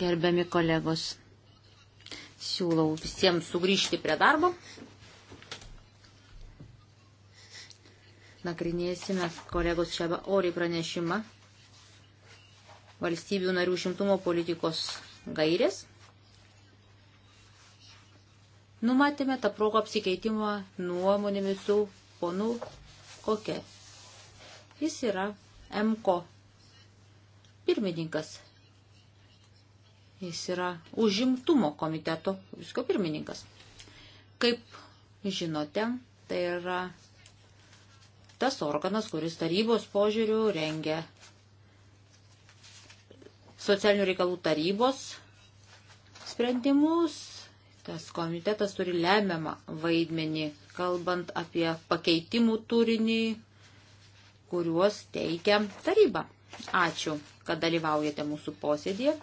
Gerbiami kolegos, siūlau visiems sugrįžti prie darbo. Nagrinėsime kolegos šią orį pranešimą valstybių narių šimtumo politikos gairės. Numatėme tą progą apsikeitimą nuomonėmis su ponu kokia. Jis yra MKO pirmininkas. Jis yra užimtumo komiteto visko pirmininkas. Kaip žinote, tai yra tas organas, kuris tarybos požiūrių rengia socialinių reikalų tarybos sprendimus. Tas komitetas turi lemiamą vaidmenį, kalbant apie pakeitimų turinį, kuriuos teikia taryba. Ačiū kad dalyvaujate mūsų posėdėje.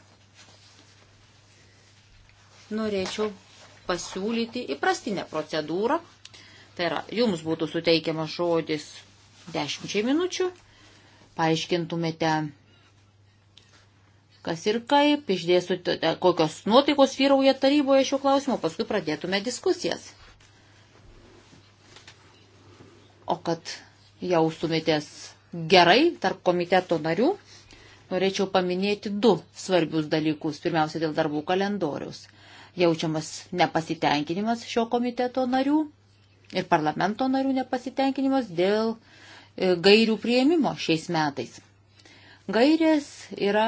Norėčiau pasiūlyti įprastinę procedūrą. Tai yra, jums būtų suteikiamas žodis dešimčiai minučių, paaiškintumėte, kas ir kaip, išdėstumėte, kokios nuotaikos vyrauja taryboje šiuo klausimu, paskui pradėtume diskusijas. O kad jaustumėtės gerai tarp komiteto narių, norėčiau paminėti du svarbius dalykus. Pirmiausia, dėl darbų kalendoriaus. Jaučiamas nepasitenkinimas šio komiteto narių ir parlamento narių nepasitenkinimas dėl e, gairių prieimimo šiais metais. Gairės yra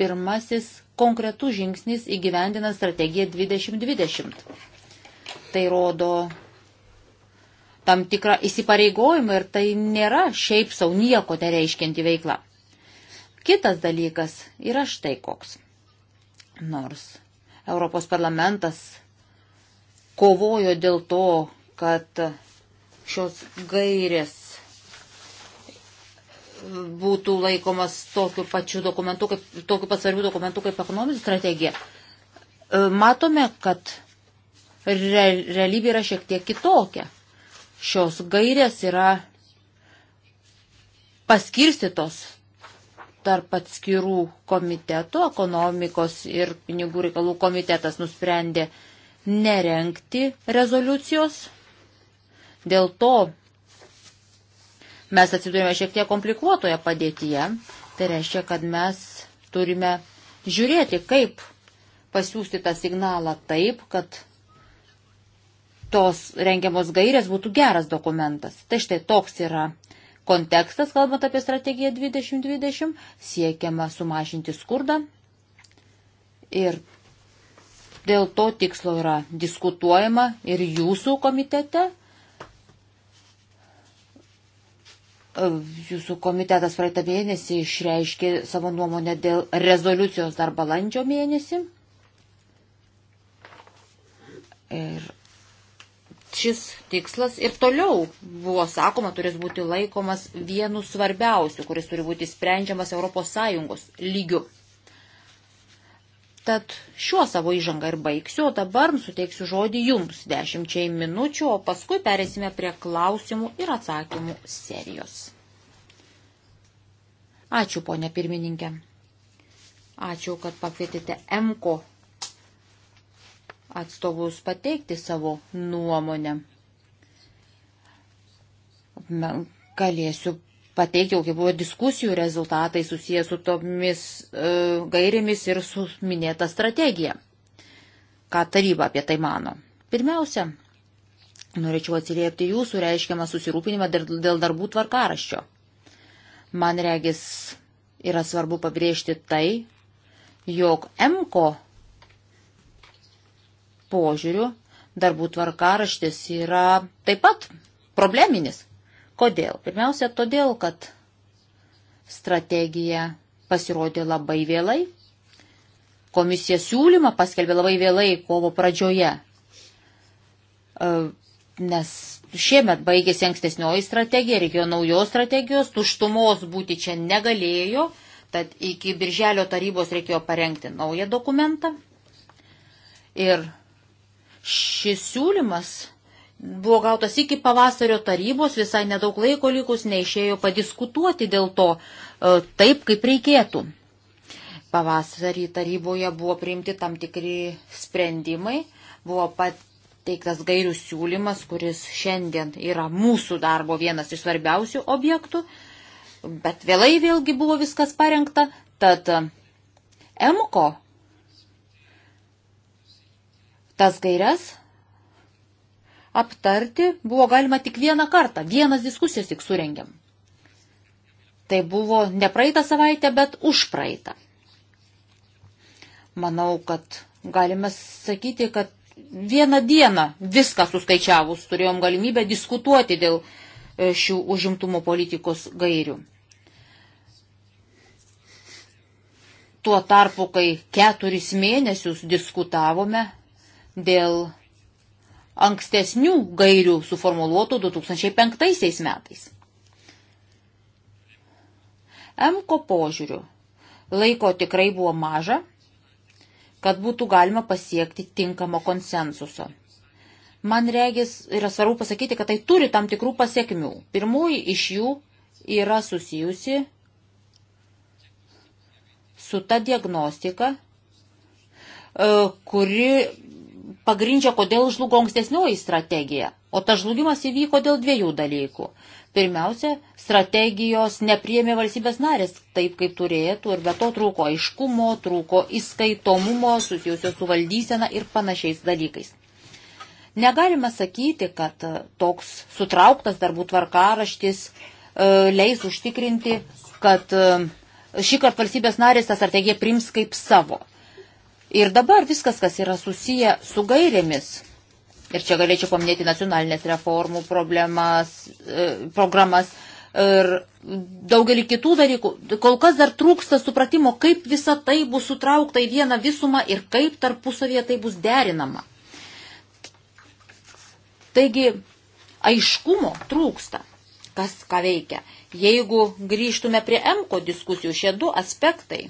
pirmasis konkretus žingsnis įgyvendinant strategiją 2020. Tai rodo tam tikrą įsipareigojimą ir tai nėra šiaip savo nieko nereiškianti veikla. Kitas dalykas yra štai koks. Nors Europos parlamentas kovojo dėl to, kad šios gairės būtų laikomas tokiu pačiu dokumentu, kaip, tokiu pasvarbiu dokumentu kaip ekonominė strategija. E, matome, kad realybė yra šiek tiek kitokia. Šios gairės yra paskirstytos tarp atskirų komitetų, ekonomikos ir pinigų reikalų komitetas nusprendė nerenkti rezoliucijos. Dėl to mes atsidurime šiek tiek komplikuotoje padėtyje. Tai reiškia, kad mes turime žiūrėti, kaip pasiūsti tą signalą taip, kad tos rengiamos gairės būtų geras dokumentas. Tai štai toks yra kontekstas, kalbant apie strategiją 2020, siekiama sumažinti skurdą. Ir dėl to tikslo yra diskutuojama ir jūsų komitete. Jūsų komitetas praeitą mėnesį išreiškė savo nuomonę dėl rezoliucijos dar balandžio mėnesį. Ir šis tikslas ir toliau buvo sakoma, turės būti laikomas vienu svarbiausiu, kuris turi būti sprendžiamas ES lygiu. Tad šiuo savo įžangą ir baigsiu, o dabar suteiksiu žodį jums dešimčiai minučių, o paskui perėsime prie klausimų ir atsakymų serijos. Ačiū, ponė pirmininkė. Ačiū, kad pakvietėte MKO atstovus pateikti savo nuomonę. Galėsiu pateikti, kokie buvo diskusijų rezultatai susijęs su tomis e, gairėmis ir su minėta strategija. Ką taryba apie tai mano? Pirmiausia, norėčiau atsiliepti jūsų reiškiamą susirūpinimą dėl darbų tvarkaraščio. Man regis yra svarbu pabrėžti tai, jog MKO požiūrių darbų tvarkaraštis yra taip pat probleminis. Kodėl? Pirmiausia, todėl, kad strategija pasirodė labai vėlai. Komisija siūlymą paskelbė labai vėlai kovo pradžioje, e, nes šiemet baigėsi ankstesnioji strategija, reikėjo naujos strategijos, tuštumos būti čia negalėjo, tad iki birželio tarybos reikėjo parengti naują dokumentą. Ir Šis siūlymas buvo gautas iki pavasario tarybos, visai nedaug laiko likus neišėjo padiskutuoti dėl to e, taip, kaip reikėtų. Pavasarį taryboje buvo priimti tam tikri sprendimai, buvo pateiktas gairių siūlymas, kuris šiandien yra mūsų darbo vienas iš svarbiausių objektų, bet vėlai vėlgi buvo viskas parengta, tad EMCO Tas gairias aptarti buvo galima tik vieną kartą, vienas diskusijas tik surengiam. Tai buvo ne praeitą savaitę, bet už praeitą. Manau, kad galime sakyti, kad vieną dieną viską suskaičiavus turėjom galimybę diskutuoti dėl e, šių užimtumo politikos gairių. Tuo tarpu, kai keturis mėnesius diskutavome dėl ankstesnių gairių suformuoluotų 2005 metais. MKO požiūriu laiko tikrai buvo maža, kad būtų galima pasiekti tinkamo konsensuso. Man regis yra svarbu pasakyti, kad tai turi tam tikrų pasiekmių. Pirmoji iš jų yra susijusi su ta diagnostika, e, kuri pagrindžia, kodėl žlugo ankstesnioji strategija. O ta žlugimas įvyko dėl dviejų dalykų. Pirmiausia, strategijos nepriemė valstybės narės taip, kaip turėtų ir be to trūko aiškumo, trūko įskaitomumo susijusio su valdysena ir panašiais dalykais. Negalima sakyti, kad e, toks sutrauktas darbų tvarkaraštis e, leis užtikrinti, kad e, šį kartą valstybės narės tą strategiją prims kaip savo. Ir dabar viskas, kas yra susiję su gairėmis. Ir čia galėčiau paminėti nacionalinės reformų problemas, e, programas ir daugelį kitų dalykų. Kol kas dar trūksta supratimo, kaip visa tai bus sutraukta į vieną visumą ir kaip tarpusavėje tai bus derinama. Taigi, aiškumo trūksta, kas ką veikia. Jeigu grįžtume prie MKO diskusijų, šie du aspektai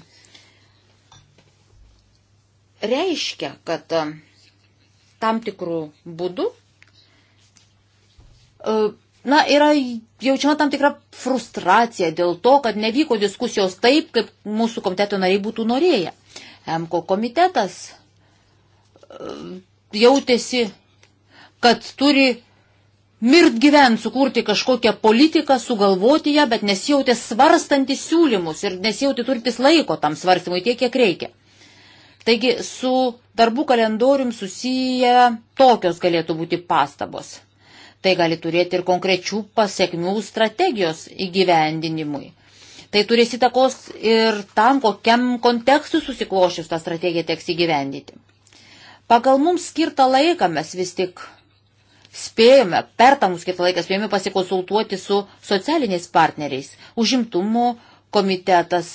reiškia, kad e, tam tikrų būdų e, na, yra jaučiama tam tikra frustracija dėl to, kad nevyko diskusijos taip, kaip mūsų komiteto nariai būtų norėję. MKO komitetas e, jautėsi, kad turi mirt gyvent, sukurti kažkokią politiką, sugalvoti ją, bet nesijautė svarstantys siūlymus ir nesijautė turintis laiko tam svarstymui tiek, kiek reikia. Taigi su darbų kalendorium susiję tokios galėtų būti pastabos. Tai gali turėti ir konkrečių pasiekmių strategijos įgyvendinimui. Tai turės įtakos ir tam, kokiam kontekstui susiklošius tą strategiją teks įgyvendyti. Pagal mums skirtą laiką mes vis tik spėjome, per tą mums skirtą laiką spėjome pasikonsultuoti su socialiniais partneriais. Užimtumo komitetas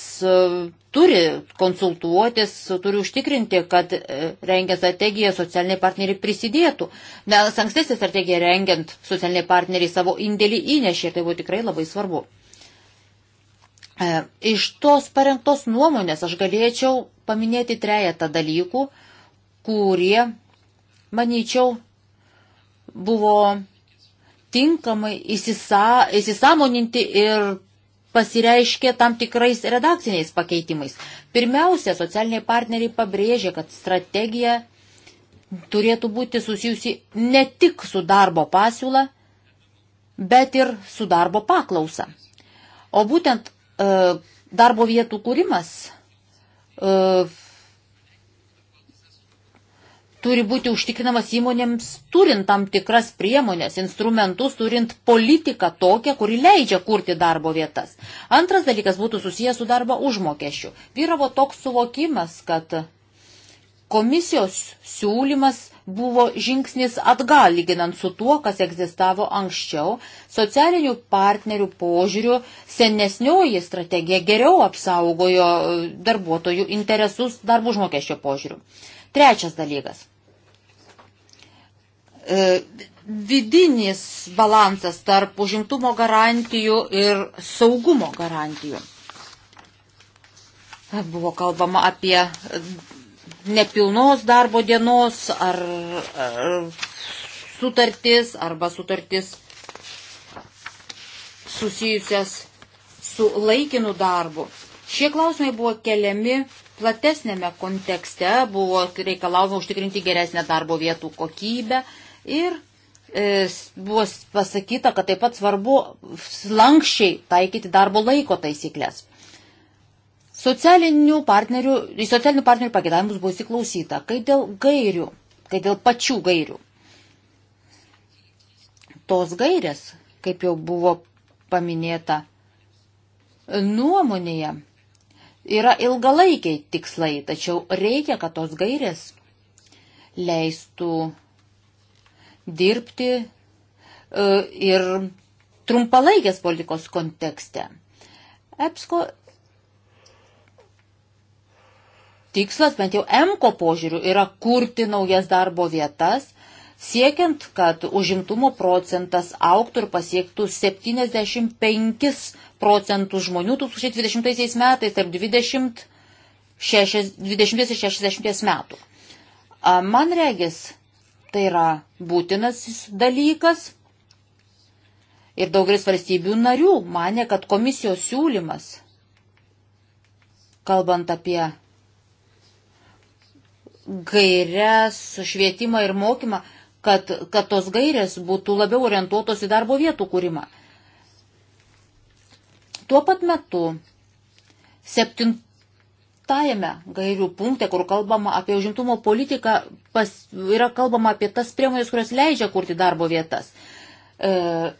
turi konsultuotis, turi užtikrinti, kad e, rengiant strategiją socialiniai partneriai prisidėtų. Nes ankstesnė strategija rengiant socialiniai partneriai savo indėlį įnešė ir tai buvo tikrai labai svarbu. E, iš tos parengtos nuomonės aš galėčiau paminėti trejatą dalykų, kurie, manyčiau, buvo tinkamai įsisa, įsisamoninti ir pasireiškė tam tikrais redakciniais pakeitimais. Pirmiausia, socialiniai partneriai pabrėžė, kad strategija turėtų būti susijusi ne tik su darbo pasiūla, bet ir su darbo paklausa. O būtent e, darbo vietų kūrimas e, turi būti užtikrinamas įmonėms turint tam tikras priemonės, instrumentus, turint politiką tokią, kuri leidžia kurti darbo vietas. Antras dalykas būtų susijęs su darbo užmokesčiu. Vyravo toks suvokimas, kad komisijos siūlymas buvo žingsnis atgal lyginant su tuo, kas egzistavo anksčiau. Socialinių partnerių požiūrių senesnioji strategija geriau apsaugojo darbuotojų interesus darbų užmokesčio požiūrių. Trečias dalykas. E, vidinis balansas tarp užimtumo garantijų ir saugumo garantijų. Buvo kalbama apie nepilnos darbo dienos ar, ar sutartis arba sutartis susijusias su laikinu darbu. Šie klausimai buvo keliami platesnėme kontekste, buvo reikalavimo užtikrinti geresnę darbo vietų kokybę, Ir e, buvo pasakyta, kad taip pat svarbu slankščiai taikyti darbo laiko taisyklės. Socialinių partnerių, į socialinių partnerių pagėdavimus buvo įsiklausyta, kai dėl gairių, kai dėl pačių gairių. Tos gairės, kaip jau buvo paminėta nuomonėje, yra ilgalaikiai tikslai, tačiau reikia, kad tos gairės leistų dirbti e, ir trumpalaikės politikos kontekste. EPSCO tikslas, bent jau EMCO požiūriu, yra kurti naujas darbo vietas, siekiant, kad užimtumo procentas auktų ir pasiektų 75 procentus žmonių 2020 metais tarp 20 20-60 metų. Man regis, Tai yra būtinas dalykas. Ir daugelis valstybių narių mane, kad komisijos siūlymas, kalbant apie gairias, švietimą ir mokymą, kad, kad tos gairės būtų labiau orientuotos į darbo vietų kūrimą. Tuo pat metu septint, Šeštajame gairių punkte, kur kalbama apie užimtumo politiką, pas, yra kalbama apie tas priemonės, kurios leidžia kurti darbo vietas. E,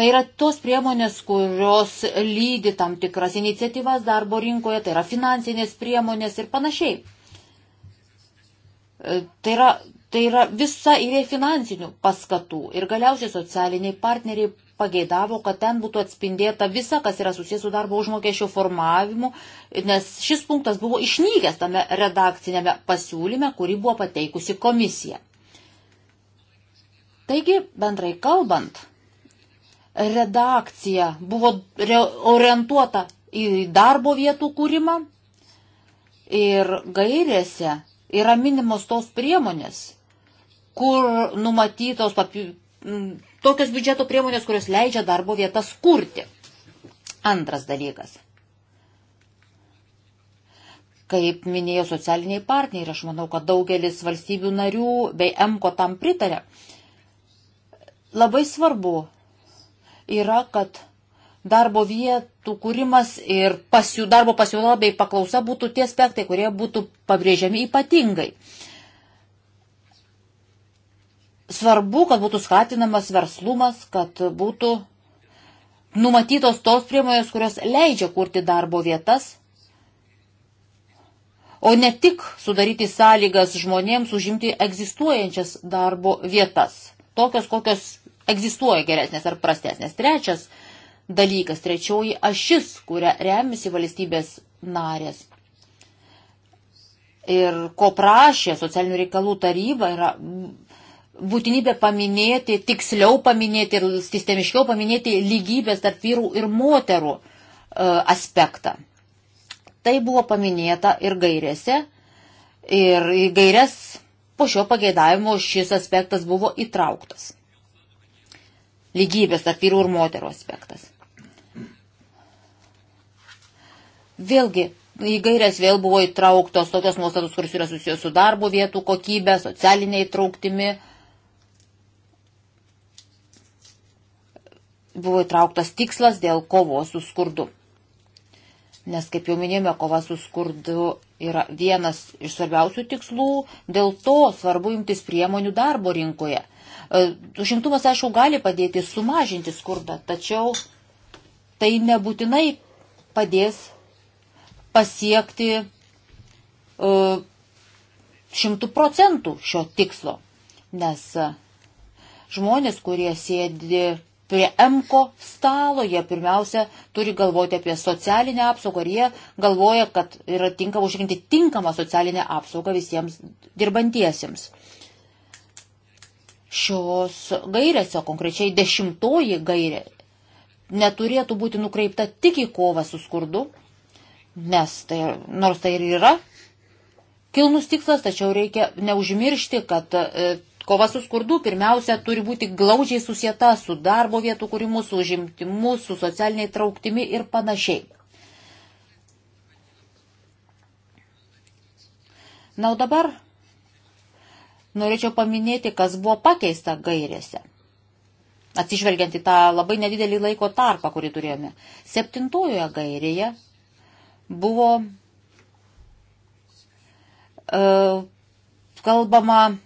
tai yra tos priemonės, kurios lydi tam tikras iniciatyvas darbo rinkoje, tai yra finansinės priemonės ir panašiai. E, tai yra Tai yra visa įvė finansinių paskatų ir galiausiai socialiniai partneriai pageidavo, kad ten būtų atspindėta visa, kas yra susijęs su darbo užmokesčio formavimu, nes šis punktas buvo išnykęs tame redakcinėme pasiūlyme, kurį buvo pateikusi komisija. Taigi, bendrai kalbant, redakcija buvo orientuota į darbo vietų kūrimą ir gairėse yra minimos tos priemonės, kur numatytos papi, tokios biudžeto priemonės, kurios leidžia darbo vietas kurti. Antras dalykas. Kaip minėjo socialiniai partneriai, aš manau, kad daugelis valstybių narių bei MKO tam pritarė, labai svarbu yra, kad darbo viet, vietų kūrimas ir pasiū, darbo pasiūla bei paklausa būtų tie aspektai, kurie būtų pabrėžiami ypatingai. Svarbu, kad būtų skatinamas verslumas, kad būtų numatytos tos priemonės, kurios leidžia kurti darbo vietas, o ne tik sudaryti sąlygas žmonėms užimti egzistuojančias darbo vietas, tokios kokios egzistuoja geresnės ar prastesnės. Trečias dalykas, trečioji ašis, kuria remiasi valstybės narės. Ir ko prašė socialinių reikalų taryba yra būtinybė paminėti, tiksliau paminėti ir sistemiškiau paminėti lygybės tarp vyrų ir moterų e, aspektą. Tai buvo paminėta ir gairėse. Ir į gairias po šio pageidavimo šis aspektas buvo įtrauktas. Lygybės tarp vyrų ir moterų aspektas. Vėlgi, į gairias vėl buvo įtrauktos tokios nuostatos, kuris yra susijęs su darbo vietų kokybė, socialinė įtrauktimi. Buvo įtrauktas tikslas dėl kovos su skurdu. Nes, kaip jau minėjome, kova su skurdu yra vienas iš svarbiausių tikslų, dėl to svarbu imtis priemonių darbo rinkoje. E, užimtumas, aišku, gali padėti sumažinti skurdą, tačiau tai nebūtinai padės pasiekti e, šimtų procentų šio tikslo, nes e, žmonės, kurie sėdi prie MKO stalo, jie pirmiausia turi galvoti apie socialinę apsaugą ir jie galvoja, kad yra tinkama užtikrinti tinkamą socialinę apsaugą visiems dirbantiesiems. Šios gairėse, konkrečiai dešimtoji gairė, neturėtų būti nukreipta tik į kovą su skurdu, Nes tai, nors tai ir yra kilnus tikslas, tačiau reikia neužmiršti, kad e, kova su skurdu pirmiausia turi būti glaudžiai susieta su darbo vietų kūrimu, su užimtimu, su socialiniai trauktimi ir panašiai. Na, o dabar norėčiau paminėti, kas buvo pakeista gairėse. Atsižvelgiant į tą labai nedidelį laiko tarpą, kurį turėjome. Septintojoje gairėje buvo uh, kalbama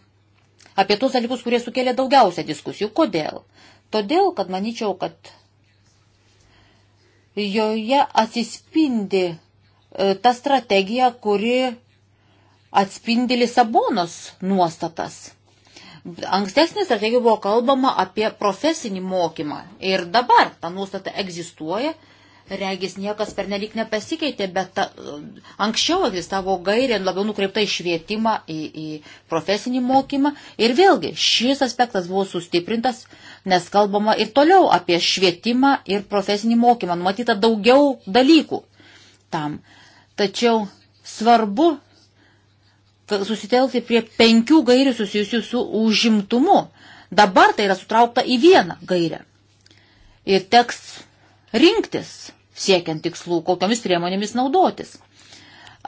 apie tos dalykus, kurie sukėlė daugiausia diskusijų. Kodėl? Todėl, kad manyčiau, kad joje atsispindi uh, ta strategija, kuri atspindi Lisabonos nuostatas. Ankstesnė strategija buvo kalbama apie profesinį mokymą ir dabar ta nuostata egzistuoja regis niekas pernelik nepasikeitė, bet ta, anksčiau egzistavo gairė labiau nukreipta į švietimą, į, į profesinį mokymą. Ir vėlgi šis aspektas buvo sustiprintas, nes kalbama ir toliau apie švietimą ir profesinį mokymą. Numatyta daugiau dalykų tam. Tačiau svarbu susitelkti prie penkių gairių susijusių su užimtumu. Dabar tai yra sutraukta į vieną gairę. Ir teks rinktis siekiant tikslų, kokiamis priemonėmis naudotis.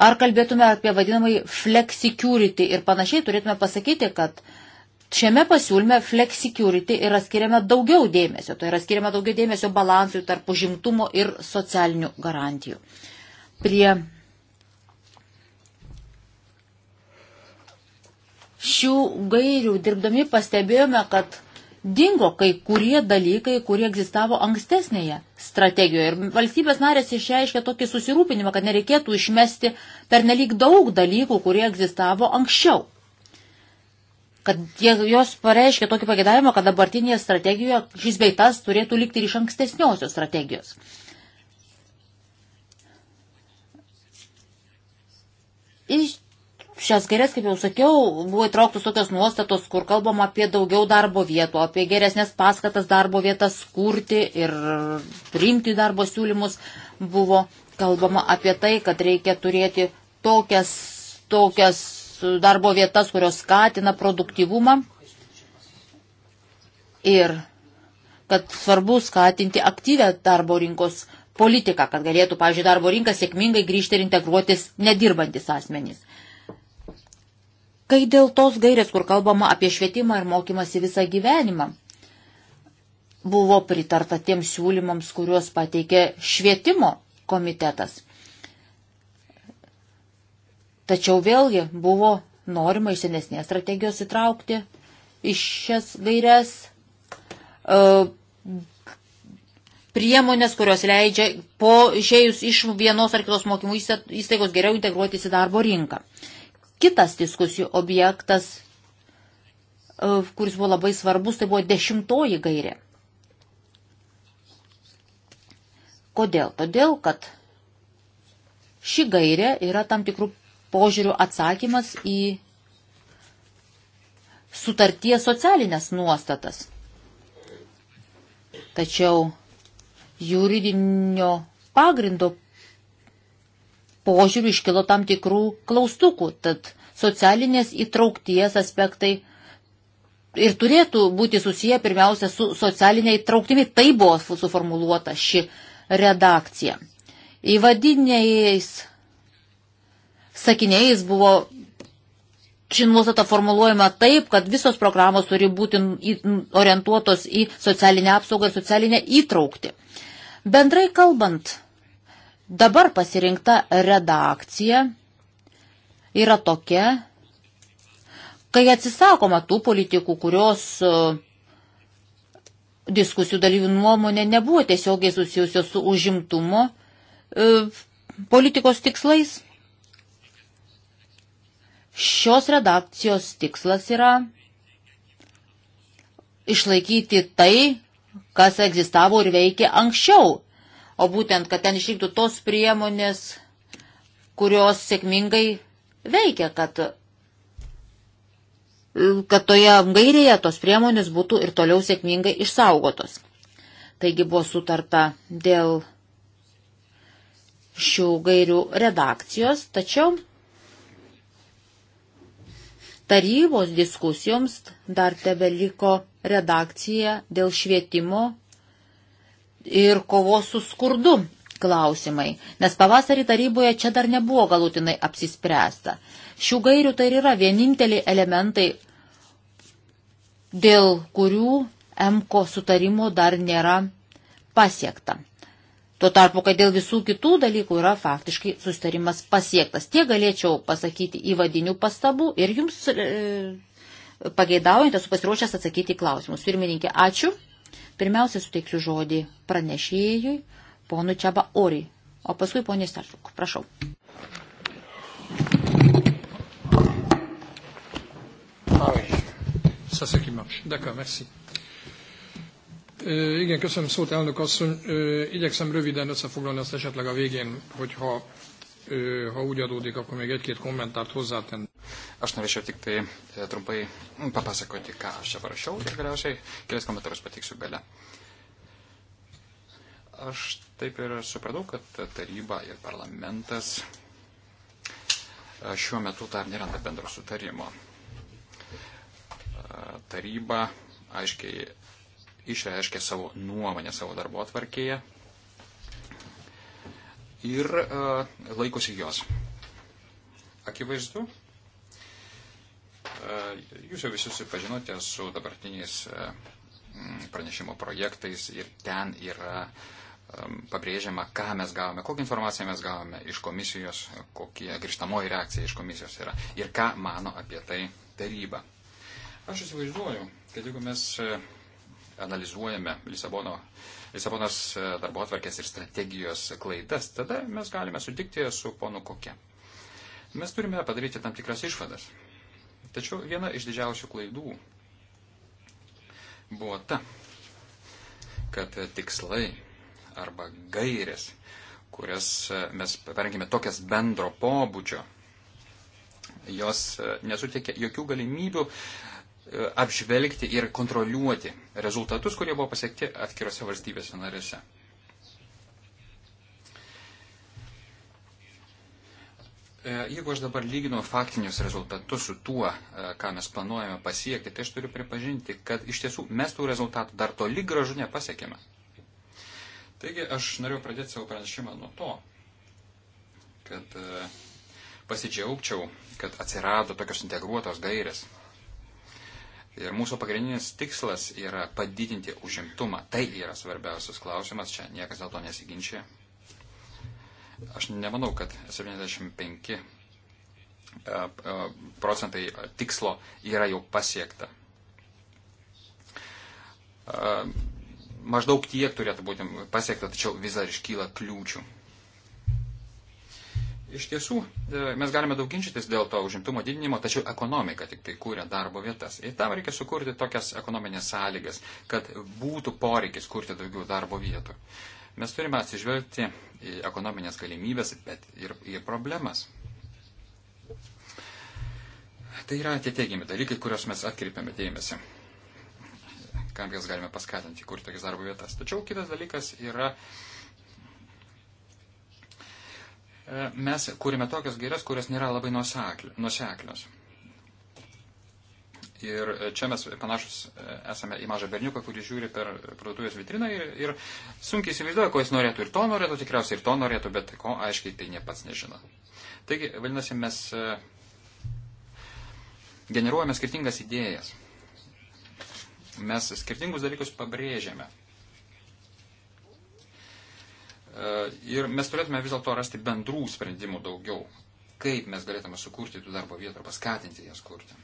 Ar kalbėtume apie vadinamai flexicurity ir panašiai, turėtume pasakyti, kad šiame pasiūlyme flexicurity yra skiriama daugiau dėmesio, tai yra skiriama daugiau dėmesio balansui tarp užimtumo ir socialinių garantijų. Prie šių gairių dirbdami pastebėjome, kad dingo kai kurie dalykai, kurie egzistavo ankstesnėje strategijoje. Ir valstybės narės išreiškė tokį susirūpinimą, kad nereikėtų išmesti per nelik daug dalykų, kurie egzistavo anksčiau. Kad jie, jos pareiškė tokį pagėdavimą, kad dabartinėje strategijoje šis beitas turėtų likti ir iš ankstesniosios strategijos. Iš šias gairias, kaip jau sakiau, buvo įtrauktos tokios nuostatos, kur kalbam apie daugiau darbo vietų, apie geresnės paskatas darbo vietas kurti ir priimti darbo siūlymus. Buvo kalbama apie tai, kad reikia turėti tokias, tokias darbo vietas, kurios skatina produktyvumą ir kad svarbu skatinti aktyvę darbo rinkos politiką, kad galėtų, pavyzdžiui, darbo rinką sėkmingai grįžti ir integruotis nedirbantis asmenys. Kai dėl tos gairės, kur kalbama apie švietimą ir mokymasi visą gyvenimą, buvo pritarta tiems siūlymams, kuriuos pateikė švietimo komitetas. Tačiau vėlgi buvo norima iš senesnės strategijos įtraukti iš šias gairias e, priemonės, kurios leidžia po išėjus iš vienos ar kitos mokymų įstaigos geriau integruotis į darbo rinką. Kitas diskusijų objektas, e, kuris buvo labai svarbus, tai buvo dešimtoji gairė. Kodėl? Todėl, kad ši gairė yra tam tikrų požiūrių atsakymas į sutarties socialinės nuostatas. Tačiau juridinio pagrindo požiūrių iškilo tam tikrų klaustukų, tad socialinės įtraukties aspektai ir turėtų būti susiję pirmiausia su socialinė įtrauktimi. Tai buvo suformuluota ši redakcija. Įvadiniais sakiniais buvo ši nuostata formuluojama taip, kad visos programos turi būti orientuotos į socialinę apsaugą ir socialinę įtraukti. Bendrai kalbant, Dabar pasirinkta redakcija yra tokia, kai atsisakoma tų politikų, kurios e, diskusijų dalyvių nuomonė nebuvo tiesiogiai susijusios su užimtumo e, politikos tikslais. Šios redakcijos tikslas yra išlaikyti tai, kas egzistavo ir veikė anksčiau o būtent, kad ten išliktų tos priemonės, kurios sėkmingai veikia, kad, kad toje gairėje tos priemonės būtų ir toliau sėkmingai išsaugotos. Taigi buvo sutarta dėl šių gairių redakcijos, tačiau tarybos diskusijoms dar tebe liko redakcija dėl švietimo ir kovos su skurdu klausimai, nes pavasarį taryboje čia dar nebuvo galutinai apsispręsta. Šių gairių tai yra vieninteliai elementai, dėl kurių MKO sutarimo dar nėra pasiekta. Tuo tarpu, kad dėl visų kitų dalykų yra faktiškai sustarimas pasiektas. Tie galėčiau pasakyti įvadinių pastabų ir jums e, pageidaujant esu pasiruošęs atsakyti klausimus. Pirmininkė, ačiū. Pirmiausia, suteiksiu žodį pranešėjui, ponu Čiaba Ori, o paskui ponė Starčiuk. Prašau. Ah Ça, c'est qui marche. D'accord, merci. Euh, igen, köszönöm szót, elnök asszony. Euh, igyekszem röviden összefoglalni azt esetleg a végén, hogyha ha úgy adódik, akkor még egy-két kommentárt hozzátenni. Aš norėčiau tik tai trumpai papasakoti, ką aš čia parašiau ir galiausiai kelias komentarus patiksiu gale. Aš taip ir supratau, kad taryba ir parlamentas šiuo metu dar neranda bendro sutarimo. Taryba aiškiai išreiškė savo nuomonę savo darbo atvarkėje ir e, laikosi jos. Akivaizdu, e, jūs jau visi susipažinote su dabartiniais e, pranešimo projektais ir ten yra pabrėžiama, ką mes gavome, kokią informaciją mes gavome iš komisijos, kokia grįžtamoji reakcija iš komisijos yra ir ką mano apie tai taryba. Aš įsivaizduoju, kad jeigu mes analizuojame Lisabono uh, Lisabonos e, darbo atvarkės ir strategijos klaidas, tada mes galime sutikti su ponu kokia. Mes turime padaryti tam tikras išvadas. Tačiau viena iš didžiausių klaidų buvo ta, kad tikslai arba gairės, kurias e, mes parengėme tokias bendro pobūdžio, jos e, nesuteikė jokių galimybių apžvelgti ir kontroliuoti rezultatus, kurie buvo pasiekti atskirose valstybėse narėse. E, jeigu aš dabar lyginu faktinius rezultatus su tuo, e, ką mes planuojame pasiekti, tai aš turiu pripažinti, kad iš tiesų mes tų rezultatų dar toli gražu nepasiekėme. Taigi aš noriu pradėti savo pranešimą nuo to, kad e, pasidžiaugčiau, kad atsirado tokios integruotos gairės Ir mūsų pagrindinis tikslas yra padidinti užimtumą. Tai yra svarbiausias klausimas, čia niekas dėl to nesiginčia. Aš nemanau, kad 75 e, e, procentai tikslo yra jau pasiekta. E, maždaug tiek turėtų būti pasiekta, tačiau vis dar iškyla kliūčių. Iš tiesų, e, mes galime daug ginčytis dėl to užimtumo didinimo, tačiau ekonomika tik tai kūrė darbo vietas. Ir tam reikia sukurti tokias ekonominės sąlygas, kad būtų poreikis kurti daugiau darbo vietų. Mes turime atsižvelgti į ekonominės galimybės, bet ir į problemas. Tai yra tie teigiami dalykai, kuriuos mes atkreipiame dėmesį kam jas galime paskatinti kurti tokias darbo vietas. Tačiau kitas dalykas yra E, mes kūrėme tokias gairias, kurios nėra labai nuseklios. Ir e, čia mes panašus e, esame į mažą berniuką, kuris žiūri per parduotuvės vitriną ir, ir sunkiai įsivaizduoja, ko jis norėtų. Ir to norėtų, tikriausiai ir to norėtų, bet ko aiškiai tai ne pats nežino. Taigi, vadinasi, mes generuojame skirtingas idėjas. Mes skirtingus dalykus pabrėžiame. E, ir mes turėtume vis dėlto rasti bendrų sprendimų daugiau, kaip mes galėtume sukurti tų darbo vietų ir paskatinti jas kurti.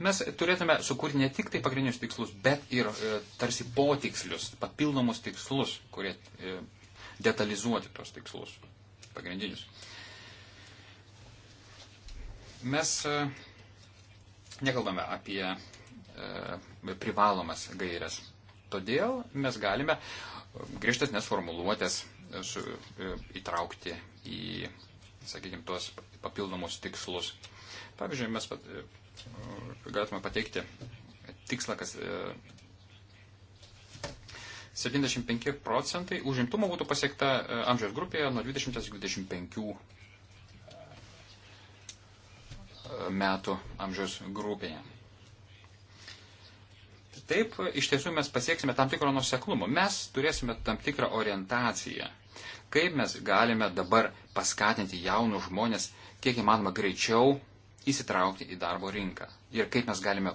Mes turėtume sukurti ne tik tai pagrindinius tikslus, bet ir e, tarsi potikslius, papildomus tikslus, kurie e, detalizuoti tos tikslus, pagrindinius. Mes e, nekalbame apie E, privalomas gairias. Todėl mes galime e, griežtesnės formuluotės e, su, įtraukti į, sakykime, tuos papildomus tikslus. Pavyzdžiui, mes pat, galėtume pateikti tikslą, kas 75 procentai užimtumo būtų pasiekta amžiaus grupėje nuo 20 iki 25 metų amžiaus grupėje. Taip, iš tiesų mes pasieksime tam tikro nuseklumo. Mes turėsime tam tikrą orientaciją. Kaip mes galime dabar paskatinti jaunus žmonės kiek įmanoma greičiau įsitraukti į darbo rinką. Ir kaip mes galime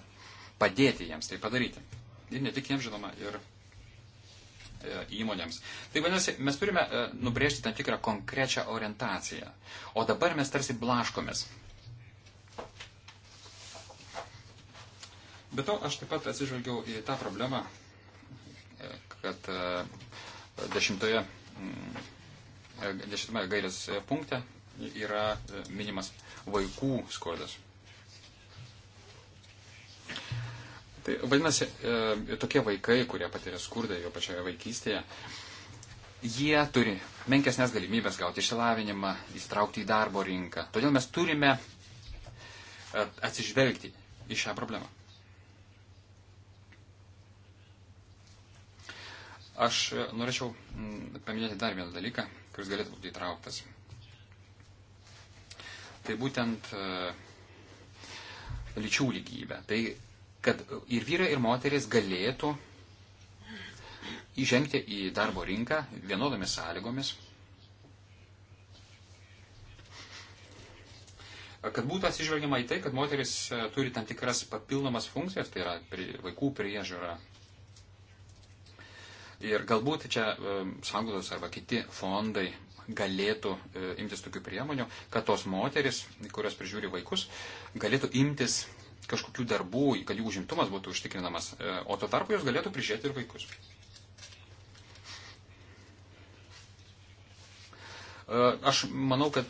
padėti jiems tai padaryti. Ir ne tik jiems, žinoma, ir e, įmonėms. Tai vadinasi, mes turime e, nubrėžti tam tikrą konkrečią orientaciją. O dabar mes tarsi blaškomės Be to, aš taip pat atsižvelgiau į tą problemą, e, kad e, dešimtoje, e, dešimtame gairės punkte yra minimas vaikų skurdas. Tai vadinasi, tokie vaikai, kurie patiria skurdą jo pačioje vaikystėje, jie turi menkesnės galimybės gauti išsilavinimą, įsitraukti į darbo rinką. Todėl mes turime atsižvelgti į šią problemą. Aš e, norėčiau mm, paminėti dar vieną dalyką, kuris galėtų būti įtrauktas. Tai būtent e, lyčių lygybė. Tai, kad ir vyrai, ir moteris galėtų įžengti į darbo rinką vienodomis sąlygomis, kad būtų atsižvelgiama į tai, kad moteris e, turi tam tikras papildomas funkcijas, tai yra vaikų priežiūra, Ir galbūt čia e, sanglaudos arba kiti fondai galėtų e, imtis tokių priemonių, kad tos moteris, kurios prižiūri vaikus, galėtų imtis kažkokių darbų, kad jų užimtumas būtų užtikrinamas, e, o tuo tarpu jos galėtų prižiūrėti ir vaikus. Aš manau, kad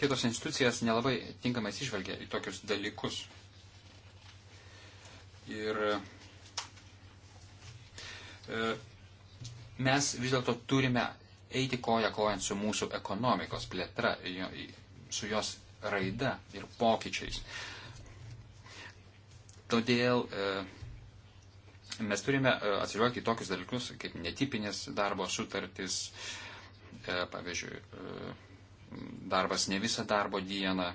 kitos institucijas nelabai tinkamai išvelgia į tokius dalykus. Ir E, mes vis dėlto turime eiti koja kojant su mūsų ekonomikos plėtra, su jos raida ir pokyčiais. Todėl e, mes turime e, atsižvelgti į tokius dalykus, kaip netipinės darbo sutartys, pavyzdžiui, darbas ne visą darbo dieną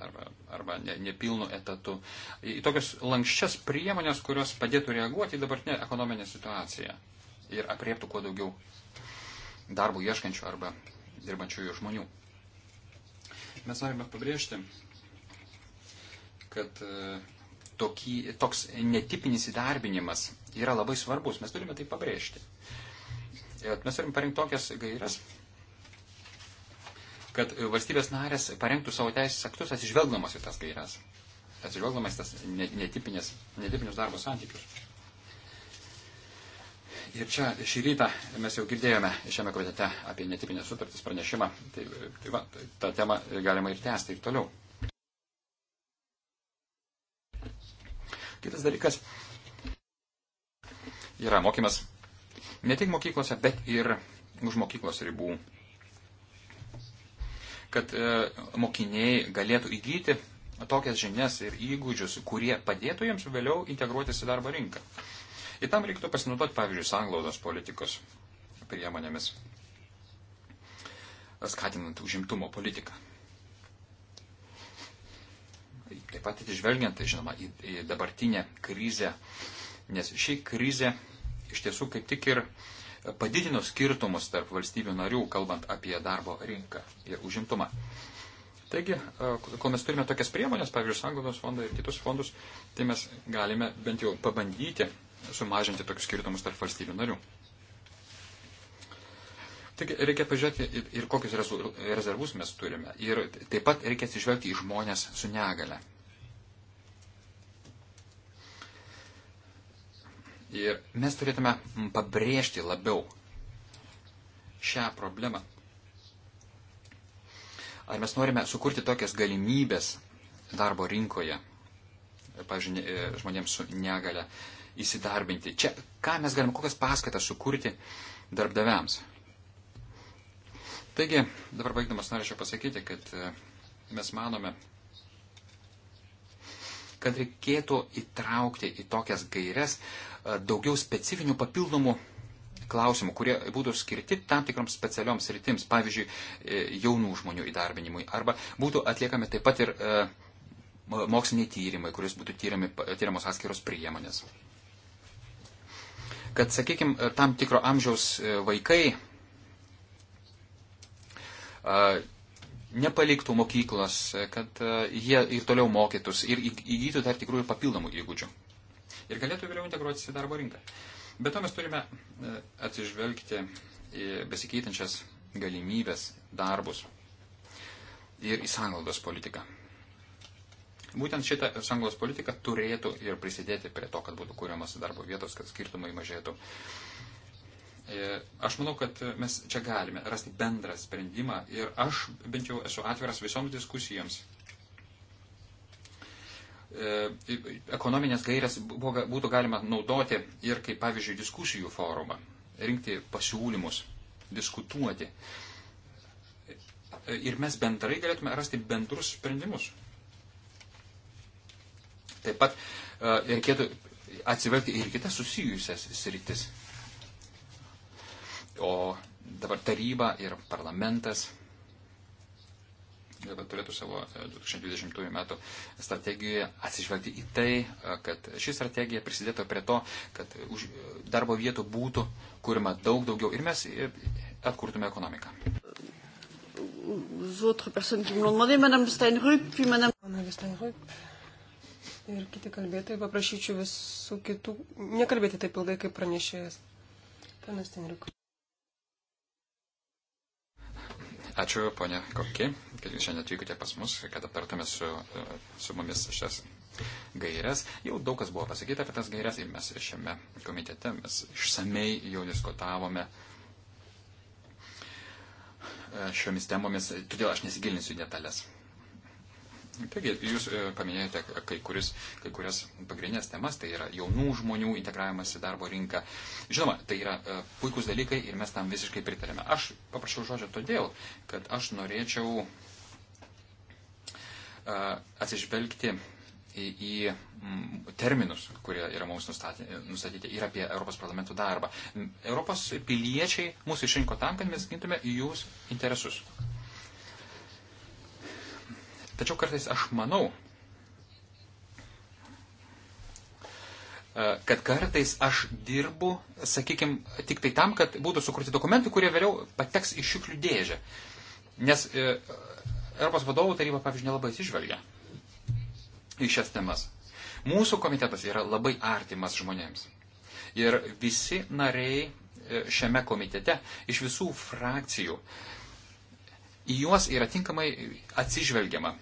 arba, arba ne, nepilnu etatu. Į tokias lankščias priemonės, kurios padėtų reaguoti į dabartinę ekonominę situaciją ir apriektų kuo daugiau darbų ieškančių arba dirbančiųjų žmonių. Mes norime pabrėžti, kad e, tokį, toks netipinis įdarbinimas yra labai svarbus. Mes turime tai pabrėžti. E, mes turime parinkti tokias gairias, kad valstybės narės parengtų savo teisės aktus atsižvelgdamas į tas gairias, atsižvelgdamas tas netipinės, netipinius darbo santykius. Ir čia šį rytą mes jau girdėjome šiame komitete apie netipinės sutartis pranešimą. Tai, tai va, tą temą galima ir tęsti ir toliau. Kitas dalykas yra mokymas ne tik mokyklose, bet ir už mokyklos ribų kad e, mokiniai galėtų įgyti tokias žinias ir įgūdžius, kurie padėtų jiems vėliau integruotis į darbo rinką. Ir tam reiktų pasinaudoti, pavyzdžiui, sanglaudos politikos priemonėmis, skatinant užimtumo politiką. Taip pat atsižvelgiant, tai žinoma, į, į dabartinę krizę, nes ši krizė iš tiesų kaip tik ir uh, padidino skirtumus tarp valstybių narių, kalbant apie darbo rinką ir užimtumą. Taigi, e, kol mes turime tokias priemonės, pavyzdžiui, Sanglaudos fondą ir kitus fondus, tai mes galime bent jau pabandyti sumažinti tokius skirtumus tarp valstybių narių. Taigi, reikia pažiūrėti ir, ir kokius rezervus mes turime. Ir taip pat reikia atsižvelgti į žmonės su negale. mes turėtume pabrėžti labiau šią problemą. Ar mes norime sukurti tokias galimybės darbo rinkoje, pavyzdžiui, e, žmonėms su negale įsidarbinti? Čia ką mes galime, kokias paskatas sukurti darbdaviams? Taigi, dabar baigdamas norėčiau pasakyti, kad e, mes manome, kad reikėtų įtraukti į tokias gairias E, daugiau specifinių papildomų klausimų, kurie būtų skirti tam tikroms specialioms rytims, pavyzdžiui, e, jaunų žmonių įdarbinimui. Arba būtų atliekami taip pat ir e, moksliniai tyrimai, kuris būtų tyriami, tyriamos atskiros priemonės. Kad, sakykime, tam tikro amžiaus vaikai nepaliktų mokyklos, kad jie ir toliau mokytųsi ir įgytų dar tikrųjų papildomų įgūdžių ir galėtų vėliau integruotis į darbo rinką. Be to mes turime e, atsižvelgti į besikeitančias galimybės darbus ir į sąnaudos politiką. Būtent šita sąnaudos politika turėtų ir prisidėti prie to, kad būtų kūriamas darbo vietos, kad skirtumai mažėtų. E, aš manau, kad mes čia galime rasti bendrą sprendimą ir aš bent jau esu atviras visoms diskusijoms E, ekonominės gairias būtų galima naudoti ir kaip, pavyzdžiui, diskusijų forumą, rinkti pasiūlymus, diskutuoti. E, ir mes bendrai galėtume rasti bendrus sprendimus. Taip pat e, reikėtų atsivelgti ir kitas susijusias sritis. O dabar taryba ir parlamentas turėtų savo 2020 e, metų strategijoje atsižvelgti į tai, e, kad ši strategija prisidėtų prie to, kad už e, darbo vietų būtų kurima daug daugiau ir mes atkurtume ekonomiką. Ir kiti kalbėtojai, paprašyčiau visų kitų, nekalbėti taip ilgai, kaip pranešėjas. Panas Tenriukas. Ačiū, ponė Kokki, kad jūs šiandien atvykote pas mus, kad aptartume su, su mumis šias gairias. Jau daug kas buvo pasakyta apie tas gairias ir mes šiame komitete mes išsamei jau diskutavome e, šiomis temomis, todėl aš nesigilinsiu į detalės. Taigi, jūs e, paminėjote kai, kuris, kai kurias pagrindinės temas, tai yra jaunų žmonių integravimas į darbo rinką. Žinoma, tai yra e, puikūs dalykai ir mes tam visiškai pritarėme. Aš paprašiau žodžio todėl, kad aš norėčiau e, atsižvelgti į, į mm, terminus, kurie yra mums nustatyti ir apie Europos parlamento darbą. Europos piliečiai mūsų išrinko tam, kad mes gintume jūs interesus. Tačiau kartais aš manau, e, kad kartais aš dirbu, sakykime, tik tai tam, kad būtų sukurti dokumentai, kurie vėliau pateks į šiuklių dėžę. Nes e, Europos vadovų taryba, pavyzdžiui, nelabai atsižvelgia į šias temas. Mūsų komitetas yra labai artimas žmonėms. Ir visi nariai e, šiame komitete iš visų frakcijų e, į juos yra tinkamai atsižvelgiama.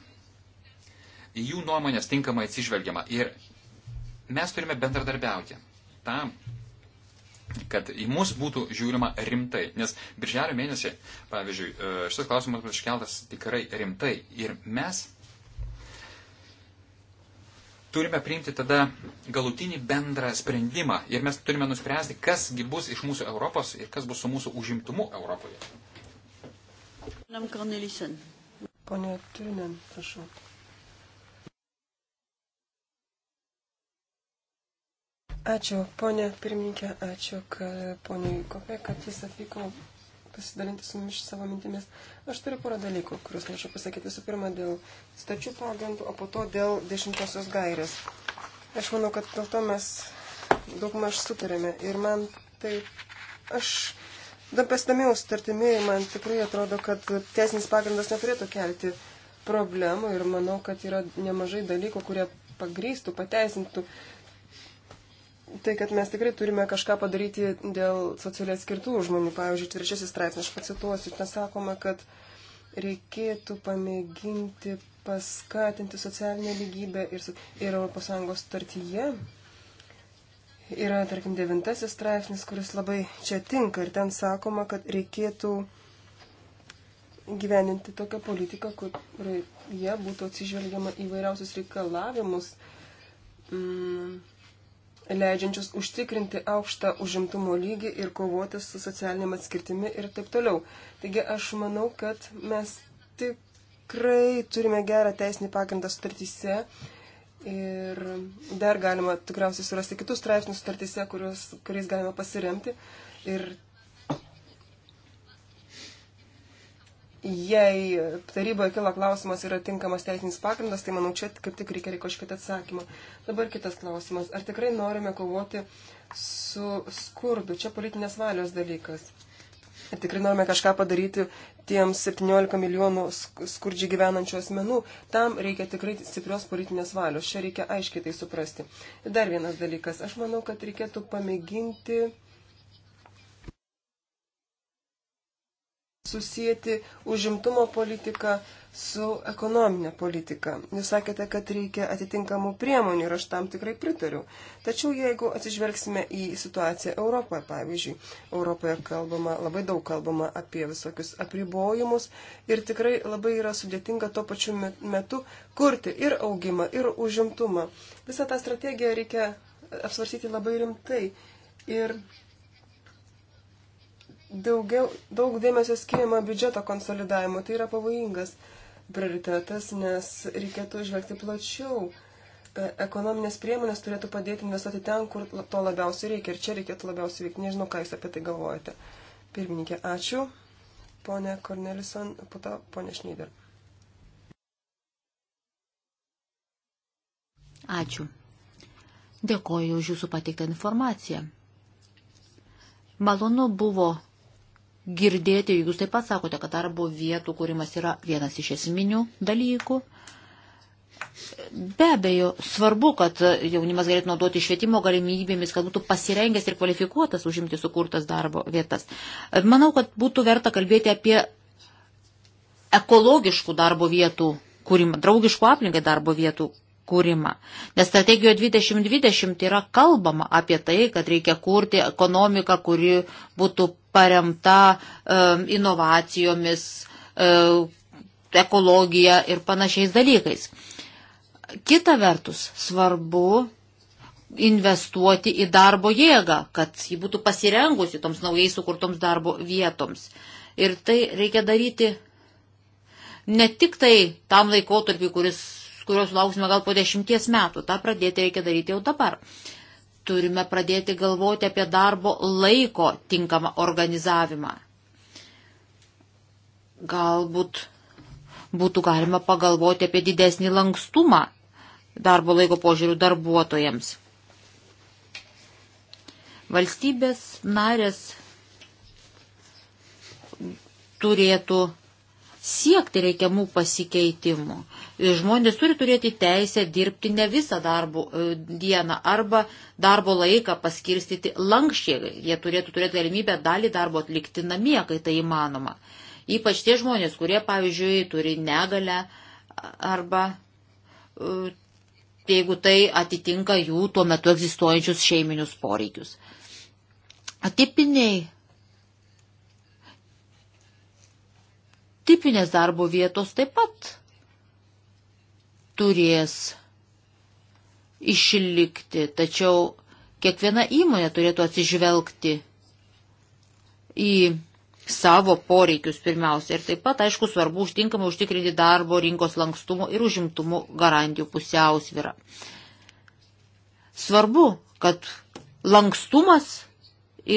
Į jų nuomonės tinkamai atsižvelgiama. Ir mes turime bendradarbiauti tam, kad į mus būtų žiūrima rimtai. Nes birželio mėnesį, pavyzdžiui, e, šis klausimas bus iškeltas tikrai rimtai. Ir mes turime priimti tada galutinį bendrą sprendimą. Ir mes turime nuspręsti, kasgi bus iš mūsų Europos ir kas bus su mūsų užimtumu Europoje. Nam Cornelissen. Pone Turinen, prašau. Ačiū, ponė pirmininkė, ačiū poniai Kopė, kad jis atvyko pasidalinti su mumis savo mintimis. Aš turiu porą dalykų, kuriuos norėčiau pasakyti visų pirma dėl stačių pagrindų, o po to dėl dešimtosios gairės. Aš manau, kad dėl to mes daugmaž sutarėme ir man tai aš Dar pasidomėjau sutartimi, man tikrai atrodo, kad teisinis pagrindas neturėtų kelti problemų ir manau, kad yra nemažai dalykų, kurie pagrįstų, pateisintų. Tai, kad mes tikrai turime kažką padaryti dėl socialiai atskirtų žmonių. Pavyzdžiui, trečiasis straipsnis, aš pacituosiu, ten sakoma, kad reikėtų pamėginti paskatinti socialinę lygybę ir, ir ES sutartyje yra, tarkim, devintasis straipsnis, kuris labai čia tinka ir ten sakoma, kad reikėtų gyveninti tokią politiką, kurioje būtų atsižvelgiama įvairiausius reikalavimus, mm, leidžiančius užtikrinti aukštą užimtumo lygį ir kovoti su socialinėm atskirtimi ir taip toliau. Taigi aš manau, kad mes tikrai turime gerą teisinį pagrindą sutartyse Ir dar galima tikriausiai surasti kitus straipsnius sutartyse, kurios, kuriais galima pasiremti. Ir jei taryboje kilo klausimas yra tinkamas teisinis pagrindas, tai manau, čia kaip tik reikia kažkokio atsakymo. Dabar kitas klausimas. Ar tikrai norime kovoti su skurdu? Čia politinės valios dalykas ir tikrai norime kažką padaryti tiems 17 milijonų skurdžiai gyvenančių asmenų, tam reikia tikrai stiprios politinės valios. Čia reikia aiškiai tai suprasti. Dar vienas dalykas. Aš manau, kad reikėtų pamėginti susijęti užimtumo politiką su ekonominė politika. Jūs sakėte, kad reikia atitinkamų priemonių ir aš tam tikrai pritariu. Tačiau jeigu atsižvelgsime į situaciją Europoje, pavyzdžiui, Europoje kalbama, labai daug kalbama apie visokius apribojimus ir tikrai labai yra sudėtinga tuo pačiu metu kurti ir augimą, ir užimtumą. Visą tą strategiją reikia apsvarstyti labai rimtai. Ir daugiau, daug dėmesio skiriama biudžeto konsolidavimu. Tai yra pavojingas prioritetas, nes reikėtų žvelgti plačiau. E, ekonominės priemonės turėtų padėti investuoti ten, kur to labiausiai reikia. Ir čia reikėtų labiausiai veikti. Nežinau, ką jūs apie tai galvojate. Pirmininkė, ačiū. Pone Kornelison, po to pone Šnyder. Ačiū. Dėkoju už jūsų pateiktą informaciją. Malonu buvo girdėti, jūs taip pat sakote, kad darbo vietų kūrimas yra vienas iš esminių dalykų. Be abejo, svarbu, kad jaunimas galėtų naudoti švietimo galimybėmis, kad būtų pasirengęs ir kvalifikuotas užimti sukurtas darbo vietas. Manau, kad būtų verta kalbėti apie ekologiškų darbo vietų kūrimą, draugiškų aplinkai darbo vietų kūrimą. Nes strategijoje 2020 yra kalbama apie tai, kad reikia kurti ekonomiką, kuri būtų paremta um, inovacijomis, um, ekologija ir panašiais dalykais. Kita vertus, svarbu investuoti į darbo jėgą, kad ji būtų pasirengusi toms naujai sukurtoms darbo vietoms. Ir tai reikia daryti ne tik tai tam laikotarpiu, kuris kurios lauksime gal po dešimties metų. Ta pradėti reikia daryti jau dabar. Turime pradėti galvoti apie darbo laiko tinkamą organizavimą. Galbūt būtų galima pagalvoti apie didesnį lankstumą darbo laiko požiūrių darbuotojams. Valstybės narės turėtų siekti reikiamų pasikeitimų. Žmonės turi turėti teisę dirbti ne visą darbo e, dieną arba darbo laiką paskirstyti lankščiai. Jie turėtų turėti galimybę dalį darbo atlikti namie, kai tai įmanoma. Ypač tie žmonės, kurie, pavyzdžiui, turi negalę arba e, jeigu tai atitinka jų tuo metu egzistuojančius šeiminius poreikius. Atipiniai tipinės darbo vietos taip pat turės išlikti, tačiau kiekviena įmonė turėtų atsižvelgti į savo poreikius pirmiausia. Ir taip pat, aišku, svarbu užtinkamai užtikrinti darbo rinkos lankstumo ir užimtumo garantijų pusiausvyrą. Svarbu, kad lankstumas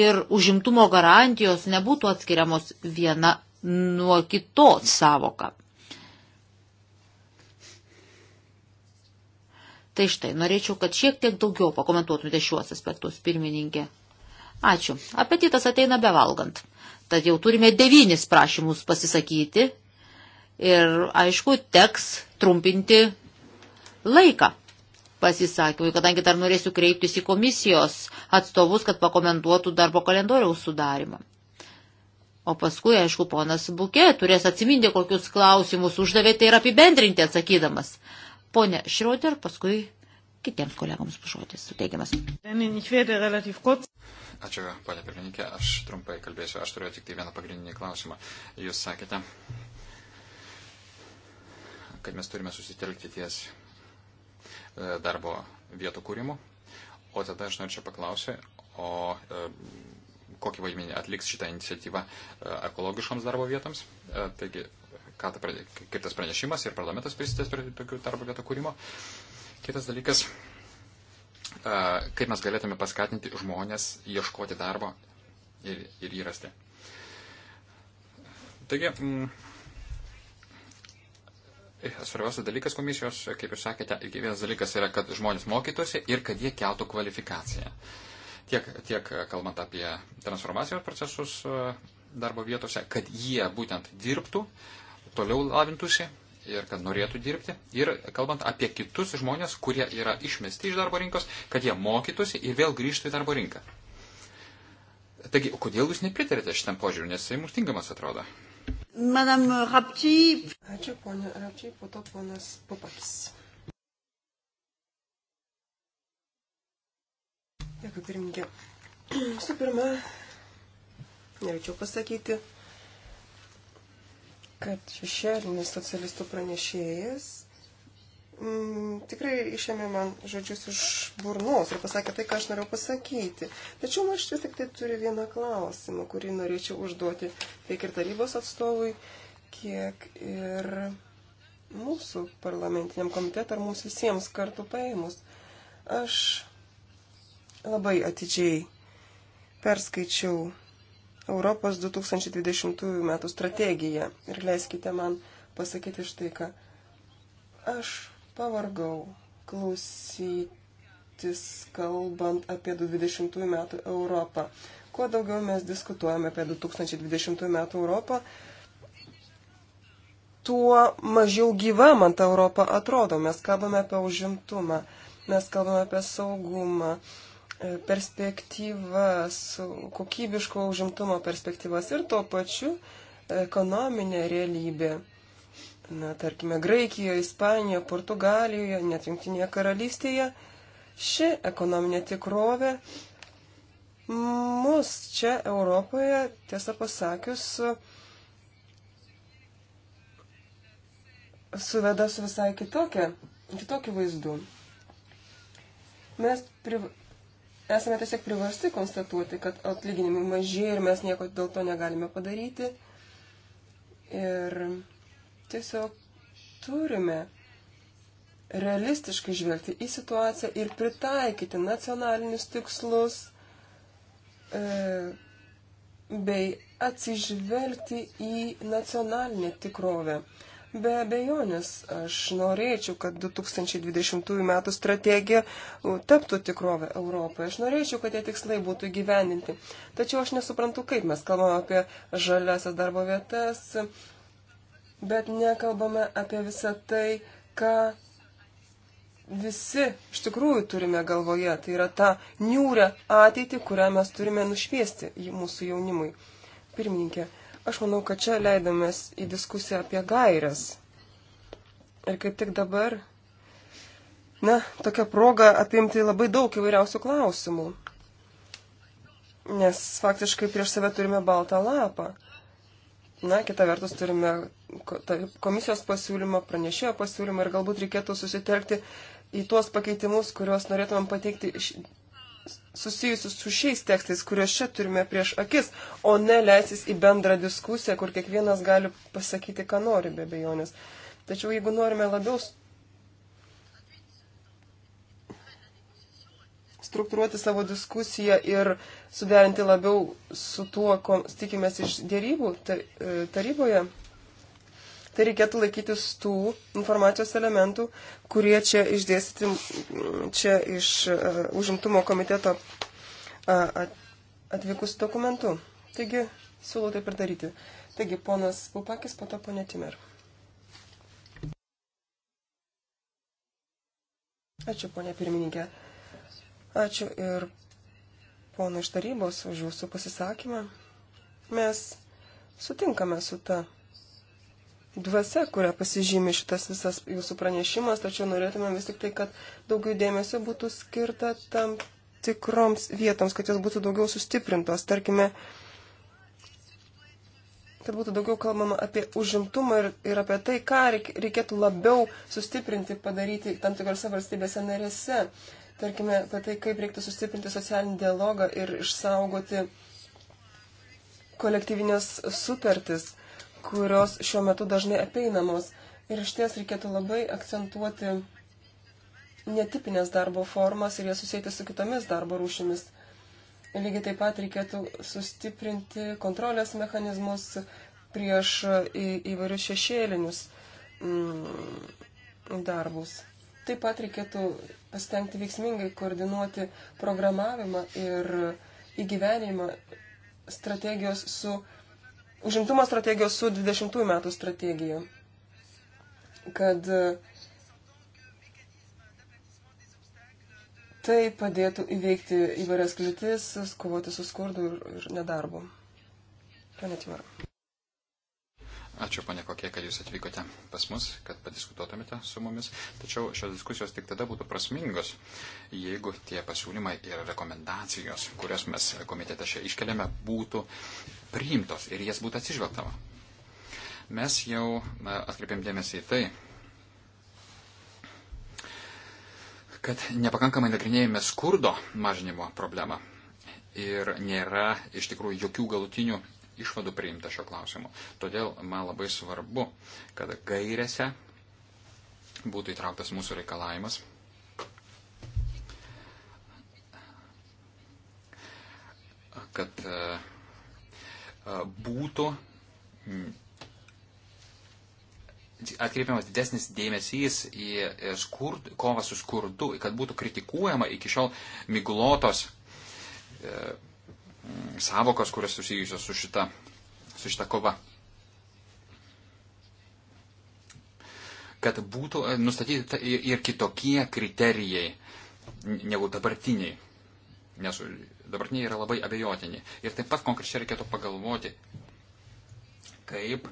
ir užimtumo garantijos nebūtų atskiriamos viena nuo kitos savoką. Tai štai, norėčiau, kad šiek tiek daugiau pakomentuotumėte šiuos aspektus, pirmininkė. Ačiū. Apetitas ateina bevalgant. Tad jau turime devynis prašymus pasisakyti ir, aišku, teks trumpinti laiką pasisakymui, kadangi dar norėsiu kreiptis į komisijos atstovus, kad pakomentuotų darbo kalendoriaus sudarimą. O paskui, aišku, ponas Bukė turės atsiminti, kokius klausimus uždavėte tai ir apibendrinti atsakydamas. Pone Šrioter, paskui kitiems kolegams pažodis suteikiamas. Ačiū, palė pirmininkė, aš trumpai kalbėsiu, aš turiu tik tai vieną pagrindinį klausimą. Jūs sakėte, kad mes turime susitelkti ties e, darbo vietų kūrimu, o tada aš norėčiau paklausyti, o e, kokį vaidmenį atliks šitą iniciatyvą e, ekologiškoms darbo vietoms. E, taigi, ta, kaip tas pranešimas ir parlamentas prisidės prie tokių darbo vietų kūrimo. Kitas dalykas, e, kaip mes galėtume paskatinti žmonės ieškoti darbo ir, ir jį rasti. Taigi, mm, svarbiausias dalykas komisijos, kaip jūs sakėte, vienas dalykas yra, kad žmonės mokytųsi ir kad jie keltų kvalifikaciją. Uh, tiek, tiek e, kalbant apie transformacijos procesus e, darbo vietose, kad jie būtent dirbtų, toliau lavintųsi ir kad norėtų dirbti. Ir kalbant apie kitus žmonės, kurie yra išmesti iš darbo rinkos, kad jie mokytųsi ir vėl grįžtų į darbo rinką. Taigi, kodėl jūs nepritarėte šitam požiūriu, nes jis mums tinkamas atrodo? Madame Rapčiai. Ačiū, ponia Rapčiai, po to ponas Pupakis. Dėkui, pirmininkė. Visų pirma, norėčiau pasakyti, kad šešėlinis socialistų pranešėjas m, mm, tikrai išėmė man žodžius iš burnos ir pasakė tai, ką aš norėjau pasakyti. Tačiau aš vis tik tai turiu vieną klausimą, kurį norėčiau užduoti tiek ir tarybos atstovui, kiek ir mūsų parlamentiniam komitetui, ar mums visiems kartu paėmus. Aš labai atidžiai perskaičiau Europos 2020 m. strategiją ir leiskite man pasakyti štai ką. Aš pavargau klausytis, kalbant apie 2020 m. Europą. Kuo daugiau mes diskutuojame apie 2020 m. Europą, tuo mažiau gyva man ta Europa atrodo. Mes kalbame apie užimtumą, mes kalbame apie saugumą, E, perspektyvas, kokybiško užimtumo perspektyvas ir tuo pačiu ekonominė realybė. Na, tarkime, Graikijoje, Ispanijoje, Portugalijoje, net Junktinėje karalystėje ši ekonominė tikrovė mus čia Europoje, tiesą pasakius, suveda su visai kitokia, kitokiu vaizdu. Mes priv esame tiesiog priversti konstatuoti, kad atlyginimai maži ir mes nieko dėl to negalime padaryti. Ir tiesiog turime realistiškai žvelgti į situaciją ir pritaikyti nacionalinius tikslus e, bei atsižvelgti į nacionalinę tikrovę. Be abejonės, aš norėčiau, kad 2020 m. strategija taptų tikrovę Europoje. Aš norėčiau, kad tie tikslai būtų gyveninti. Tačiau aš nesuprantu, kaip mes kalbame apie žaliasias darbo vietas, bet nekalbame apie visą tai, ką visi iš tikrųjų turime galvoje. Tai yra ta niūrė ateitį, kurią mes turime nušviesti mūsų jaunimui. Pirmininkė. Aš manau, kad čia leidomės į diskusiją apie gairias. Ir kaip tik dabar, na, tokia proga apimti labai daug įvairiausių klausimų. Nes faktiškai prieš save turime baltą lapą. Na, kita vertus turime komisijos pasiūlymą, pranešėjo pasiūlymą ir galbūt reikėtų susitelkti į tuos pakeitimus, kuriuos norėtumėm pateikti susijusius su šiais tekstais, kuriuos čia turime prieš akis, o ne leisis į bendrą diskusiją, kur kiekvienas gali pasakyti, ką nori, be bejonės. Tačiau jeigu norime labiau struktūruoti savo diskusiją ir suderinti labiau su tuo, ko tikimės iš dėrybų e, taryboje, tai reikėtų laikytis tų informacijos elementų, kurie čia išdėstyti čia iš uh, užimtumo komiteto uh, atvykus dokumentu. Taigi, siūlau taip ir daryti. Taigi, ponas Pupakis, po to ponė Timer. Ačiū, ponė pirmininkė. Ačiū ir ponai iš tarybos už jūsų pasisakymą. Mes sutinkame su ta dvasia, kurią pasižymi šitas visas jūsų pranešimas, tačiau norėtume vis tik tai, kad daugiau dėmesio būtų skirta tam tikroms vietoms, kad jos būtų daugiau sustiprintos. Tarkime, kad būtų daugiau kalbama apie užimtumą ir, ir apie tai, ką reikėtų labiau sustiprinti, padaryti tam tikrose valstybėse narėse. Tarkime, apie tai, kaip reiktų sustiprinti socialinį dialogą ir išsaugoti kolektyvinės sutartis kurios šiuo metu dažnai apeinamos. Ir iš ties reikėtų labai akcentuoti netipinės darbo formas ir jas susijęti su kitomis darbo rūšimis. Lygiai taip pat reikėtų sustiprinti kontrolės mechanizmus prieš į, įvairius šešėlinius mm, darbus. Taip pat reikėtų pasitengti veiksmingai koordinuoti programavimą ir įgyvenimą strategijos su užimtumo strategijos su 20 metų strategija. Kad e, tai padėtų įveikti įvairias kliūtis, kovoti su skurdu ir, ir nedarbu. Pane Tvara. Ačiū, ponė Kokie, kad jūs atvykote pas mus, kad padiskutuotumėte su mumis. Tačiau šios diskusijos tik tada būtų prasmingos, jeigu tie pasiūlymai ir rekomendacijos, kurias mes komitete čia iškeliame, būtų priimtos ir jas būtų atsižvelgtama. Mes jau atkreipėm dėmesį į tai, kad nepakankamai nagrinėjame skurdo mažinimo problemą ir nėra iš tikrųjų jokių galutinių išvadų priimta šio klausimu. Todėl man labai svarbu, kad gairėse būtų įtrauktas mūsų reikalavimas. kad e, būtų atkreipiamas didesnis dėmesys į e, skurd, kovą su skurdu, kad būtų kritikuojama iki šiol miglotos e, Mm, savokos, kurios susijusios su šita, su šita kova. Kad būtų e, nustatyti ir kitokie kriterijai negu dabartiniai, nes dabartiniai yra labai abejotini. Ir taip pat konkrečiai reikėtų pagalvoti, kaip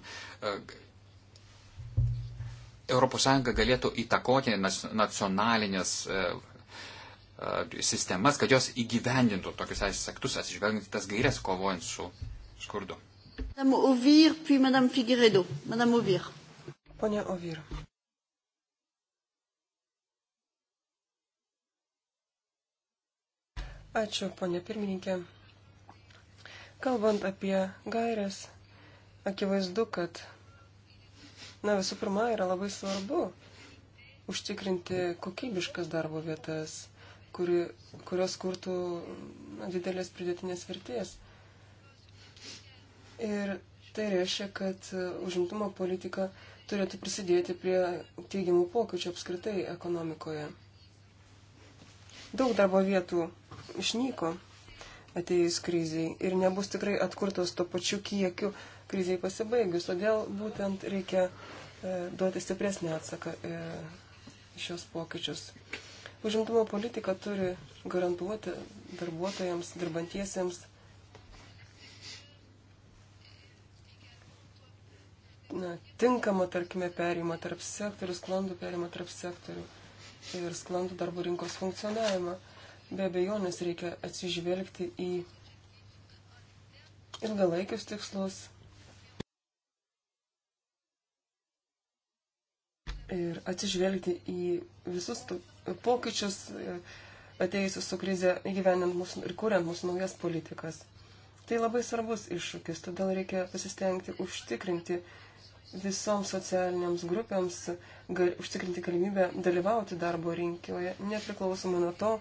ES galėtų įtakoti nacionalinės e, E, sistemas, kad jos įgyvendintų tokius teisės aktus, atsižvelgiant į tas gairias kovojant su skurdu. Madame Ovir, puis Madame Figueredo. Madame Ovir. Ponia Ovir. Ačiū, ponė pirmininkė. Kalbant apie gairias, akivaizdu, kad, na visų pirma, yra labai svarbu užtikrinti kokybiškas darbo vietas kuri, kurios kurtų didelės pridėtinės vertės. Ir tai reiškia, kad užimtumo politika turėtų prisidėti prie teigiamų pokyčių apskritai ekonomikoje. Daug darbo vietų išnyko atėjus kriziai ir nebus tikrai atkurtos to pačiu kiekiu kriziai pasibaigius. Todėl būtent reikia e, duoti stipresnį atsaką e, šios pokyčius. Užimtumo politika turi garantuoti darbuotojams, dirbantiesiems na, tinkamą, tarkime, perimą tarp sektorių, sklandų perimą tarp sektorių ir sklandų darbo rinkos funkcionavimą. Be abejonės reikia atsižvelgti į ilgalaikius tikslus, ir atsižvelgti į visus pokyčius e, atėjusius su krize įgyvenant mūsų ir kuriant mūsų naujas politikas. Tai labai svarbus iššūkis, todėl reikia pasistengti užtikrinti visoms socialiniams grupėms, gal, užtikrinti galimybę dalyvauti darbo rinkijoje, nepriklausomai nuo to,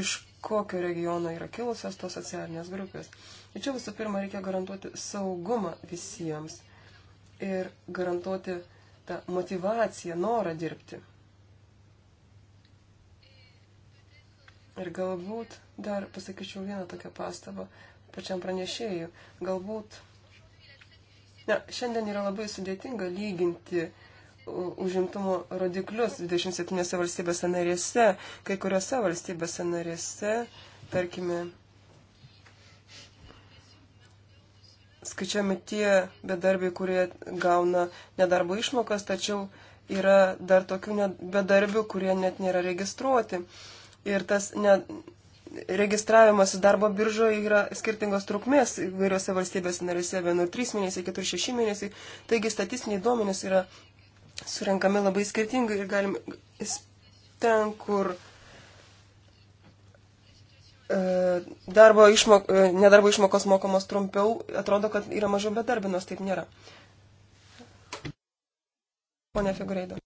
iš kokio regiono yra kilusios tos socialinės grupės. Ir čia visų pirma reikia garantuoti saugumą visiems ir garantuoti uh, tą motivaciją, norą dirbti. Ir galbūt dar pasakyčiau vieną tokią pastabą pačiam pranešėjui. Galbūt ne, šiandien yra labai sudėtinga lyginti užimtumo rodiklius 27 valstybėse narėse, kai kuriuose valstybėse narėse, tarkime, skaičiami tie bedarbiai, kurie gauna nedarbo išmokas, tačiau yra dar tokių bedarbių, kurie net nėra registruoti. Ir tas ne, registravimas darbo biržoje yra skirtingos trukmės įvairiose valstybės narėse - 1-3 mėnesiai, 4-6 mėnesiai. Taigi statistiniai duomenys yra surenkami labai skirtingai ir galim ten, kur E, darbo išmok, e, nedarbo išmokos mokamos trumpiau, atrodo, kad yra mažiau bedarbių, nors taip nėra. Pone Figureido.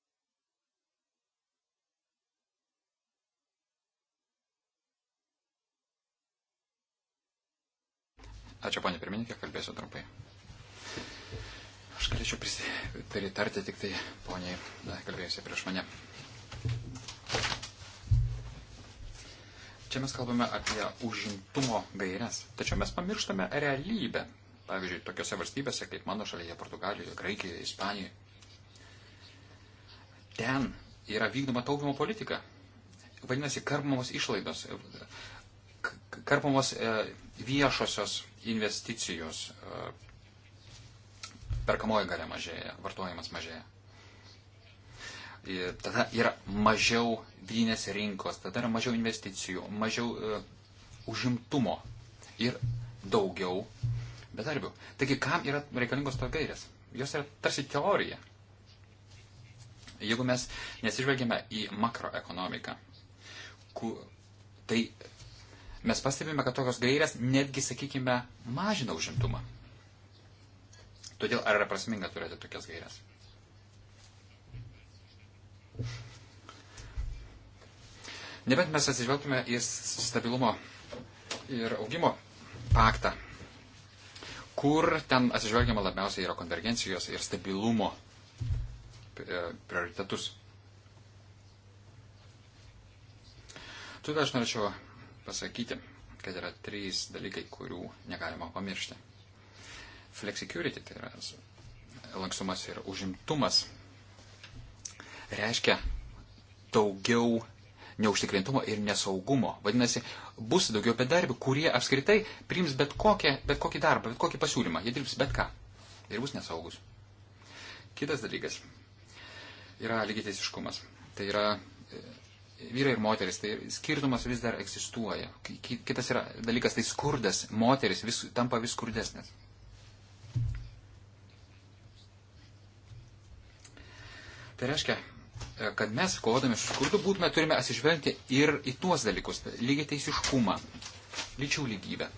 Ačiū, ponė pirmininkė, kalbėsiu trumpai. Aš galėčiau prisitarti tik tai poniai, kalbėjusiai prieš mane. Čia mes kalbame apie užimtumo gairias, tačiau mes pamirštame realybę. Pavyzdžiui, tokiose valstybėse kaip mano šalyje, Portugalijoje, Graikijoje, Ispanijoje. Ten yra vykdoma taupimo politika. Vadinasi, karpamos išlaidos, karpamos e, viešosios investicijos, e, perkamoji galia mažėja, vartojimas mažėja. E, tada yra mažiau vidinės rinkos, tada yra mažiau investicijų, mažiau e, užimtumo ir daugiau bedarbių. Taigi, kam yra reikalingos to gairės? Jos yra tarsi teorija. Jeigu mes nesižvelgiame į makroekonomiką, ku, tai mes pastebime, kad tokios gairės netgi, sakykime, mažina užimtumą. Todėl ar yra prasminga turėti tokias gairias? Nebent mes atsižvelgtume į stabilumo ir augimo paktą, kur ten atsižvelgiama labiausiai yra konvergencijos ir stabilumo e, prioritetus. Todėl aš norėčiau pasakyti, kad yra trys dalykai, kurių negalima pamiršti. Flexicurity tai yra lankstumas ir užimtumas reiškia daugiau neužtikrintumo ir nesaugumo. Vadinasi, bus daugiau bedarbių, kurie apskritai priims bet, kokią, bet kokį darbą, bet kokį pasiūlymą. Jie dirbs bet ką. Ir bus nesaugus. Kitas dalykas yra lygiateisiškumas. Tai yra e, vyrai ir moteris. Tai skirtumas vis dar egzistuoja. Kitas yra dalykas, tai skurdas. Moteris vis, tampa vis skurdesnės. Tai reiškia, E, kad mes, kovodami su skurdu, būtume turime atsižvelgti ir į tuos dalykus - lygiai teisiškumą, lyčių lygybę.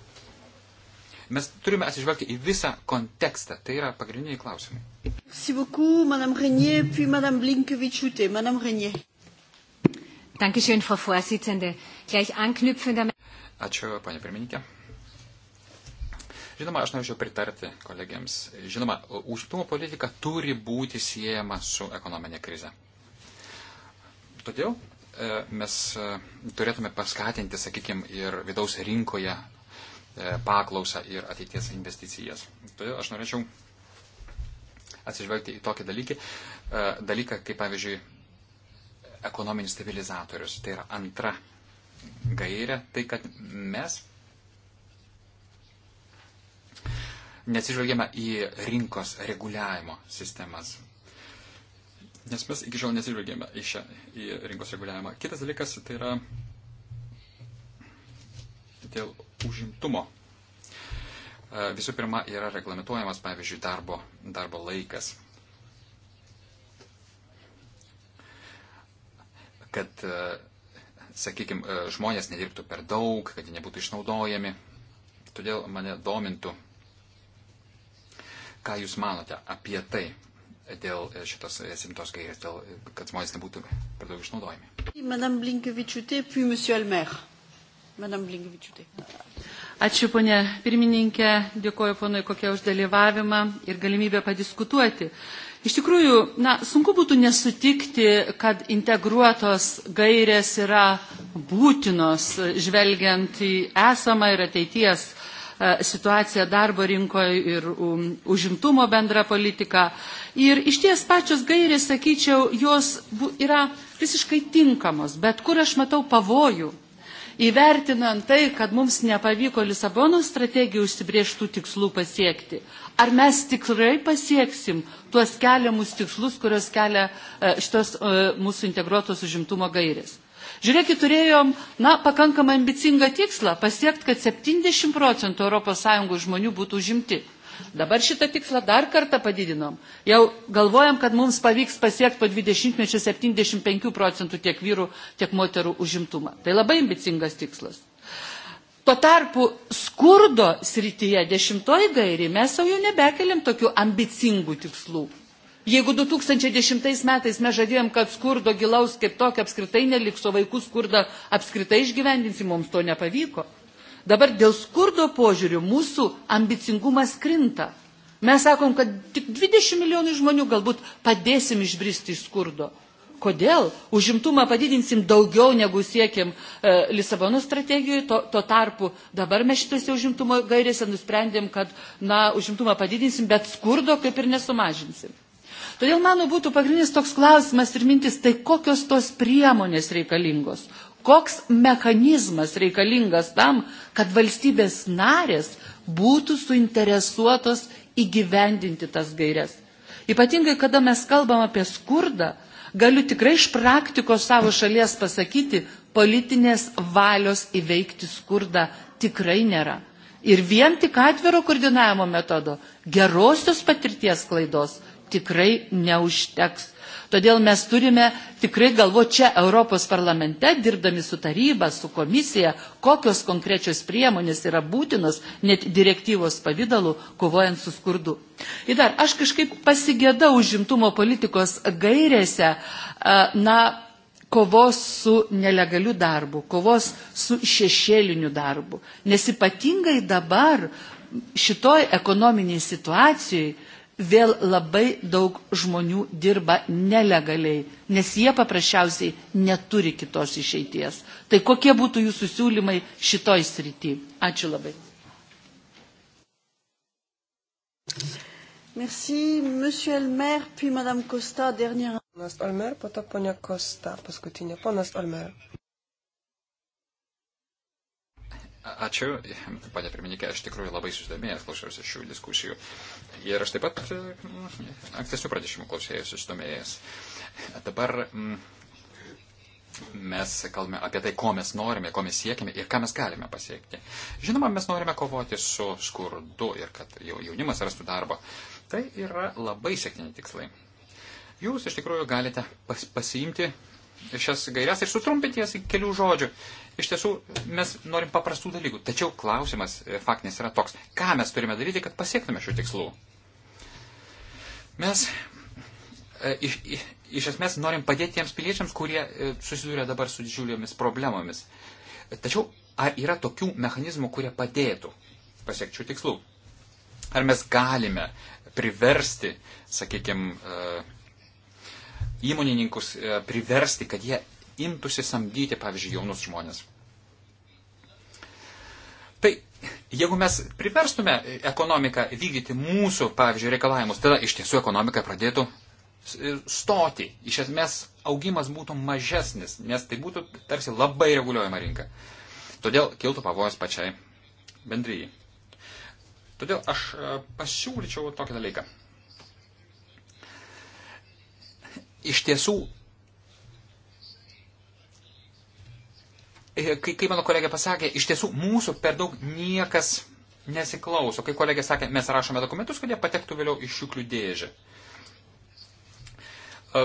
Mes turime atsižvelgti į visą kontekstą. Tai yra pagrindiniai klausimai. Merci beaucoup, Madame Renier, puis Madame Blinkevičiūtė. Madame Renier. Dankeschön, Frau Vorsitzende. Gleich anknüpfend am. Ačiū, panė pirmininkė. Žinoma, aš norėčiau pritarti kolegiams. Žinoma, užimtumo politika turi būti siejama su ekonominė krize. Todėl e, mes e, turėtume paskatinti, sakykime, ir vidaus rinkoje e, paklausą ir ateities investicijas. Todėl aš norėčiau atsižvelgti į tokį dalykį, dalyką, kaip pavyzdžiui, ekonominis stabilizatorius. Tai yra antra gairė, tai kad mes nesižvelgiame į rinkos reguliavimo sistemas nes mes iki šiol nesižvelgėme į, šią, į rinkos reguliavimą. Kitas dalykas tai yra dėl užimtumo. E, visų pirma, yra reglamentuojamas, pavyzdžiui, darbo, darbo laikas. Kad, e, sakykime, žmonės nedirbtų per daug, kad jie nebūtų išnaudojami. Todėl mane domintų, ką Jūs manote apie tai dėl e, šitos simtos e, gairės, dėl, e, kad žmonės nebūtų per daug išnaudojami. Madame Blinkevičiūtė, puis Monsieur Almer. Madame Blinkevičiūtė. Ačiū, ponė pirmininkė, dėkoju ponui kokie už dalyvavimą ir galimybę padiskutuoti. Iš tikrųjų, na, sunku būtų nesutikti, kad integruotos gairės yra būtinos, žvelgiant į esamą ir ateities E, situaciją darbo rinkoje ir um, užimtumo bendrą politiką. Ir iš ties pačios gairės, sakyčiau, jos yra visiškai tinkamos, bet kur aš matau pavojų, įvertinant tai, kad mums nepavyko Lisabono strategijų užsibrieštų tikslų pasiekti. Ar mes tikrai pasieksim tuos keliamus tikslus, kurios kelia e, šitos e, mūsų integruotos užimtumo gairės? Žiūrėkit, turėjom, na, pakankamai ambicingą tikslą pasiekti, kad 70 procentų ES žmonių būtų užimti. Dabar šitą tikslą dar kartą padidinom. Jau galvojam, kad mums pavyks pasiekti po 20 mečių 75 procentų tiek vyrų, tiek moterų užimtumą. Tai labai ambicingas tikslas. Tuo tarpu skurdo srityje dešimtoji gairį mes jau nebekeliam tokių ambicingų tikslų. Jeigu 2010 metais mes žadėjom, kad skurdo gilaus kaip tokio apskritai neliks, o vaikų skurdą apskritai išgyvendinsim, mums to nepavyko. Dabar dėl skurdo požiūrių mūsų ambicingumas krinta. Mes sakom, kad tik 20 milijonų žmonių galbūt padėsim išbristi iš skurdo. Kodėl? Užimtumą padidinsim daugiau negu siekiam e, Lisabono strategijoje, to, to tarpu dabar mes šitose užimtumo gairėse nusprendėm, kad na, užimtumą padidinsim, bet skurdo kaip ir nesumažinsim. Todėl mano būtų pagrindinis toks klausimas ir mintis, tai kokios tos priemonės reikalingos, koks mechanizmas reikalingas tam, kad valstybės narės būtų suinteresuotos įgyvendinti tas gairias. Ypatingai, kada mes kalbam apie skurdą, galiu tikrai iš praktikos savo šalies pasakyti, politinės valios įveikti skurdą tikrai nėra. Ir vien tik atviro koordinavimo metodo, gerosios patirties klaidos tikrai neužteks. Todėl mes turime tikrai galvoti čia Europos parlamente, dirbdami su taryba, su komisija, kokios konkrečios priemonės yra būtinos net direktyvos pavydalu, kovojant su skurdu. Ir dar, aš kažkaip pasigėdau užimtumo politikos gairėse, na, kovos su nelegaliu darbu, kovos su šešėliniu darbu. Nes ypatingai dabar šitoj ekonominiai situacijai vėl labai daug žmonių dirba nelegaliai, nes jie paprasčiausiai neturi kitos išeities. Tai kokie būtų jūsų siūlymai šitoj srity? Ačiū labai. Merci, monsieur Elmer, puis madame Costa, dernière. Ponas Olmer, po to ponia Costa, paskutinė. Ponas Olmer. Ačiū, panė pirmininkė, aš tikrai labai susidomėjęs klausiausi šių diskusijų. Ir aš taip pat mm, ankstesnių pranešimų klausėjęs susidomėjęs. Dabar mm, mes kalbame apie tai, ko mes norime, ko mes siekime ir ką mes galime pasiekti. Žinoma, mes norime kovoti su skurdu ir kad jaunimas rastų darbo. Tai yra labai sėkmingi tikslai. Jūs iš tikrųjų galite pas, pasiimti šias gairias ir sutrumpinti jas iki kelių žodžių Iš tiesų, mes norim paprastų dalykų. Tačiau klausimas e, faktinis yra toks, ką mes turime daryti, kad pasiektume šių tikslų. Mes e, iš, iš esmės norim padėti tiems piliečiams, kurie e, susiduria dabar su didžiuliomis problemomis. Tačiau ar yra tokių mechanizmų, kurie padėtų pasiekti šių tikslų? Ar mes galime priversti, sakykime, įmonininkus priversti, kad jie imtųsi samdyti, pavyzdžiui, jaunus žmonės. Tai jeigu mes priverstume ekonomiką vykdyti mūsų, pavyzdžiui, reikalavimus, tada iš tiesų ekonomika pradėtų e, stoti. Iš esmės augimas būtų mažesnis, nes tai būtų tarsi labai reguliuojama rinka. Todėl kiltų pavojus pačiai bendryjai. Todėl aš e, pasiūlyčiau tokį dalyką. Iš tiesų E, kai, kai mano kolegė pasakė, iš tiesų mūsų per daug niekas nesiklauso. Kai kolegė sakė, mes rašome dokumentus, kad jie patektų vėliau iš šiuklių dėžę. E,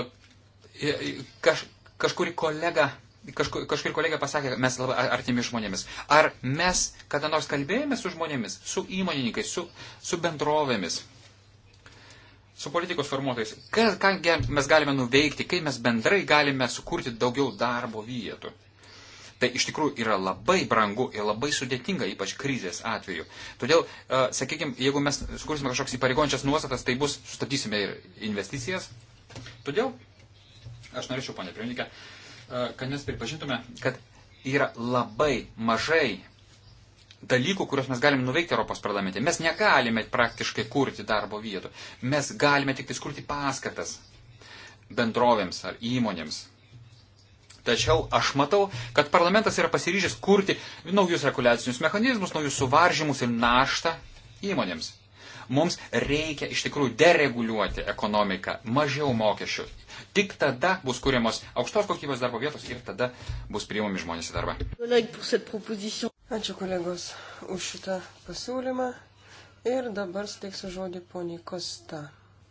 e, kaž, kažkuri kolega. Kažkur, kažkur kolega pasakė, mes labai artimi žmonėmis. Ar mes kada nors kalbėjome su žmonėmis, su įmonininkais, su, su bendrovėmis, su politikos formuotojais? Ką, ką mes galime nuveikti, kaip mes bendrai galime sukurti daugiau darbo vietų? Tai iš tikrųjų yra labai brangu ir labai sudėtinga, ypač krizės atveju. Todėl, e, sakykime, jeigu mes sukursime kažkoks įpareigojančias nuostatas, tai bus, sustabdysime ir investicijas. Todėl, aš norėčiau, ponė Pirmininkė, e, kad mes pripažintume, kad yra labai mažai dalykų, kuriuos mes galime nuveikti Europos parlamente. Mes negalime praktiškai kurti darbo vietų. Mes galime tik tai kurti paskatas bendrovėms ar įmonėms Tačiau aš matau, kad parlamentas yra pasiryžęs kurti naujus reguliacinius mechanizmus, naujus suvaržymus ir naštą įmonėms. Mums reikia iš tikrųjų dereguliuoti ekonomiką, mažiau mokesčių. Tik tada bus kūriamos aukštos kokybės darbo vietos ir tada bus priimami žmonės į darbą. Ačiū kolegos už šitą pasiūlymą. Ir dabar steiksiu žodį poniai Kosta.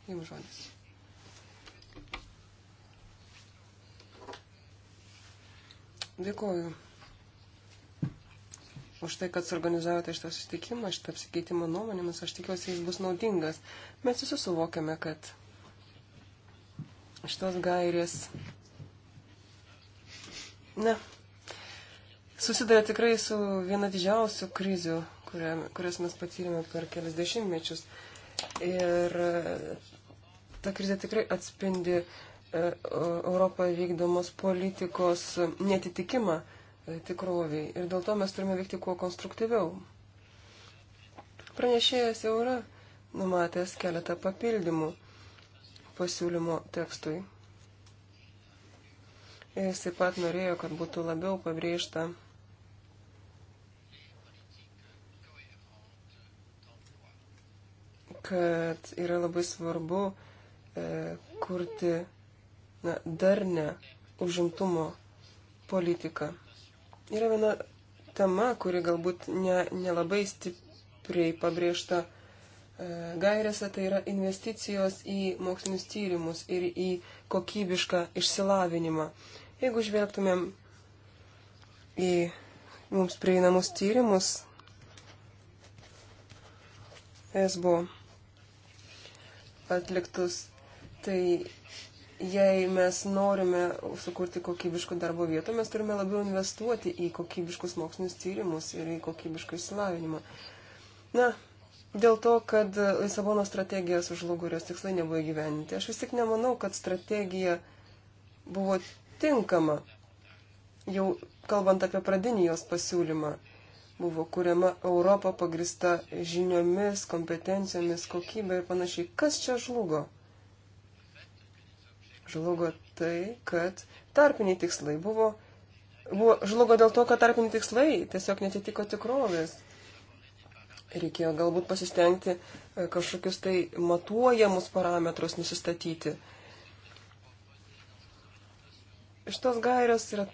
Jums žodis. Dėkuoju už tai, kad suorganizavote šitą susitikimą, šitą apsikeitimą nuomonėmis. Aš tikiuosi, jis bus naudingas. Mes visi suvokiame, kad šitos gairės. Ne. Susidarė tikrai su viena didžiausių krizių, kuria, kurias mes patyrėme per kelias dešimtmečius. Ir ta krizė tikrai atspindi E, Europoje vykdomos politikos netitikimą e, tikroviai. Ir dėl to mes turime veikti kuo konstruktyviau. Pranešėjas jau yra numatęs keletą papildymų pasiūlymo tekstui. Jis taip pat norėjo, kad būtų labiau pabrėžta kad yra labai svarbu e, kurti na, darnę užimtumo politiką. Yra viena tema, kuri galbūt nelabai ne, ne stipriai pabrėžta e, gairėse, tai yra investicijos į mokslinius tyrimus ir į kokybišką išsilavinimą. Jeigu žvelgtumėm į mums prieinamus tyrimus, esbo atliktus, tai jei mes norime sukurti kokybiškų darbo vietų, mes turime labiau investuoti į kokybiškus mokslinius tyrimus ir į kokybišką išsilavinimą. Na, dėl to, kad Lisabono strategija sužlugo ir jos tikslai nebuvo įgyveninti. Aš vis tik nemanau, kad strategija buvo tinkama. Jau kalbant apie pradinį jos pasiūlymą, buvo kuriama Europa pagrista žiniomis, kompetencijomis, kokybė ir panašiai. Kas čia žlugo? žlugo tai, kad tarpiniai tikslai buvo, buvo žlugo dėl to, kad tarpiniai tikslai tiesiog netitiko tikrovės. Reikėjo galbūt pasistengti e, kažkokius tai matuojamus parametrus nusistatyti. Šitos gairios yra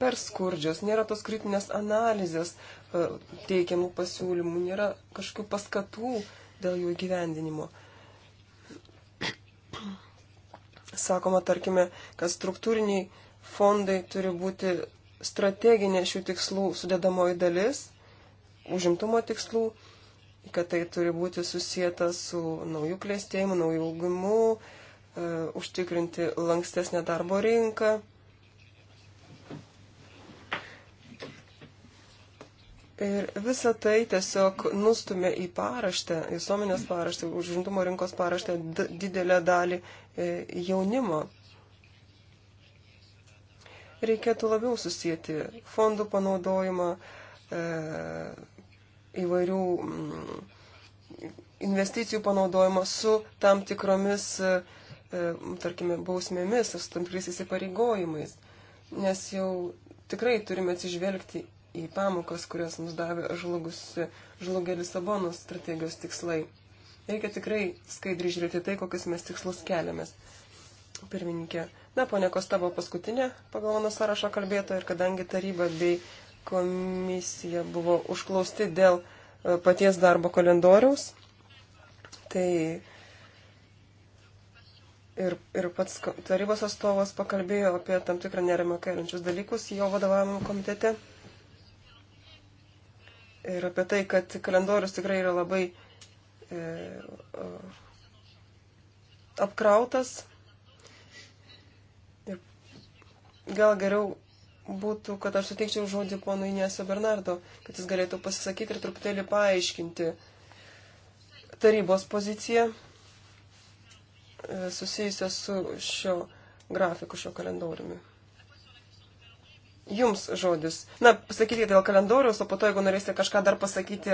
per skurdžios, nėra tos kritinės analizės e, teikiamų pasiūlymų, nėra kažkokių paskatų dėl jų įgyvendinimo. sakoma, tarkime, kad struktūriniai fondai turi būti strateginė šių tikslų sudėdamoji dalis, užimtumo tikslų, kad tai turi būti susijęta su naujų klėstėjimu, naujų augimu, e, užtikrinti lankstesnę darbo rinką. Ir visa tai tiesiog nustumė į paraštę, visuomenės paraštę, užimtumo rinkos paraštę didelę dalį E, jaunimo. Reikėtų labiau susijęti fondų panaudojimą, e, įvairių mm, investicijų panaudojimą su tam tikromis, e, tarkime, bausmėmis ar su tam tikrais įsipareigojimais. Nes jau tikrai turime atsižvelgti į pamokas, kurias mums davė žlugus, žlugė Lisabonos strategijos tikslai. Reikia tikrai skaidriai žiūrėti tai, kokius mes tikslus keliamės. Pirmininkė. Na, ponė Kosta buvo paskutinė pagal mano sąrašo kalbėtoja ir kadangi taryba bei komisija buvo užklausti dėl e, paties darbo kalendoriaus, tai ir, ir pats tarybos atstovas pakalbėjo apie tam tikrą nerimą keliančius dalykus jo vadovavimo komitete. Ir apie tai, kad kalendorius tikrai yra labai E, apkrautas. Ir gal geriau būtų, kad aš suteikčiau žodį ponui Inesio Bernardo, kad jis galėtų pasisakyti ir truputėlį paaiškinti tarybos poziciją e, susijusią su šio grafiku, šio kalendoriumi jums žodis. Na, pasakykite dėl kalendoriaus, o po to, jeigu norėsite kažką dar pasakyti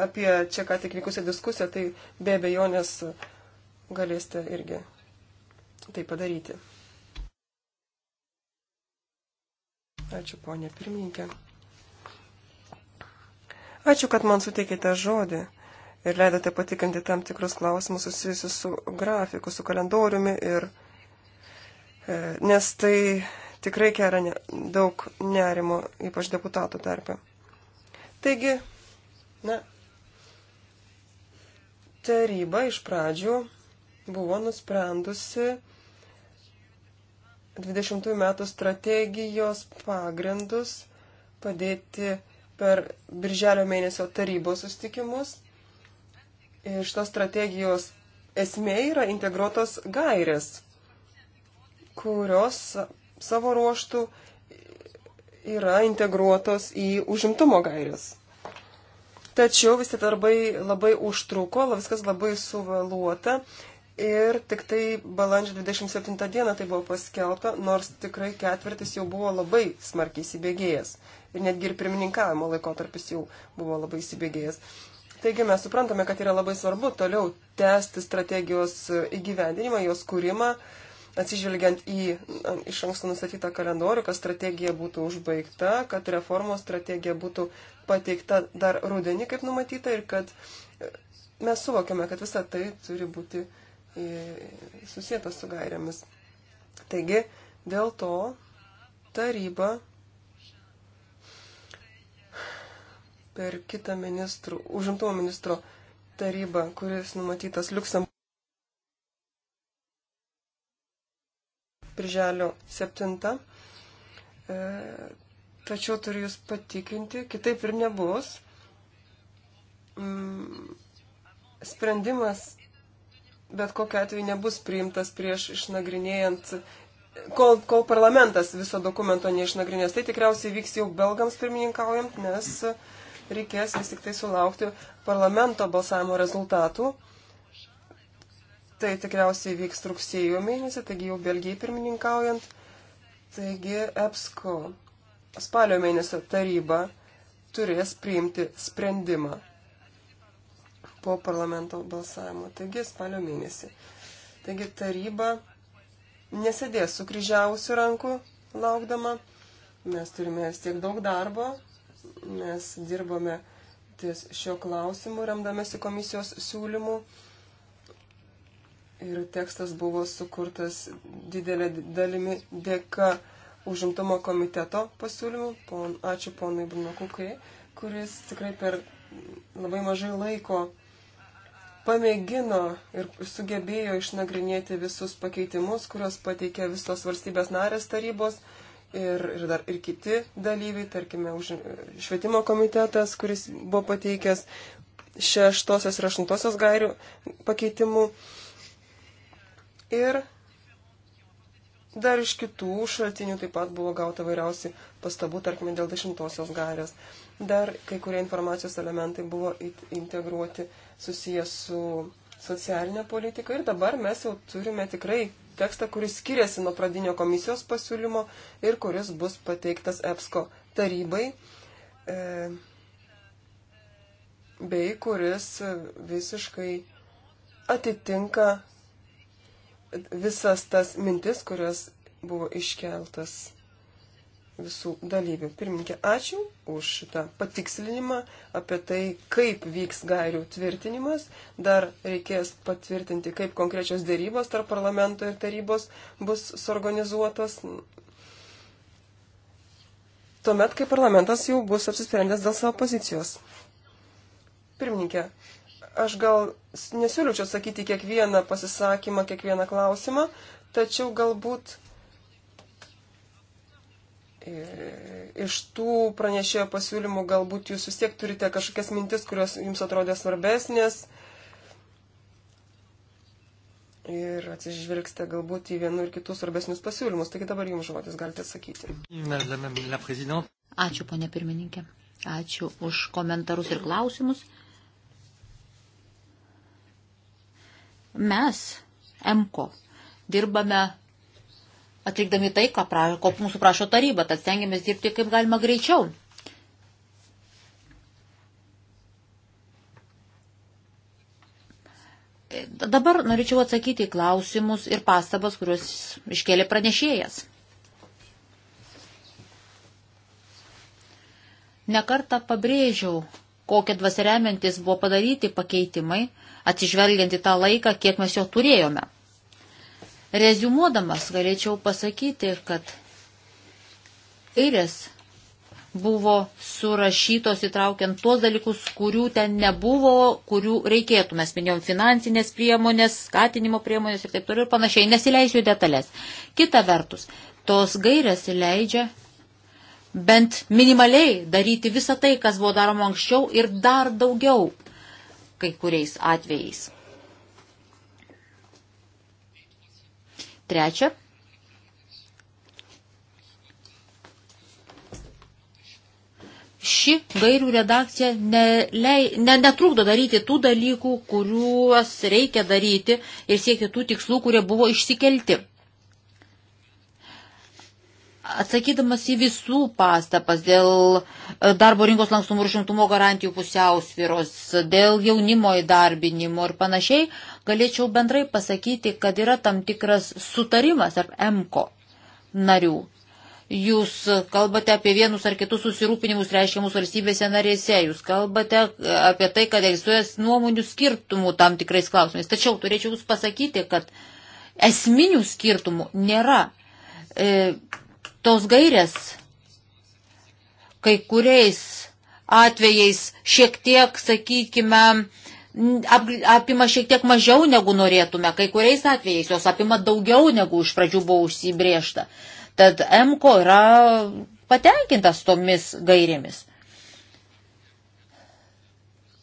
apie čia ką tik vykusią diskusiją, tai be abejonės galėsite irgi tai padaryti. Ačiū, ponė pirmininkė. Ačiū, kad man suteikėte žodį ir leidote patikinti tam tikrus klausimus susijusius su grafiku, su kalendoriumi ir. E, nes tai tikrai kelia ne, daug nerimo, ypač deputatų tarpe. Taigi, na, taryba iš pradžių buvo nusprendusi 20 metų strategijos pagrindus padėti per birželio mėnesio tarybos sustikimus. Ir šitos strategijos esmė yra integruotos gairės, kurios savo ruoštų yra integruotos į užimtumo gairias. Tačiau visi darbai labai užtruko, viskas labai suvaluota ir tik tai balandžio 27 dieną tai buvo paskelbta, nors tikrai ketvirtis jau buvo labai smarkiai įsibėgėjęs. Ir netgi ir pirmininkavimo laikotarpis jau buvo labai įsibėgėjęs. Taigi mes suprantame, kad yra labai svarbu toliau tęsti strategijos įgyvendinimą, jos kūrimą, uh, atsižvelgiant į iš anksto nustatytą kalendorių, kad strategija būtų užbaigta, kad reformos strategija būtų pateikta dar rudenį, kaip numatyta, ir kad e, mes suvokiame, kad visa tai turi būti e, susijęta su gairiamis. Taigi, dėl to taryba per kitą ministrų, užimtumo ministro tarybą, kuris numatytas Liuksem birželio 7. E, tačiau turiu Jūs patikinti, kitaip ir nebus. Mm, sprendimas bet kokiu atveju nebus priimtas prieš išnagrinėjant, kol, kol parlamentas viso dokumento neišnagrinės. Tai tikriausiai vyks jau belgams pirmininkaujant, nes reikės vis tik tai sulaukti parlamento balsavimo rezultatų. Tai tikriausiai vyks rugsėjo mėnesį, taigi jau Belgijai pirmininkaujant. Taigi EPSCO spalio mėnesio taryba turės priimti sprendimą po parlamento balsavimo. Taigi spalio mėnesį. Taigi taryba nesėdės sukryžiausių rankų laukdama. Mes turime vis tiek daug darbo. Mes dirbame ties šio klausimu, remdamėsi komisijos siūlymu ir tekstas buvo sukurtas didelė dalimi dėka užimtumo komiteto pasiūlymų. Pon, ačiū ponui Brunokukai, kuris tikrai per labai mažai laiko pamėgino ir sugebėjo išnagrinėti visus pakeitimus, kuriuos pateikė visos valstybės narės tarybos ir, ir dar ir kiti dalyviai, tarkime, už, švietimo komitetas, kuris buvo pateikęs šeštosios ir aštuntosios gairių pakeitimų. Ir dar iš kitų šaltinių taip pat buvo gauta vairiausi pastabų, tarkime, dėl dešimtosios garės. Dar kai kurie informacijos elementai buvo integruoti susijęs su socialinė politika ir dabar mes jau turime tikrai tekstą, kuris skiriasi nuo pradinio komisijos pasiūlymo ir kuris bus pateiktas EPSCO tarybai, e, bei kuris e, visiškai atitinka visas tas mintis, kurios buvo iškeltas visų dalyvių. Pirminkė, ačiū už šitą patikslinimą apie tai, kaip vyks gairių tvirtinimas. Dar reikės patvirtinti, kaip konkrečios dėrybos tarp parlamento ir tarybos bus suorganizuotos. Tuomet, kai parlamentas jau bus apsisprendęs dėl savo pozicijos. Pirmininkė, Aš gal nesiūliučiau atsakyti kiekvieną pasisakymą, kiekvieną klausimą, tačiau galbūt e, iš tų pranešėjo pasiūlymų galbūt jūs vis tiek turite kažkokias mintis, kurios jums atrodė svarbesnės. Ir atsižvelgsite galbūt į vienų ir kitų svarbesnius pasiūlymus. Taigi dabar jums žodis galite atsakyti. Ačiū, ponė pirmininkė. Ačiū už komentarus ir klausimus. Mes, MKO, dirbame atlikdami tai, ką prašo, ko mūsų prašo taryba, tad stengiamės dirbti kaip galima greičiau. E, dabar norėčiau atsakyti į klausimus ir pastabas, kuriuos iškėlė pranešėjas. Nekartą pabrėžiau, kokią dvasę remiantis buvo padaryti pakeitimai, atsižvelgiant į tą laiką, kiek mes jo turėjome. Rezumuodamas galėčiau pasakyti, kad airės buvo surašytos įtraukiant tuos dalykus, kurių ten nebuvo, kurių reikėtų. Mes minėjom finansinės priemonės, skatinimo priemonės ir taip toliau ir panašiai. Nesileisiu detalės. Kita vertus, tos gairės leidžia bent minimaliai daryti visą tai, kas buvo daroma anksčiau ir dar daugiau kai kuriais atvejais. Trečia. Ši gairių redakcija nelei, ne, netrukdo daryti tų dalykų, kuriuos reikia daryti ir siekti tų tikslų, kurie buvo išsikelti. Atsakydamas į visų pastabas dėl e, darbo rinkos lankstumo ir užimtumo garantijų pusiausviros, dėl jaunimo įdarbinimo ir panašiai, galėčiau bendrai pasakyti, kad yra tam tikras sutarimas tarp MKO narių. Jūs kalbate apie vienus ar kitus susirūpinimus reiškiamus valstybėse narėse, jūs kalbate e, apie tai, kad egzistuoja nuomonių skirtumų tam tikrais klausimais. Tačiau turėčiau jūs pasakyti, kad esminių skirtumų nėra. E, Tos gairės kai kuriais atvejais šiek tiek, sakykime, apima šiek tiek mažiau negu norėtume, kai kuriais atvejais jos apima daugiau negu iš pradžių buvo užsibriešta. Tad MKO yra patenkintas tomis gairėmis,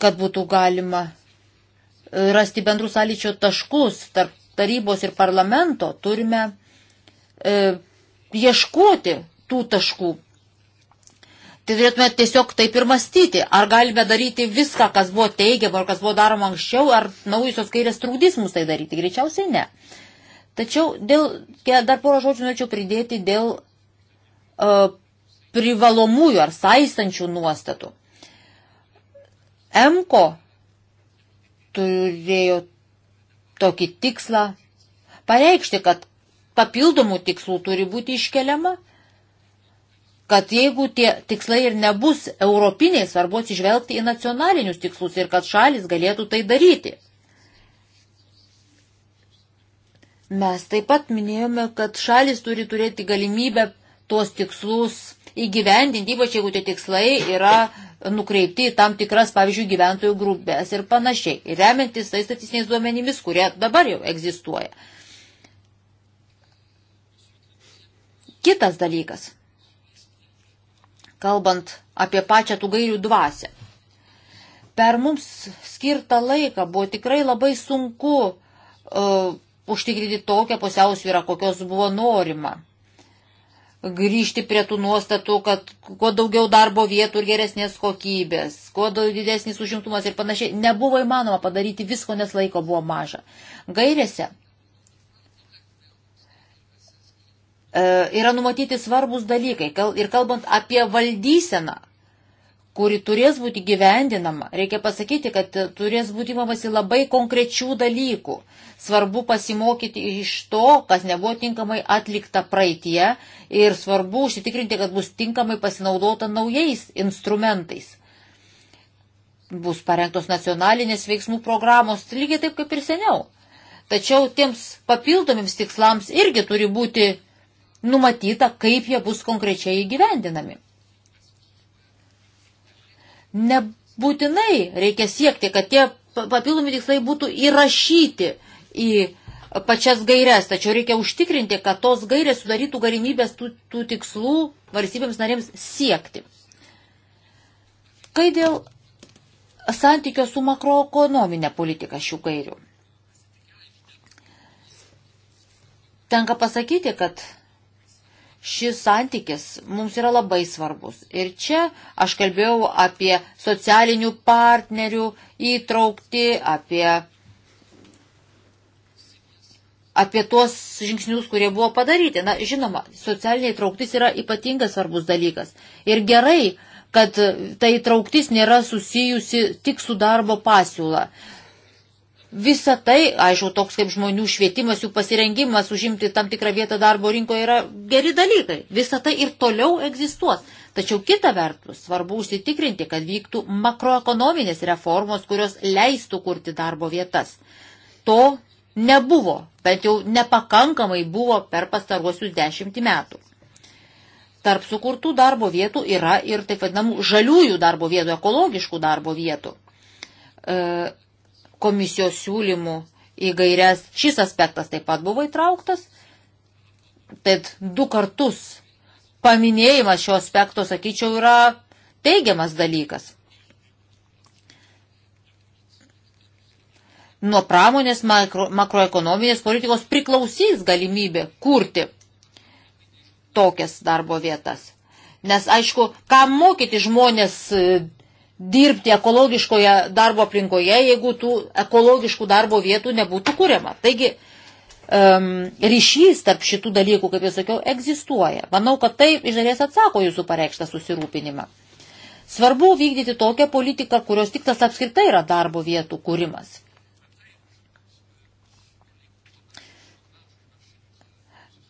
kad būtų galima rasti bendrus sąlyčio taškus tarp tarybos ir parlamento, turime e, ieškoti tų taškų. Tai turėtume tiesiog taip ir mąstyti, ar galime daryti viską, kas buvo teigiama, ar kas buvo daroma anksčiau, ar naujusios kairės trukdys mus tai daryti. Greičiausiai ne. Tačiau dėl, dar porą žodžių norėčiau pridėti dėl uh, privalomųjų ar saistančių nuostatų. MKO turėjo tokį tikslą pareikšti, kad papildomų tikslų turi būti iškeliama, kad jeigu tie tikslai ir nebus europiniai, svarbu atsižvelgti į nacionalinius tikslus ir kad šalis galėtų tai daryti. Mes taip pat minėjome, kad šalis turi turėti galimybę tuos tikslus įgyvendinti, ypač jeigu tie tikslai yra nukreipti į tam tikras, pavyzdžiui, gyventojų grupės ir panašiai, remiantis tais statistiniais duomenimis, kurie dabar jau egzistuoja. Kitas dalykas, kalbant apie pačią tų gairių dvasę. Per mums skirtą laiką buvo tikrai labai sunku uh, užtikrinti tokią pusiausvyrą, kokios buvo norima. Grįžti prie tų nuostatų, kad kuo daugiau darbo vietų ir geresnės kokybės, kuo didesnis užimtumas ir panašiai, nebuvo įmanoma padaryti visko, nes laiko buvo maža. Gairėse E, yra numatyti svarbus dalykai. Ir kalbant apie valdyseną, kuri turės būti gyvendinama, reikia pasakyti, kad turės būti įmamasi labai konkrečių dalykų. Svarbu pasimokyti iš to, kas nebuvo tinkamai atlikta praeitie ir svarbu užsitikrinti, kad bus tinkamai pasinaudota naujais instrumentais. Bus parengtos nacionalinės veiksmų programos, lygiai taip kaip ir seniau. Tačiau tiems papildomiems tikslams irgi turi būti numatyta, kaip jie bus konkrečiai įgyvendinami. Nebūtinai reikia siekti, kad tie papildomi tikslai būtų įrašyti į pačias gairias, tačiau reikia užtikrinti, kad tos gairės sudarytų galimybės tų, tų tikslų valstybėms narėms siekti. Kai dėl santykio su makroekonominė politika šių gairių. Tenka pasakyti, kad šis santykis mums yra labai svarbus. Ir čia aš kalbėjau apie socialinių partnerių įtraukti, apie, apie tuos žingsnius, kurie buvo padaryti. Na, žinoma, socialinė įtrauktis yra ypatingas svarbus dalykas. Ir gerai, kad ta įtrauktis nėra susijusi tik su darbo pasiūla. Visa tai, aišku, toks kaip žmonių švietimas, jų pasirengimas užimti tam tikrą vietą darbo rinkoje yra geri dalykai. Visa tai ir toliau egzistuos. Tačiau kita vertus, svarbu užsitikrinti, kad vyktų makroekonominės reformos, kurios leistų kurti darbo vietas. To nebuvo, bent jau nepakankamai buvo per pastaruosius dešimtį metų. Tarp sukurtų darbo vietų yra ir taip vadinamų žaliųjų darbo vietų, ekologiškų darbo vietų. E, komisijos siūlymų į gairias. Šis aspektas taip pat buvo įtrauktas. Tad du kartus paminėjimas šio aspekto, sakyčiau, yra teigiamas dalykas. Nuo pramonės makro, makroekonominės politikos priklausys galimybė kurti tokias darbo vietas. Nes, aišku, ką mokyti žmonės dirbti ekologiškoje darbo aplinkoje, jeigu tų ekologiškų darbo vietų nebūtų kuriama. Taigi um, ryšys tarp šitų dalykų, kaip jau sakiau, egzistuoja. Manau, kad tai iš dalies atsako jūsų pareikštą susirūpinimą. Svarbu vykdyti tokią politiką, kurios tikslas apskritai yra darbo vietų kūrimas.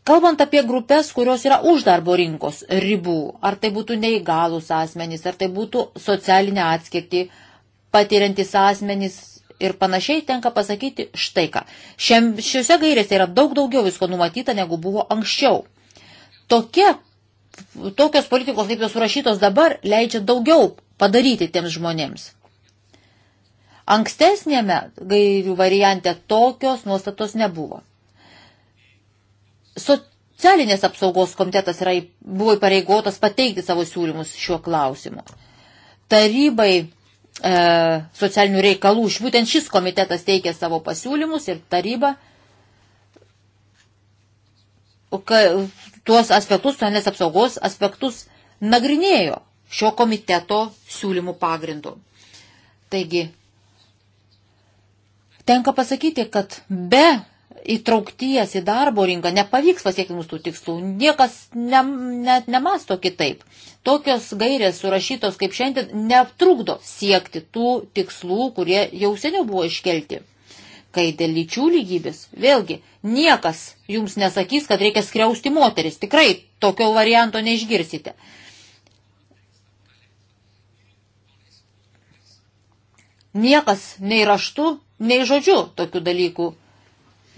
Kalbant apie grupės, kurios yra už darbo rinkos ribų, ar tai būtų neįgalus asmenys, ar tai būtų socialinę atskirtį patiriantis asmenys ir panašiai, tenka pasakyti štai ką. Šiam, šiuose gairėse yra daug daugiau visko numatyta, negu buvo anksčiau. Tokia, tokios politikos, kaip jos surašytos dabar, leidžia daugiau padaryti tiems žmonėms. Ankstesnėme gairių variante tokios nuostatos nebuvo. Socialinės apsaugos komitetas yra, buvo įpareigotas pateikti savo siūlymus šiuo klausimu. Tarybai e, socialinių reikalų, būtent šis komitetas teikė savo pasiūlymus ir taryba ka, tuos aspektus, socialinės apsaugos aspektus nagrinėjo šio komiteto siūlymų pagrindu. Taigi, tenka pasakyti, kad be įtraukties į darbo rinką nepavyks pasiekti mūsų tikslų. Niekas ne, ne, nemasto kitaip. Tokios gairės surašytos kaip šiandien netrukdo siekti tų tikslų, kurie jau seniau buvo iškelti. Kai dėl lyčių lygybės, vėlgi, niekas jums nesakys, kad reikia skriausti moteris. Tikrai tokio varianto neišgirsite. Niekas nei raštu, nei žodžiu tokių dalykų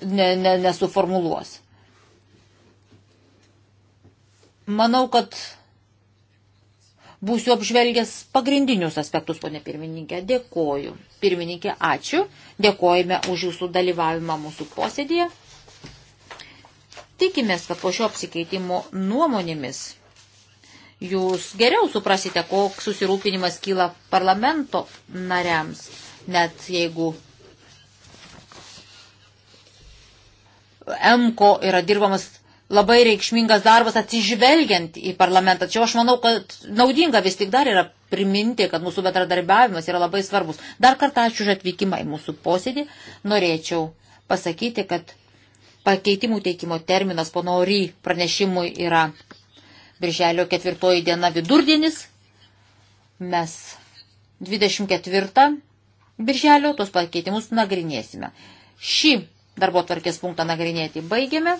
ne, ne, nesuformuluos. Manau, kad būsiu apžvelgęs pagrindinius aspektus, ponė pirmininkė. Dėkoju. Pirmininkė, ačiū. Dėkojame už jūsų dalyvavimą mūsų posėdėje. Tikimės, kad po šio apsikeitimo nuomonėmis jūs geriau suprasite, koks susirūpinimas kyla parlamento nariams, net jeigu MKO yra dirbamas labai reikšmingas darbas atsižvelgiant į parlamentą. Čia aš manau, kad naudinga vis tik dar yra priminti, kad mūsų bendradarbiavimas yra labai svarbus. Dar kartą ačiū už atvykimą į mūsų posėdį. Norėčiau pasakyti, kad pakeitimų teikimo terminas pono Ry pranešimui yra birželio ketvirtoji diena vidurdienis. Mes 24 birželio tuos pakeitimus nagrinėsime. Šį darbo tvarkės punktą nagrinėti baigėme.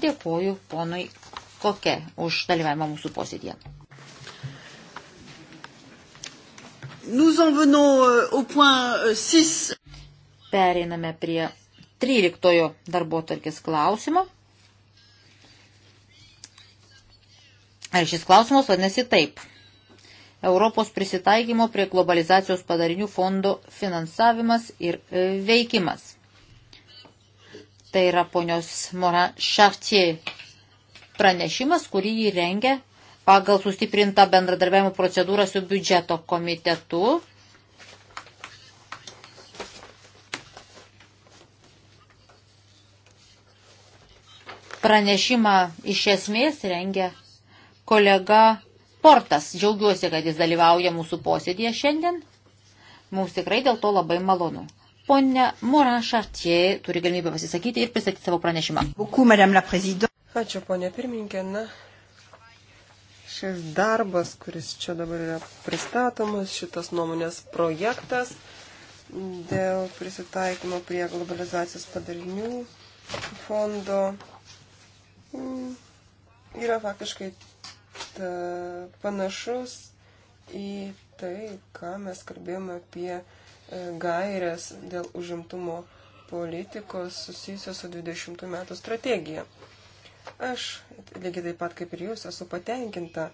Dėkoju ponui Koke už dalyvavimą mūsų posėdėje. Nous en venons euh, au point 6. Euh, Pereiname prie 13 darbo tvarkės klausimo. Ar šis klausimas vadinasi taip? Europos prisitaikymo prie globalizacijos padarinių fondo finansavimas ir e, veikimas. Tai yra ponios Mora Šartie pranešimas, kurį jį rengia pagal sustiprintą bendradarbiavimo procedūrą su biudžeto komitetu. Pranešimą iš esmės rengia kolega Portas. Džiaugiuosi, kad jis dalyvauja mūsų posėdėje šiandien. Mums tikrai dėl to labai malonu. Pone Mora Šartie turi galimybę pasisakyti ir pristatyti savo pranešimą. Ačiū, ponė pirmininkė. Na, šis darbas, kuris čia dabar yra pristatomas, šitas nuomonės projektas dėl prisitaikymo prie globalizacijos padarinių fondo mm, yra faktiškai ta, panašus į tai, ką mes kalbėjome apie E, gairias dėl užimtumo politikos susijusios su 20 metų strategija. Aš, lygiai taip pat kaip ir jūs, esu patenkinta,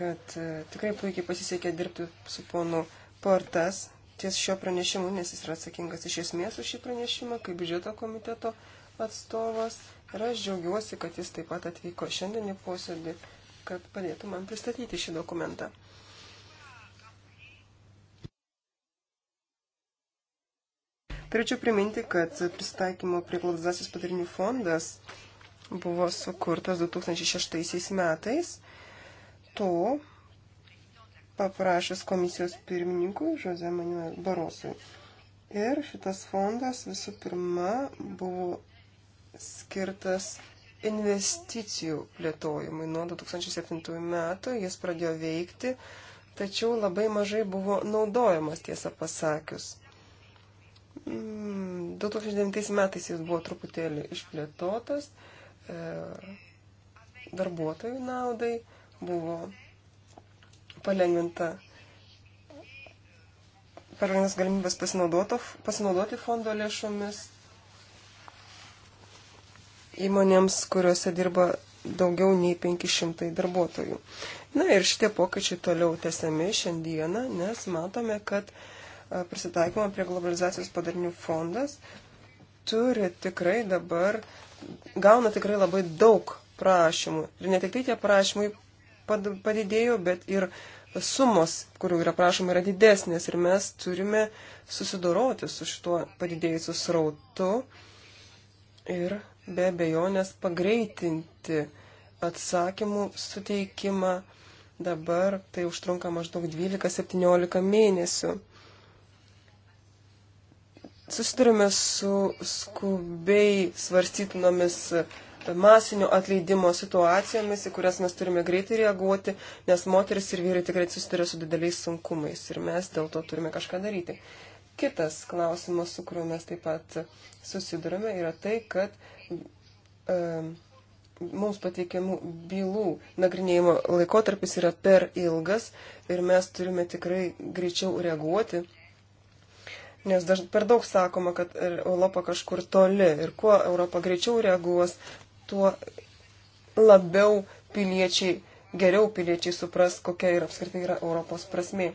kad e, tikrai puikiai pasisekė dirbti su ponu Portas ties šio pranešimu, nes jis yra atsakingas iš esmės už šį pranešimą kaip biudžeto komiteto atstovas. Ir aš džiaugiuosi, kad jis taip pat atvyko šiandien į posėdį, kad padėtų man pristatyti šį dokumentą. Turėčiau priminti, kad pristaikymo prie globalizacijos padarinių fondas buvo sukurtas 2006 metais. To paprašęs komisijos pirmininkui Žoze Manuel Barosui. Ir šitas fondas visų pirma buvo skirtas investicijų plėtojimui. Nuo 2007 metų jis pradėjo veikti, tačiau labai mažai buvo naudojamas, tiesą pasakius. 2009 mm, metais jis buvo truputėlį išplėtotas e, darbuotojų naudai, buvo palengvinta palengvintas galimybės pasinaudoti fondo lėšomis įmonėms, kuriuose dirba daugiau nei 500 darbuotojų. Na ir šitie pokyčiai toliau tesiami šiandieną, nes matome, kad e, E, prisitaikymo prie globalizacijos padarinių fondas turi tikrai dabar, gauna tikrai labai daug prašymų. Ir ne tik tai tie prašymai padidėjo, bet ir sumos, kurių yra prašoma, yra didesnės. Ir mes turime susidoroti su šituo padidėjusiu srautu ir be abejonės pagreitinti atsakymų suteikimą. Dabar tai užtrunka maždaug 12-17 mėnesių susidurime su skubiai svarstytinomis masinio atleidimo situacijomis, į kurias mes turime greitai reaguoti, nes moteris ir vyrai tikrai susiduria su dideliais sunkumais ir mes dėl to turime kažką daryti. Kitas klausimas, su kuriuo mes taip pat susidurime, yra tai, kad um, mums pateikiamų bylų nagrinėjimo laikotarpis yra per ilgas ir mes turime tikrai greičiau reaguoti Nes daž, per daug sakoma, kad Europa kažkur toli ir kuo Europa greičiau reaguos, tuo labiau piliečiai, geriau piliečiai supras, kokia ir apskritai yra Europos prasme.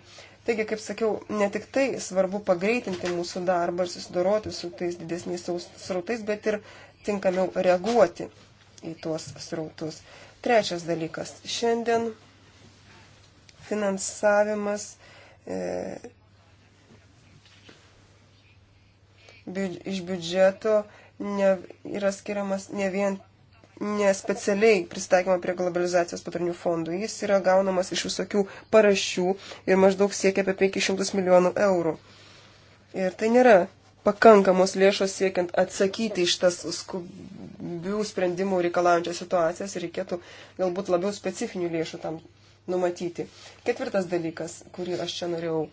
Taigi, kaip sakiau, ne tik tai svarbu pagreitinti mūsų darbą ir susidoroti su tais didesniais srautais, bet ir tinkamiau reaguoti į tuos srautus. Trečias dalykas. Šiandien finansavimas. E, iš biudžeto ne, yra skiriamas ne vien nespecialiai pristaikymą prie globalizacijos patarnių fondų. Jis yra gaunamas iš visokių parašių ir maždaug siekia apie 500 milijonų eurų. Ir tai nėra pakankamos lėšos siekiant atsakyti iš tas skubių sprendimų reikalaujančias situacijas ir reikėtų galbūt labiau specifinių lėšų tam numatyti. Ketvirtas dalykas, kurį aš čia norėjau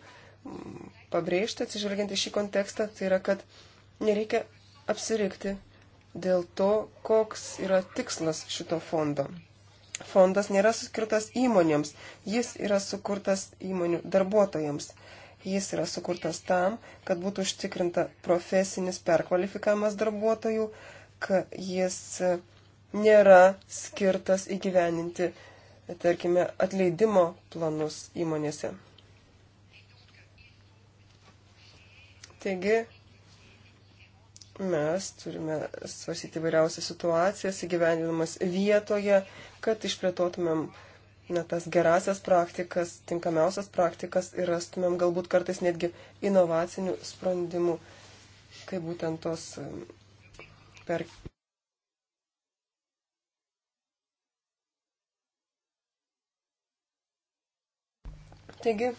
pabrėžti, atsižvelgiant į šį kontekstą, tai yra, kad nereikia apsirikti dėl to, koks yra tikslas šito fondo. Fondas nėra skirtas įmonėms, jis yra sukurtas įmonių darbuotojams. Jis yra sukurtas tam, kad būtų užtikrinta profesinis perkvalifikavimas darbuotojų, kad jis nėra skirtas įgyveninti, tarkime, atleidimo planus įmonėse. Taigi mes turime svarsyti vairiausias situacijas įgyvendinamas vietoje, kad išplėtotumėm na, tas gerasias praktikas, tinkamiausias praktikas ir rastumėm galbūt kartais netgi inovacinių sprendimų, kaip būtent tos um, per. Taigi,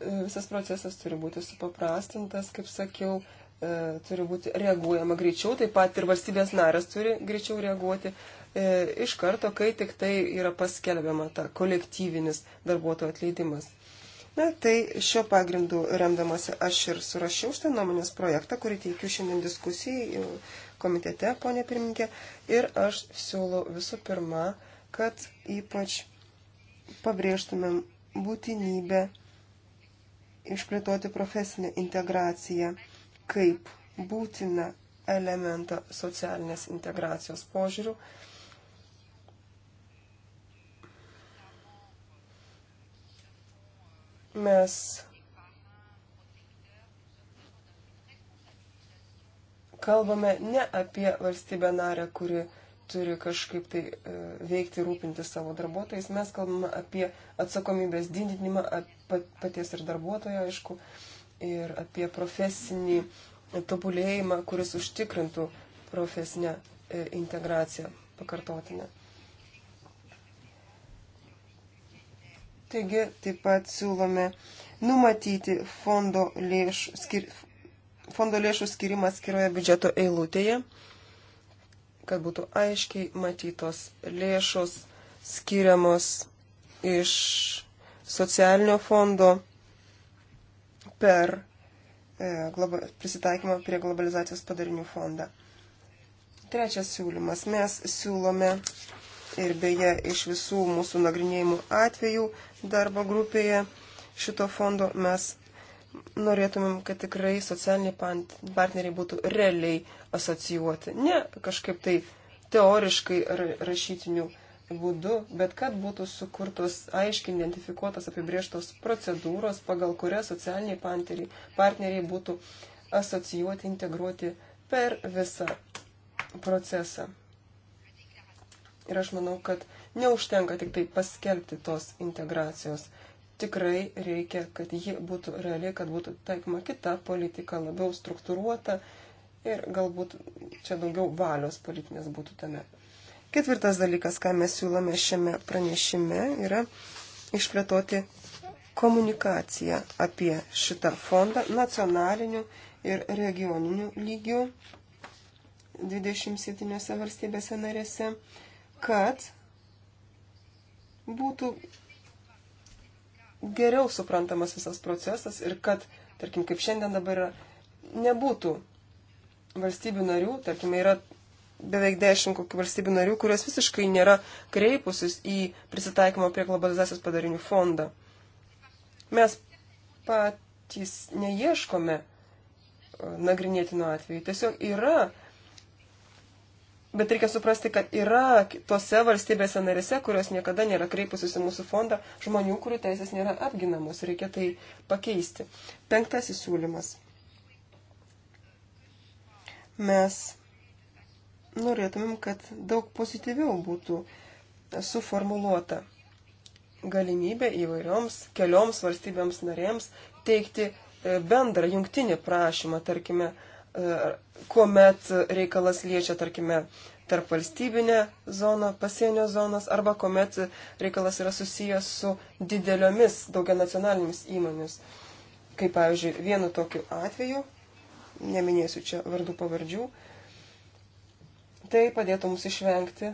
visas procesas turi būti supaprastintas, kaip sakiau, e, turi būti reaguojama greičiau, taip pat ir valstybės narės turi greičiau reaguoti e, iš karto, kai tik tai yra paskelbiama ta kolektyvinis darbuotojų atleidimas. Na, tai šio pagrindu remdamasi aš ir surašiau šitą nuomonės projektą, kurį teikiu šiandien diskusijai komitete, ponė pirmininkė, ir aš siūlau visų pirma, kad ypač pabrėžtumėm būtinybę išplėtoti profesinę integraciją kaip būtiną elementą socialinės integracijos požiūrių. Mes kalbame ne apie valstybę narę, kuri turi kažkaip tai e, veikti, rūpinti savo darbuotojais. Mes kalbame apie atsakomybės didinimą, paties ir darbuotojo, aišku, ir apie profesinį tobulėjimą, kuris užtikrintų profesinę e, integraciją pakartotinę. Taigi taip pat siūlome numatyti fondo lėšų, skir, fondo lėšų skirimą skiroje biudžeto eilutėje kad būtų aiškiai matytos lėšos skiriamos iš socialinio fondo per e, prisitaikymą prie globalizacijos padarinių fondą. Trečias siūlymas. Mes siūlome ir beje iš visų mūsų nagrinėjimų atvejų darbo grupėje šito fondo mes norėtumėm, kad tikrai socialiniai partneriai būtų realiai asocijuoti. Ne kažkaip tai teoriškai ar rašytiniu būdu, bet kad būtų sukurtos aiškiai identifikuotas apibrieštos procedūros, pagal kurias socialiniai partneriai, partneriai būtų asocijuoti, integruoti per visą procesą. Ir aš manau, kad neužtenka tik tai paskelbti tos integracijos tikrai reikia, kad ji būtų reali, kad būtų taikoma kita politika, labiau struktūruota ir galbūt čia daugiau valios politinės būtų tame. Ketvirtas dalykas, ką mes siūlome šiame pranešime, yra išplėtoti komunikaciją apie šitą fondą nacionaliniu ir regioniniu lygiu 27 valstybėse narėse, kad būtų geriau suprantamas visas procesas ir kad, tarkim, kaip šiandien dabar yra, nebūtų valstybių narių, tarkim, yra beveik dešimt kokių valstybių narių, kurios visiškai nėra kreipusius į prisitaikymo prie globalizacijos padarinių fondą. Mes patys neieškome e, nagrinėtino atveju. Tiesiog yra Bet reikia suprasti, kad yra tose valstybėse narise, kurios niekada nėra kreipusios į mūsų fondą, žmonių, kurių teisės nėra apginamos. Reikia tai pakeisti. Penktasis siūlymas. Mes norėtumėm, kad daug pozityviau būtų suformuluota galimybė įvairioms kelioms valstybėms narėms teikti e, bendrą jungtinį prašymą, tarkime, E, kuomet reikalas liečia, tarkime, tarp valstybinę zoną, pasienio zonas, arba kuomet reikalas yra susijęs su dideliomis daugia nacionalinėmis įmonėmis. Kaip pavyzdžiui, vienu tokiu atveju, neminėsiu čia vardų pavardžių, tai padėtų mums išvengti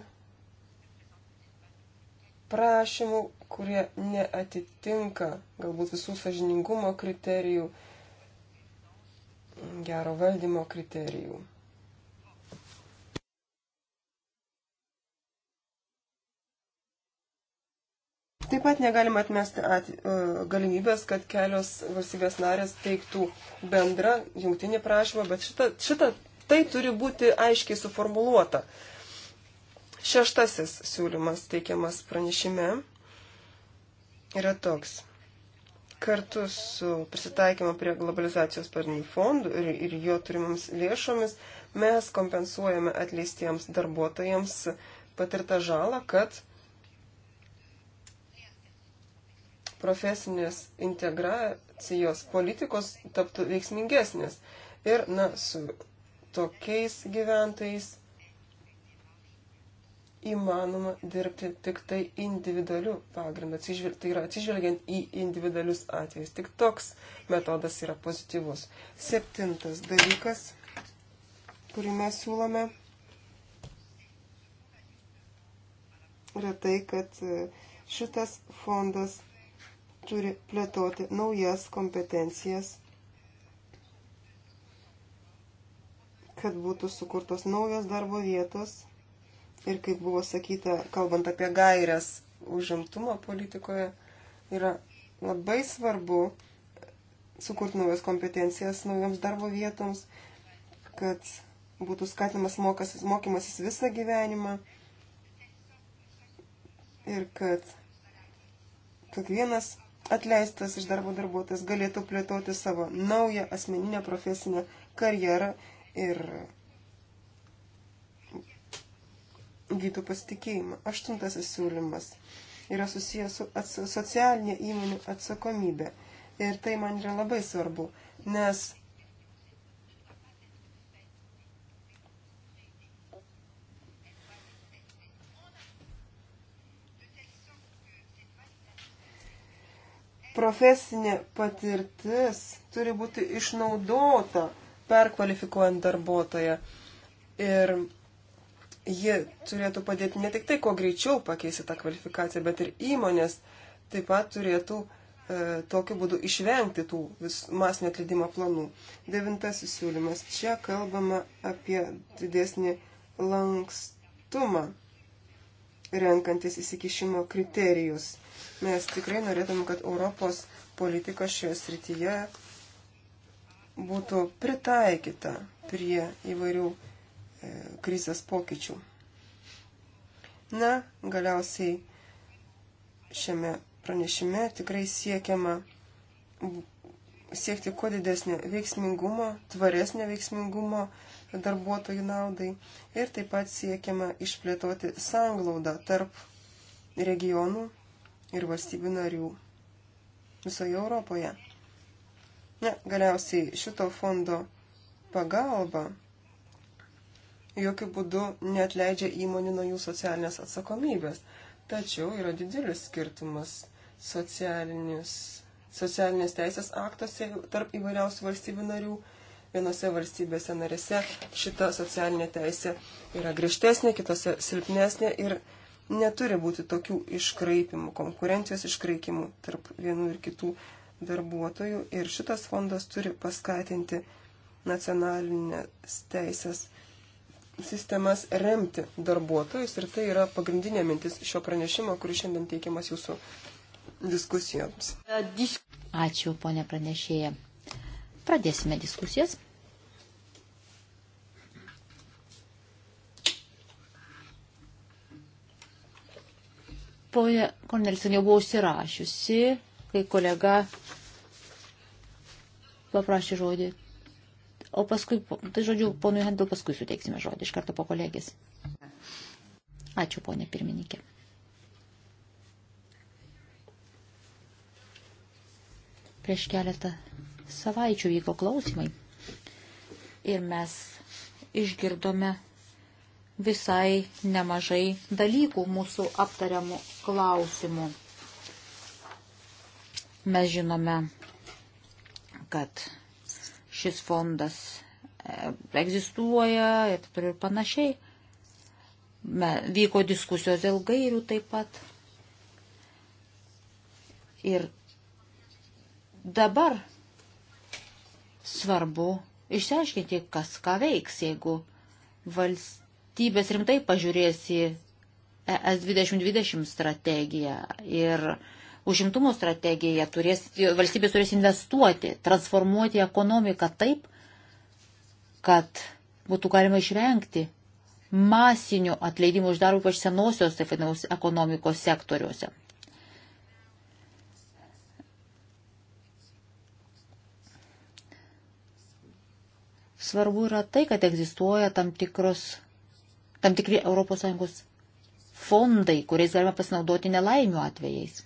prašymų, kurie neatitinka galbūt visų sažiningumo kriterijų, uh, gero valdymo kriterijų. Taip pat negalima atmesti at, e, galimybės, kad kelios valstybės narės teiktų bendrą jungtinį prašymą, bet šita, šita tai turi būti aiškiai suformuluota. Šeštasis siūlymas teikiamas pranešime yra toks kartu su prisitaikymo prie globalizacijos padarinių fondų ir, ir jo turimams lėšomis mes kompensuojame atleistiems darbuotojams patirtą žalą, kad profesinės integracijos politikos taptų veiksmingesnės. Ir, na, su tokiais gyventojais įmanoma dirbti tik tai individualių pagrindų, atsižvel... tai yra atsižvelgiant į individualius atvejus. Tik toks metodas yra pozityvus. Septintas dalykas, kurį mes siūlome, yra tai, kad e, šitas fondas turi plėtoti naujas kompetencijas kad būtų sukurtos naujos darbo vietos ir kaip buvo sakyta, kalbant apie gairias užimtumo politikoje, yra labai svarbu sukurti naujas kompetencijas naujoms darbo vietoms, kad būtų skatimas mokas, mokymasis visą gyvenimą ir kad kiekvienas atleistas iš darbo darbuotojas galėtų plėtoti savo naują asmeninę profesinę karjerą ir gytų pasitikėjimą. Aštuntasis siūlymas yra susijęs su socialinė įmonių atsakomybė. Ir tai man yra labai svarbu, nes profesinė patirtis turi būti išnaudota perkvalifikuojant darbuotoją. Ir ji turėtų padėti ne tik tai, kuo greičiau pakeisti tą kvalifikaciją, bet ir įmonės taip pat turėtų e, tokiu būdu išvengti tų vis masinio atleidimo planų. Devintasis siūlymas. Čia kalbama apie didesnį lankstumą renkantis įsikišimo kriterijus. Mes tikrai norėtume, kad Europos politika šioje srityje būtų pritaikyta prie įvairių E, krizės pokyčių. Na, galiausiai šiame pranešime tikrai siekiama siekti kuo didesnio veiksmingumo, tvaresnio veiksmingumo darbuotojų naudai ir taip pat siekiama išplėtoti sanglaudą tarp regionų ir valstybių narių visoje Europoje. Ne, galiausiai šito fondo pagalba jokių būdų net leidžia įmonį nuo jų socialinės atsakomybės. Tačiau yra didelis skirtumas socialinės teisės aktuose tarp įvairiausių valstybių narių. Vienose valstybėse narėse šita socialinė teisė yra griežtesnė, kitose silpnesnė ir neturi būti tokių iškraipimų, konkurencijos iškraipimų tarp vienų ir kitų darbuotojų. Ir šitas fondas turi paskatinti nacionalinės teisės sistemas remti darbuotojus ir tai yra pagrindinė mintis šio pranešimo, kuris šiandien teikiamas jūsų diskusijoms. Ačiū, ponė pranešėja. Pradėsime diskusijas. Poje Kornelison jau buvo užsirašiusi, kai kolega paprašė žodį. O paskui, tai žodžiu, ponui Hendel paskui suteiksime žodį iš karto po kolegės. Ačiū, ponė pirmininkė. Prieš keletą savaičių vyko klausimai ir mes išgirdome visai nemažai dalykų mūsų aptariamų klausimų. Mes žinome, kad šis fondas e, egzistuoja ir turi ir panašiai. Me, vyko diskusijos dėl gairių taip pat. Ir dabar svarbu išsiaiškinti, kas ką veiks, jeigu valstybės rimtai pažiūrės į ES 2020 strategiją ir užimtumo strategija turės, valstybės turės investuoti, transformuoti ekonomiką taip, kad būtų galima išvengti masinių atleidimų iš darbų ypač senosios, taip vadinamos, ekonomikos sektoriuose. Svarbu yra tai, kad egzistuoja tam, tikros, tam tikri ES fondai, kuriais galima pasinaudoti nelaimių atvejais.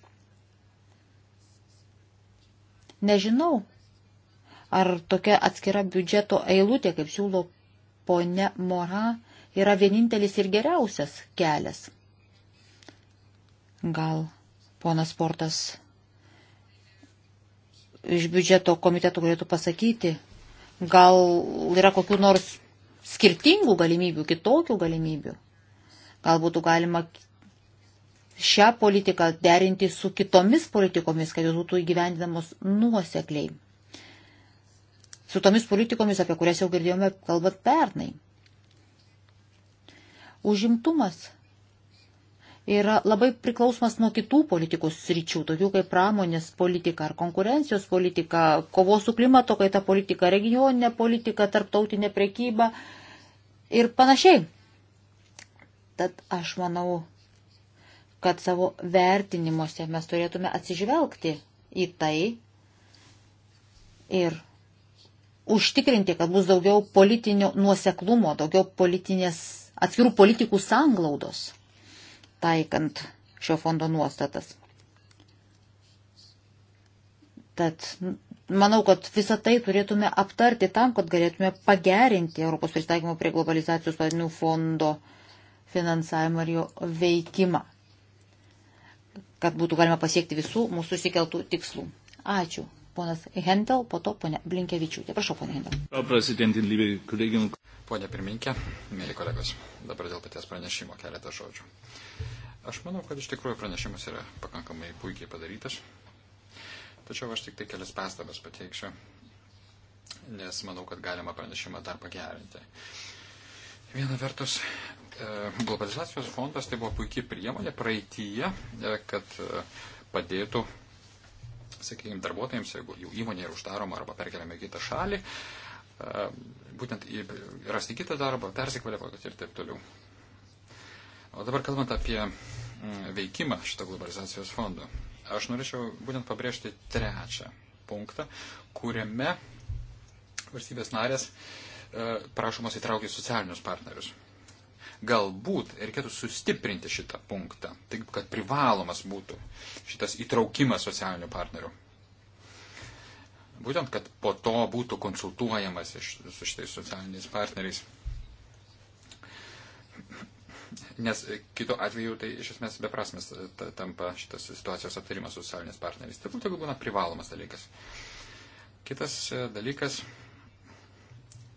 Nežinau, ar tokia atskira biudžeto eilutė, kaip siūlo ponia Mora, yra vienintelis ir geriausias kelias. Gal ponas Portas iš biudžeto komiteto galėtų pasakyti, gal yra kokių nors skirtingų galimybių, kitokių galimybių. Gal būtų galima šią politiką derinti su kitomis politikomis, kad jos būtų įgyvendinamos nuosekliai. Su tomis politikomis, apie kurias jau girdėjome kalbant pernai. Užimtumas yra labai priklausomas nuo kitų politikos sričių, tokių kaip pramonės politika ar konkurencijos politika, kovos su klimato kaita politika, regioninė politika, tarptautinė prekyba ir panašiai. Tad aš manau, kad savo vertinimuose mes turėtume atsižvelgti į tai ir užtikrinti, kad bus daugiau politinio nuoseklumo, daugiau politinės atskirų politikų sanglaudos, taikant šio fondo nuostatas. Tad manau, kad visą tai turėtume aptarti tam, kad galėtume pagerinti Europos pristaikymo prie globalizacijos padarinių fondo finansavimą ir jo veikimą kad būtų galima pasiekti visų mūsų sikeltų tikslų. Ačiū. Ponas Hendel, po to ponia Blinkevičiūtė. Prašau, ponia Hendel. Ponia pirminkė, mėly kolegos, dabar dėl paties pranešimo keletą žodžių. Aš manau, kad iš tikrųjų pranešimas yra pakankamai puikiai padarytas, tačiau aš tik tai kelias pastabas pateiksiu, nes manau, kad galima pranešimą dar pagerinti. Viena vertus, e, globalizacijos fondas tai buvo puikiai priemonė praeitįje, e, kad e, padėtų, sakykime, darbuotojams, jeigu jų įmonė yra uždaroma arba perkeliama į kitą šalį, būtent į, rasti kitą darbą, persikvalifikuoti ir taip toliau. O dabar kalbant apie mm, veikimą šito globalizacijos fondo, aš norėčiau būtent pabrėžti trečią punktą, kuriame valstybės narės uh, E, prašomos įtraukti socialinius partnerius. Galbūt reikėtų sustiprinti šitą punktą, taip kad privalomas būtų šitas įtraukimas socialinių partnerių. Būtent, kad po to būtų konsultuojamas iš, su šitais socialiniais partneriais. Nes kito atveju tai iš esmės beprasmės tampa šitas situacijos aptarimas su socialiniais partneriais. Tai būtent būna privalomas dalykas. Kitas e, dalykas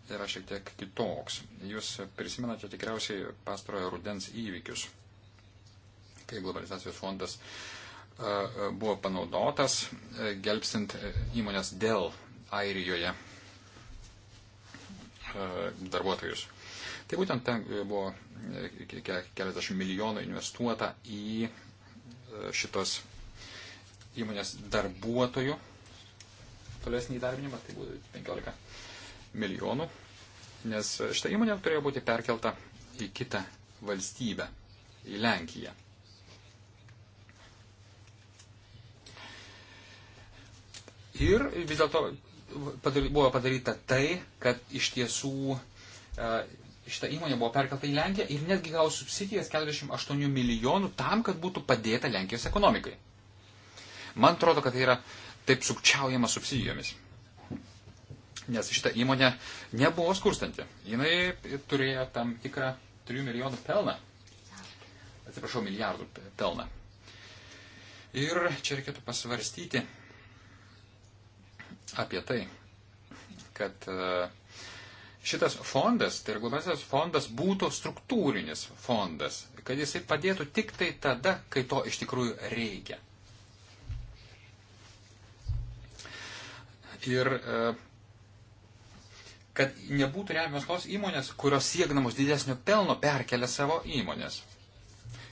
yra šiek tiek kitoks. Jūs prisimenate tikriausiai pastarojo rudens įvykius, kai globalizacijos fondas buvo panaudotas, gelbstint įmonės dėl Airijoje darbuotojus. Tai būtent ten e, buvo e, keliasdešimt milijonų investuota į e, šitos įmonės darbuotojų tolesnį įdarbinimą, tai būtų 15 milijonų, nes šitą įmonę turėjo būti perkelta į kitą valstybę, į Lenkiją. Ir vis dėlto buvo padaryta tai, kad iš tiesų e, šitą įmonę buvo perkelta į Lenkiją ir netgi gavo subsidijas 48 milijonų tam, kad būtų padėta Lenkijos ekonomikai. Man atrodo, kad tai yra taip sukčiaujama subsidijomis nes šita įmonė nebuvo skurstanti. Jis turėjo tam tikrą 3 milijonų pelną. Atsiprašau, milijardų pelną. Ir čia reikėtų pasvarstyti apie tai, kad e, šitas fondas, tai reguliacijos fondas būtų struktūrinis fondas, kad jisai padėtų tik tai tada, kai to iš tikrųjų reikia. Ir e, kad nebūtų remiamos tos įmonės, kurios siekdamos didesnio pelno perkelia savo įmonės.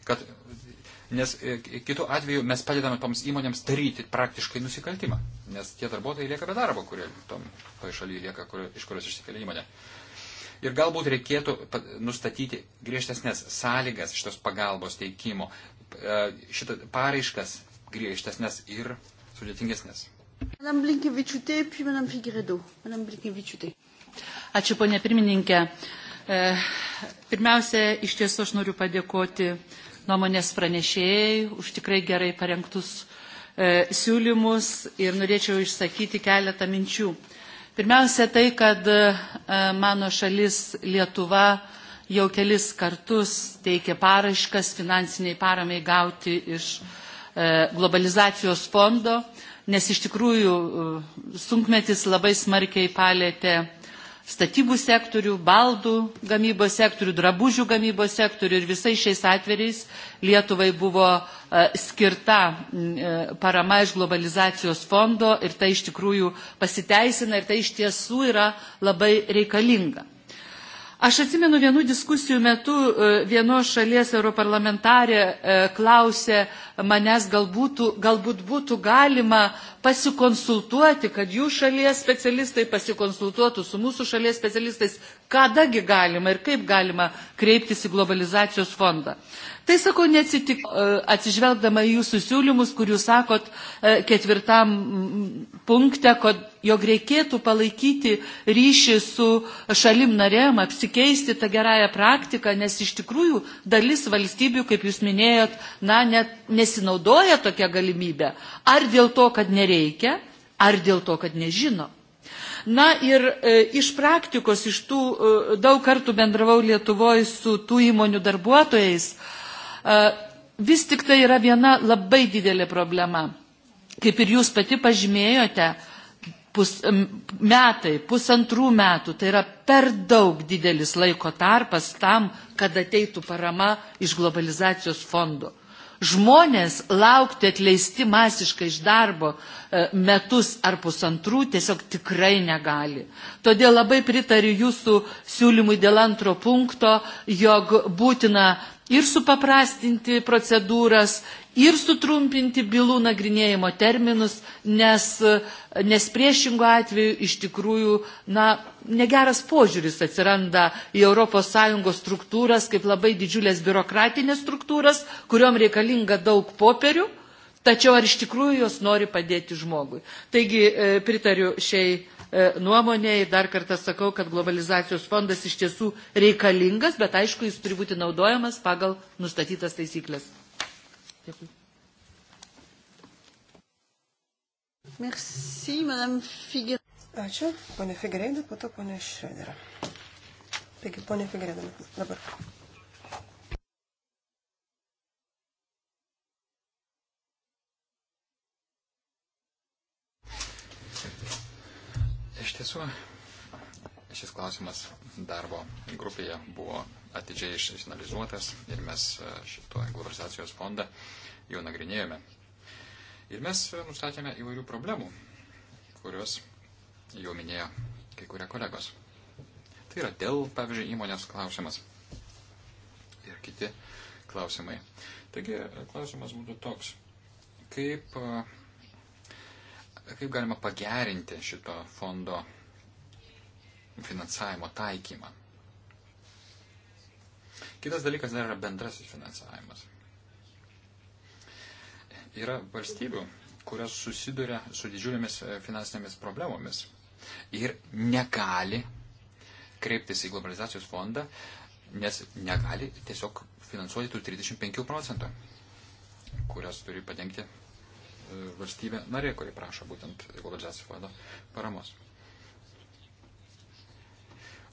Kad, nes e, kitų atveju mes padedame toms įmonėms daryti praktiškai nusikaltimą, nes tie darbuotojai lieka be darbo, kurie tom toje šalyje lieka, kurio, iš kurios išsikelia įmonė. Ir galbūt reikėtų nustatyti griežtesnės sąlygas šitos pagalbos teikimo, e, šitą paraiškas griežtesnės ir sudėtingesnės. Madame Blinkevičiūtė, puis Madame Figueredo. Madame Blinkevičiūtė. Ačiū, ponė pirmininkė. E, pirmiausia, iš tiesų aš noriu padėkoti nuomonės pranešėjai už tikrai gerai parengtus e, siūlymus ir norėčiau išsakyti keletą minčių. Pirmiausia, tai, kad e, mano šalis Lietuva jau kelis kartus teikė paraškas finansiniai paramai gauti iš globalizacijos fondo, nes iš tikrųjų sunkmetis labai smarkiai palėtė statybų sektorių, baldų gamybos sektorių, drabužių gamybos sektorių ir visais šiais atveriais Lietuvai buvo e, skirta e, parama iš globalizacijos fondo ir tai iš tikrųjų pasiteisina ir tai iš tiesų yra labai reikalinga. Aš atsimenu vienų diskusijų metu e, vienos šalies europarlamentarė e, klausė manęs, galbūt, galbūt būtų galima pasikonsultuoti, kad jų šalies specialistai pasikonsultuotų su mūsų šalies specialistais, kadagi galima ir kaip galima kreiptis į globalizacijos fondą. Tai sako, neatsitik, e, atsižvelgdama į jūsų siūlymus, kur jūs sakot e, ketvirtam punkte, kad jog reikėtų palaikyti ryšį su šalim narėm, apsikeisti tą gerąją praktiką, nes iš tikrųjų dalis valstybių, kaip jūs minėjot, na, net nesinaudoja tokią galimybę. Ar dėl to, kad nereikia, ar dėl to, kad nežino. Na ir e, iš praktikos, iš tų e, daug kartų bendravau Lietuvoje su tų įmonių darbuotojais, e, Vis tik tai yra viena labai didelė problema. Kaip ir jūs pati pažymėjote, pus, metai, pusantrų metų, tai yra per daug didelis laiko tarpas tam, kad ateitų parama iš globalizacijos fondo. Žmonės laukti atleisti masiškai iš darbo e, metus ar pusantrų tiesiog tikrai negali. Todėl labai pritariu jūsų siūlymui dėl antro punkto, jog būtina ir supaprastinti procedūras, ir sutrumpinti bylų nagrinėjimo terminus, nes, nes priešingų atveju iš tikrųjų na, negeras požiūris atsiranda į ES struktūras kaip labai didžiulės biurokratinės struktūras, kuriuom reikalinga daug popierių, tačiau ar iš tikrųjų jos nori padėti žmogui. Taigi e, pritariu šiai E, nuomonę ir dar kartą sakau, kad globalizacijos fondas iš tiesų reikalingas, bet aišku, jis turi būti naudojamas pagal nustatytas taisyklės. Dėkui. Merci, Madame Figueredo. Ačiū, ponė Figueredo, po to ponė Šrederė. Taigi, ponė Figueredo dabar. Iš tiesų, šis klausimas darbo grupėje buvo atidžiai išanalizuotas ir mes e, šito globalizacijos fondą jau nagrinėjome. Ir mes e, nustatėme įvairių problemų, kurios jau minėjo kai kurie kolegos. Tai yra dėl, pavyzdžiui, įmonės klausimas ir kiti klausimai. Taigi, e, klausimas būtų toks. Kaip kaip galima pagerinti šito fondo finansavimo taikymą. Kitas dalykas dar yra bendrasis finansavimas. Yra valstybių, kurios susiduria su didžiulėmis e, finansinėmis problemomis ir negali kreiptis į globalizacijos fondą, nes negali tiesiog finansuoti tų 35 procentų, kurios turi padengti valstybė narė, kuri prašo būtent globalizacijos fondo paramos.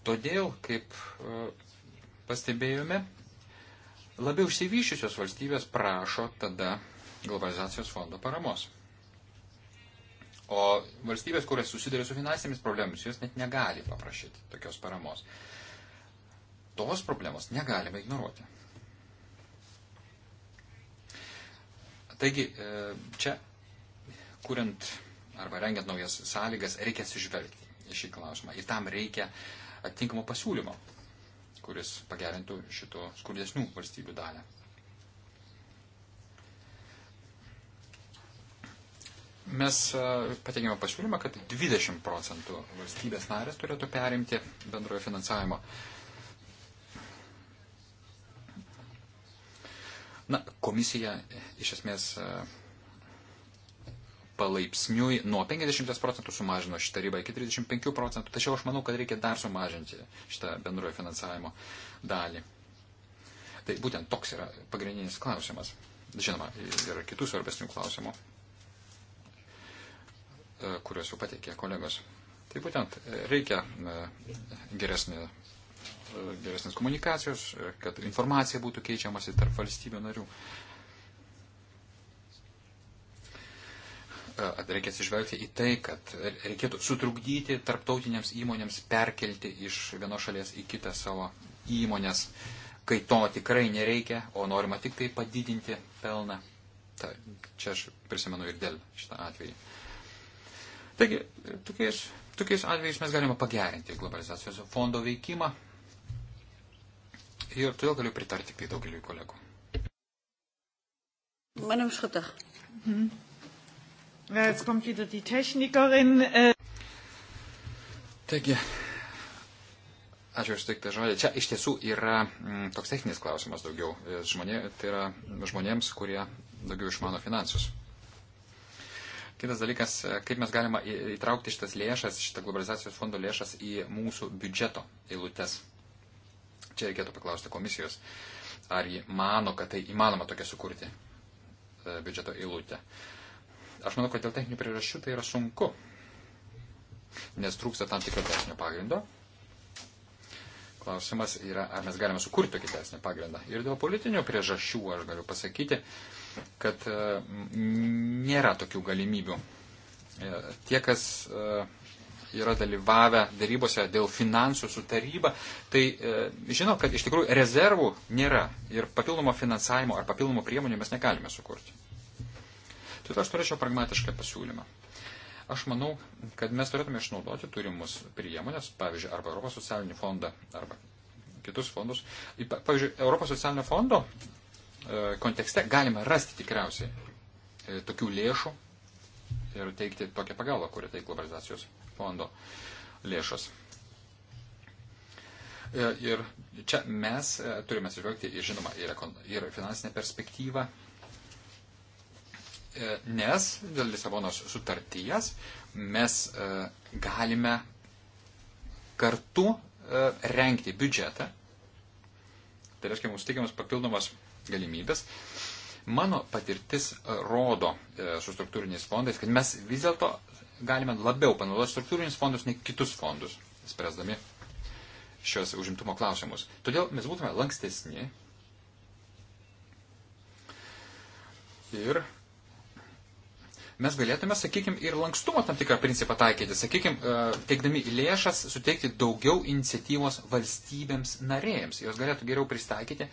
Todėl, kaip e, pastebėjome, labiau išsivyščiusios valstybės prašo tada globalizacijos fondo paramos. O valstybės, kurias susiduria su finansinėmis problemomis, jos net negali paprašyti tokios paramos. Tos problemos negalime ignoruoti. Taigi, e, čia kuriant arba rengiant naujas sąlygas, reikia atsižvelgti į šį klausimą. Ir tam reikia atitinkamo pasiūlymo, kuris pagerintų šito skurdesnių valstybių dalę. Mes e, pateikėme pasiūlymą, kad 20 procentų valstybės narės turėtų perimti bendrojo finansavimo. Na, komisija iš esmės e, palaipsniui nuo 50 procentų sumažino šitą ribą iki 35 procentų, tačiau aš manau, kad reikia dar sumažinti šitą bendrojo finansavimo dalį. Tai būtent toks yra pagrindinis klausimas. Žinoma, yra kitų svarbesnių klausimų, e, kuriuos jau pateikė kolegos. Tai būtent e, reikia e, geresnė, geresnės komunikacijos, kad informacija būtų keičiamasi tarp valstybių narių. reikia atsižvelgti į tai, kad reikėtų sutrukdyti tarptautiniams įmonėms perkelti iš vienos šalies į kitą savo įmonės, kai to tikrai nereikia, o norima tik tai padidinti pelną. Ta, čia aš prisimenu ir dėl šitą atvejį. Taigi, tokiais, tokiais atvejais mes galime pagerinti globalizacijos fondo veikimą ir todėl galiu pritarti tik tai daugeliu kolegų. Manim šitą. Mhm. Äh, jetzt kommt wieder die Technikerin. Äh, Taigi, ačiū už teiktą žodį. Čia iš tiesų yra m, mm, toks techninis klausimas daugiau. E, žmonė, tai yra žmonėms, kurie daugiau išmano finansus. Kitas dalykas, e, kaip mes galima įtraukti šitas lėšas, šitą globalizacijos fondo lėšas į mūsų biudžeto eilutes. Čia reikėtų paklausti komisijos, ar ji mano, kad tai įmanoma tokia sukurti e, biudžeto eilutę. Uh, Aš manau, kad dėl techninių priežasčių tai yra sunku, nes trūksta tam tikro teisinio pagrindo. Klausimas yra, ar mes galime sukurti tokį teisinį pagrindą. Ir dėl politinių priežasčių aš galiu pasakyti, kad e, nėra tokių galimybių. E, tie, kas e, yra dalyvavę darybose dėl finansų su taryba, tai e, žino, kad iš tikrųjų rezervų nėra ir papildomo finansavimo ar papildomo priemonių mes negalime sukurti. Todėl tai aš turėčiau pragmatišką pasiūlymą. Aš manau, kad mes turėtume išnaudoti turimus priemonės, pavyzdžiui, arba Europos socialinį fondą, arba kitus fondus. Pavyzdžiui, Europos socialinio fondo e, kontekste galima rasti tikriausiai e, tokių lėšų ir teikti tokią pagalbą, kuri tai globalizacijos fondo lėšos. E, ir čia mes turime atsižvelgti ir, žinoma, ir, ir finansinę perspektyvą, E, nes dėl Lisabonos sutarties mes e, galime kartu e, renkti biudžetą. Tai reiškia, mums teikiamas papildomas galimybės. Mano patirtis rodo su struktūriniais fondais, kad mes vis dėlto galime labiau panaudoti struktūrinius fondus nei kitus fondus, spręsdami šios užimtumo klausimus. Todėl mes būtume lankstesni ir mes galėtume, sakykime, ir lankstumo tam tikrą principą taikyti, sakykime, teikdami lėšas suteikti daugiau iniciatyvos valstybėms narėjams. Jos galėtų geriau pristaikyti e,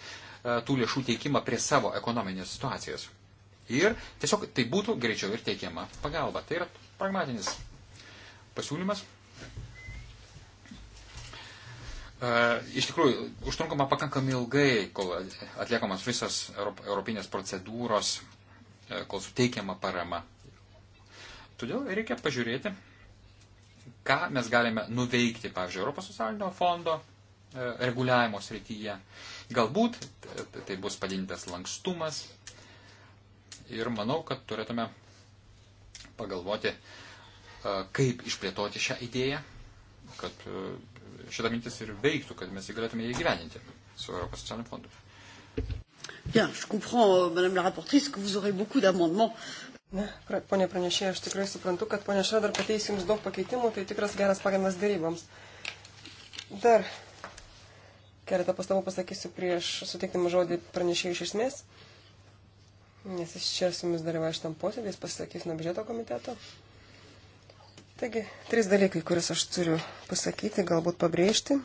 tų lėšų teikimą prie savo ekonominės situacijos. Ir tiesiog tai būtų greičiau ir teikiama pagalba. Tai yra pragmatinis pasiūlymas. E, iš tikrųjų, užtrunkama pakankamai ilgai, kol atliekamas visas europinės procedūros, e, kol suteikiama parama Todėl reikia pažiūrėti, ką mes galime nuveikti, pavyzdžiui, Europos socialinio fondo e, reguliavimo srityje. Galbūt tai bus padintas lankstumas ir manau, kad turėtume pagalvoti, e, kaip išplėtoti šią idėją, kad e, šita mintis ir veiktų, kad mes jį galėtume įgyveninti su Europos socialiniu fondu. Bien, je comprends, euh, Madame la rapporteure, que vous aurez beaucoup d'amendements Ne, ponė pranešėja, aš tikrai suprantu, kad ponė Šredar pateis jums daug pakeitimų, tai tikras geras pagrindas daryboms. Dar keletą pastabų pasakysiu prieš suteikdama žodį pranešėjai iš esmės, nes jis čia su jumis dalyvauja šitam posėdį, jis pasakys nuo biudžeto komiteto. Taigi, trys dalykai, kuriuos aš turiu pasakyti, galbūt pabrėžti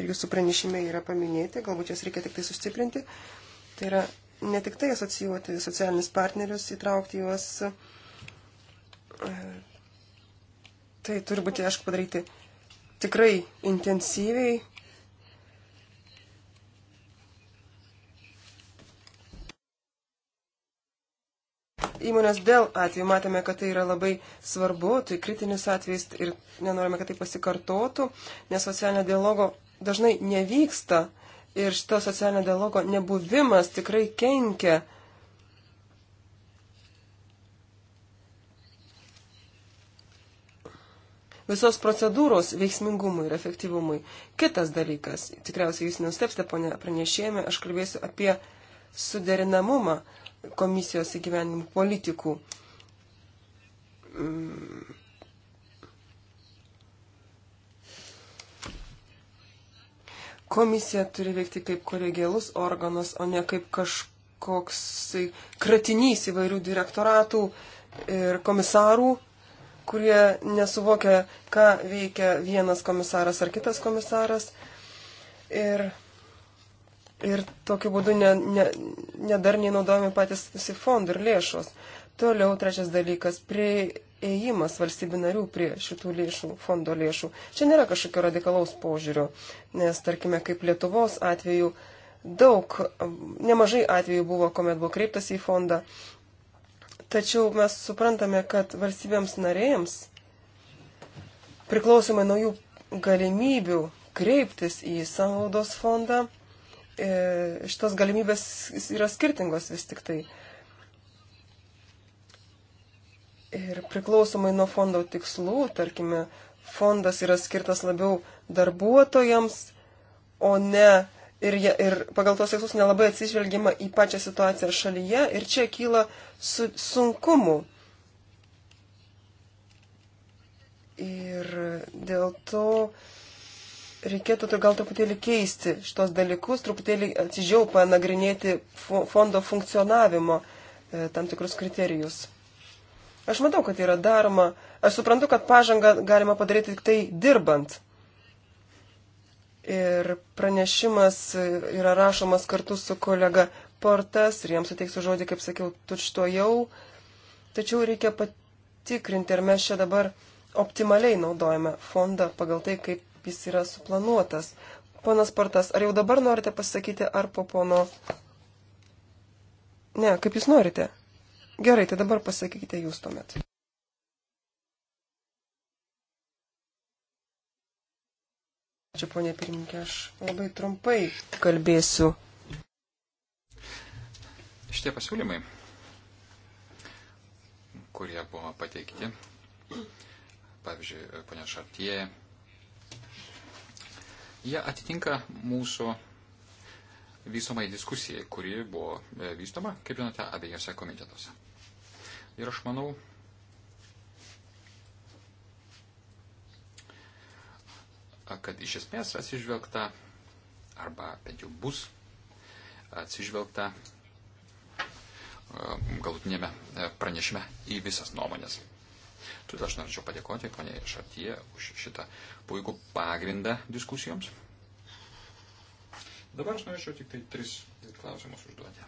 ir jūsų pranešime yra paminėti, galbūt jas reikia tik tai sustiprinti. Tai yra ne tik tai asocijuoti socialinius partnerius, įtraukti juos. E, tai turi būti, aišku, padaryti tikrai intensyviai. Įmonės dėl atveju matėme, kad tai yra labai svarbu, tai kritinis atvejs ir nenorime, kad tai pasikartotų, nes socialinio dialogo dažnai nevyksta. Uh, ir šito socialinio dialogo nebuvimas tikrai kenkia. Visos procedūros veiksmingumui ir efektyvumui. Kitas dalykas, tikriausiai jūs nenustepsite, ponė pranešėjame, aš kalbėsiu apie suderinamumą komisijos įgyvenimų politikų. Mm Komisija turi veikti kaip kolegialus organas, o ne kaip kažkoks kratinys įvairių direktoratų ir komisarų, kurie nesuvokia, ką veikia vienas komisaras ar kitas komisaras. Ir ir tokiu būdu nedarniai ne, ne, ne naudojami patys visi fondai ir lėšos. Toliau trečias dalykas - prie, ėjimas valstybių narių prie šitų lėšų, fondo lėšų. Čia nėra kažkokio radikalaus požiūrio, nes tarkime, kaip Lietuvos atveju, daug, nemažai atvejų buvo, kuomet buvo kreiptas į fondą. Tačiau mes suprantame, kad valstybėms narėjams priklausomai nuo jų galimybių kreiptis į sąnaudos fondą, e, šitos galimybės yra skirtingos vis tik tai. Ir priklausomai nuo fondo tikslų, tarkime, fondas yra skirtas labiau darbuotojams, o ne ir, ir pagal tos tikslus nelabai atsižvelgiama į pačią situaciją šalyje ir čia kyla su, sunkumų. Ir dėl to reikėtų gal truputėlį keisti šitos dalykus, truputėlį atidžiau panagrinėti fondo funkcionavimo e, tam tikrus kriterijus. Aš matau, kad yra daroma. Aš suprantu, kad pažangą galima padaryti tik tai dirbant. Ir pranešimas yra rašomas kartu su kolega Portas ir jiems suteiksiu žodį, kaip sakiau, tučto jau. Tačiau reikia patikrinti, ar mes čia dabar optimaliai naudojame fondą pagal tai, kaip jis yra suplanuotas. Ponas Portas, ar jau dabar norite pasakyti, ar po pono. Ne, kaip jūs norite? Gerai, tai dabar pasakykite jūs tuomet. Ačiū, ponė pirmininkė, aš labai trumpai kalbėsiu. Šitie pasiūlymai, kurie buvo pateikti, pavyzdžiui, ponė Šartie, jie atitinka mūsų vystomai diskusijai, kuri buvo e, vystoma, kaip žinote, abiejose komitetuose. Ir aš manau, kad iš esmės atsižvelgta, arba bent jau bus atsižvelgta e, galutinėme e, pranešime į visas nuomonės. Todėl aš norėčiau padėkoti poniai Šartie už šitą puikų pagrindą diskusijoms. Dabar aš norėčiau tik tai tris klausimus užduoti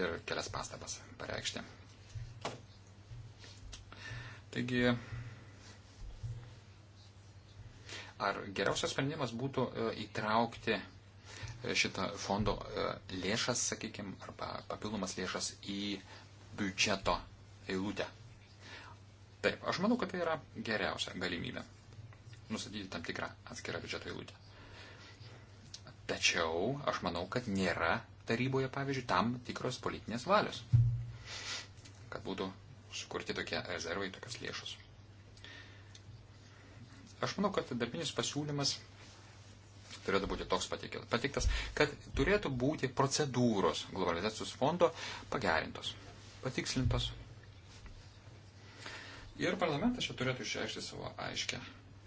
ir kelias pastabas pareikšti. Taigi, ar geriausias sprendimas būtų e, įtraukti e, šitą fondo e, lėšas, sakykime, arba papildomas lėšas į biudžeto eilutę. Taip, aš manau, kad tai yra geriausia galimybė nustatyti tam tikrą atskirą biudžeto eilutę. Tačiau aš manau, kad nėra taryboje, pavyzdžiui, tam tikros politinės valios, kad būtų sukurti tokie rezervai, tokios lėšos. Aš manau, kad darbinis pasiūlymas turėtų būti toks pateiktas, kad turėtų būti procedūros globalizacijos fondo pagerintos, patikslintos. Ir parlamentas čia turėtų išreikšti savo aiškę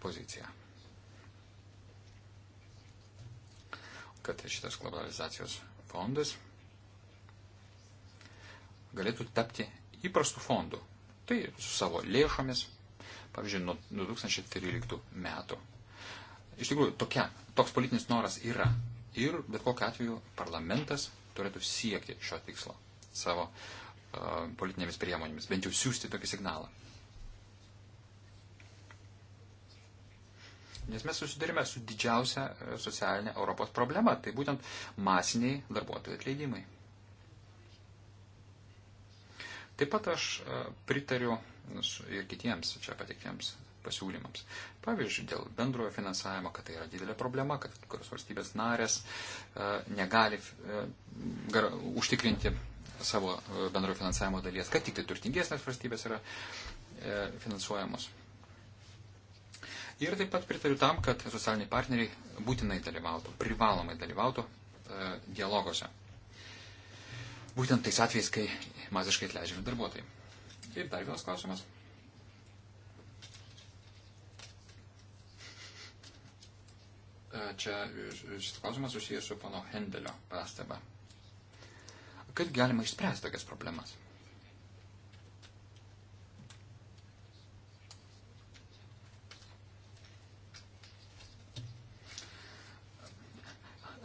poziciją. kad šitas globalizacijos fondas galėtų tapti įprastų fondų. Tai su savo lėšomis, pavyzdžiui, nuo 2013 metų. Iš tikrųjų, tokia, toks politinis noras yra. Ir bet kokiu atveju parlamentas turėtų siekti šio tikslo savo uh, politinėmis priemonėmis, bent jau siūsti tokį signalą. Nes mes susidurime su didžiausia e, socialinė Europos problema, tai būtent masiniai darbuotojų atleidimai. Taip pat aš e, pritariu ir kitiems čia patiktiems pasiūlymams. Pavyzdžiui, dėl bendrojo finansavimo, kad tai yra didelė problema, kad kurios valstybės narės e, negali užtikrinti savo bendrojo finansavimo dalies, kad tik tai turtingesnės valstybės yra finansuojamos. Ir taip pat pritariu tam, kad socialiniai partneriai būtinai dalyvautų, privalomai dalyvautų e, dialoguose. Būtent tais atvejais, kai maziškai atleidžiami darbuotojai. Ir dar vienas klausimas. E, čia šis klausimas susijęs su pono Hendelio pastaba. Kaip galima išspręsti tokias problemas?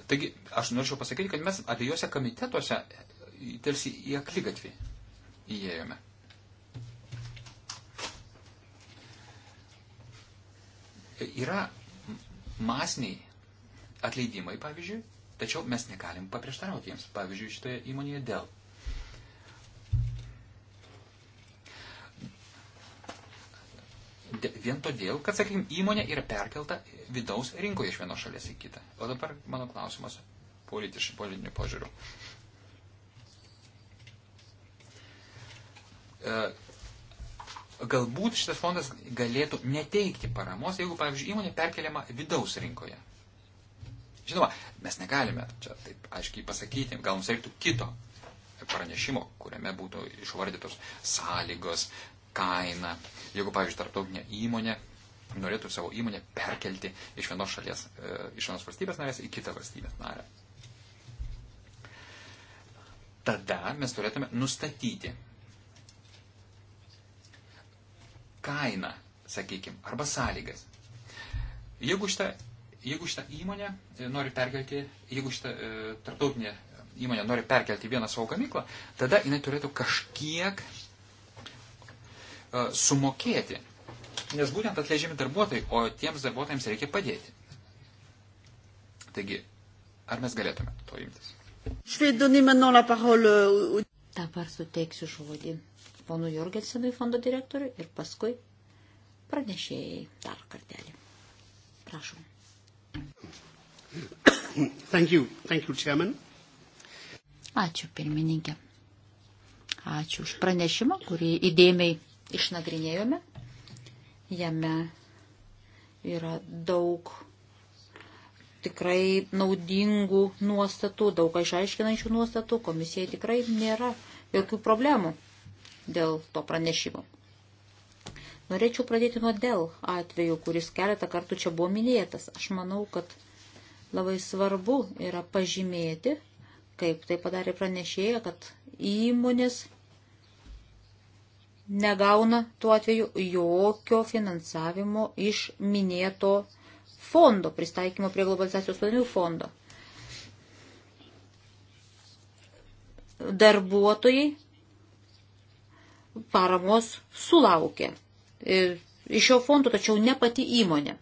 Taigi, aš norėčiau pasakyti, kad mes abiejose komitetuose tarsi į aklygatvį įėjome. Yra masiniai atleidimai, pavyzdžiui, tačiau mes negalim paprieštarauti jiems, pavyzdžiui, šitoje įmonėje dėl vien todėl, kad, sakykime, įmonė yra perkelta vidaus rinkoje iš vienos šalies į kitą. O dabar mano klausimas politiš, politiniu požiūriu. E, galbūt šitas fondas galėtų neteikti paramos, jeigu, pavyzdžiui, įmonė perkeliama vidaus rinkoje. Žinoma, mes negalime čia taip aiškiai pasakyti, gal mums reiktų kito pranešimo, kuriame būtų išvardytos sąlygos, kainą. Jeigu, pavyzdžiui, tarptautinė įmonė norėtų savo įmonę perkelti iš vienos šalies, e, iš vienos valstybės narės į kitą valstybės narę. Tada mes turėtume nustatyti kainą, sakykime, arba sąlygas. Jeigu šitą, jeigu šitą įmonę e, nori perkelti, jeigu šitą e, tarptautinę įmonę nori perkelti vieną savo gamyklą, tada jinai turėtų kažkiek E, sumokėti. Nes būtent atleidžiami darbuotojai, o tiems darbuotojams reikia padėti. Taigi, ar mes galėtume to imtis? Dabar suteiksiu žodį ponui Jorgensenui fondo direktoriui ir paskui pranešėjai dar kartelį. Prašom. Thank you. Thank you, chairman. Ačiū, pirmininkė. Ačiū už pranešimą, kurį įdėmiai išnagrinėjome. Jame yra daug tikrai naudingų nuostatų, daug išaiškinančių nuostatų. Komisijai tikrai nėra jokių problemų dėl to pranešimo. Norėčiau pradėti nuo dėl atveju, kuris keletą kartų čia buvo minėtas. Aš manau, kad labai svarbu yra pažymėti, kaip tai padarė pranešėja, kad įmonės negauna tuo atveju jokio finansavimo iš minėto fondo, pristaikymo prie globalizacijos planų fondo. Darbuotojai paramos sulaukė iš šio fondo, tačiau ne pati įmonė.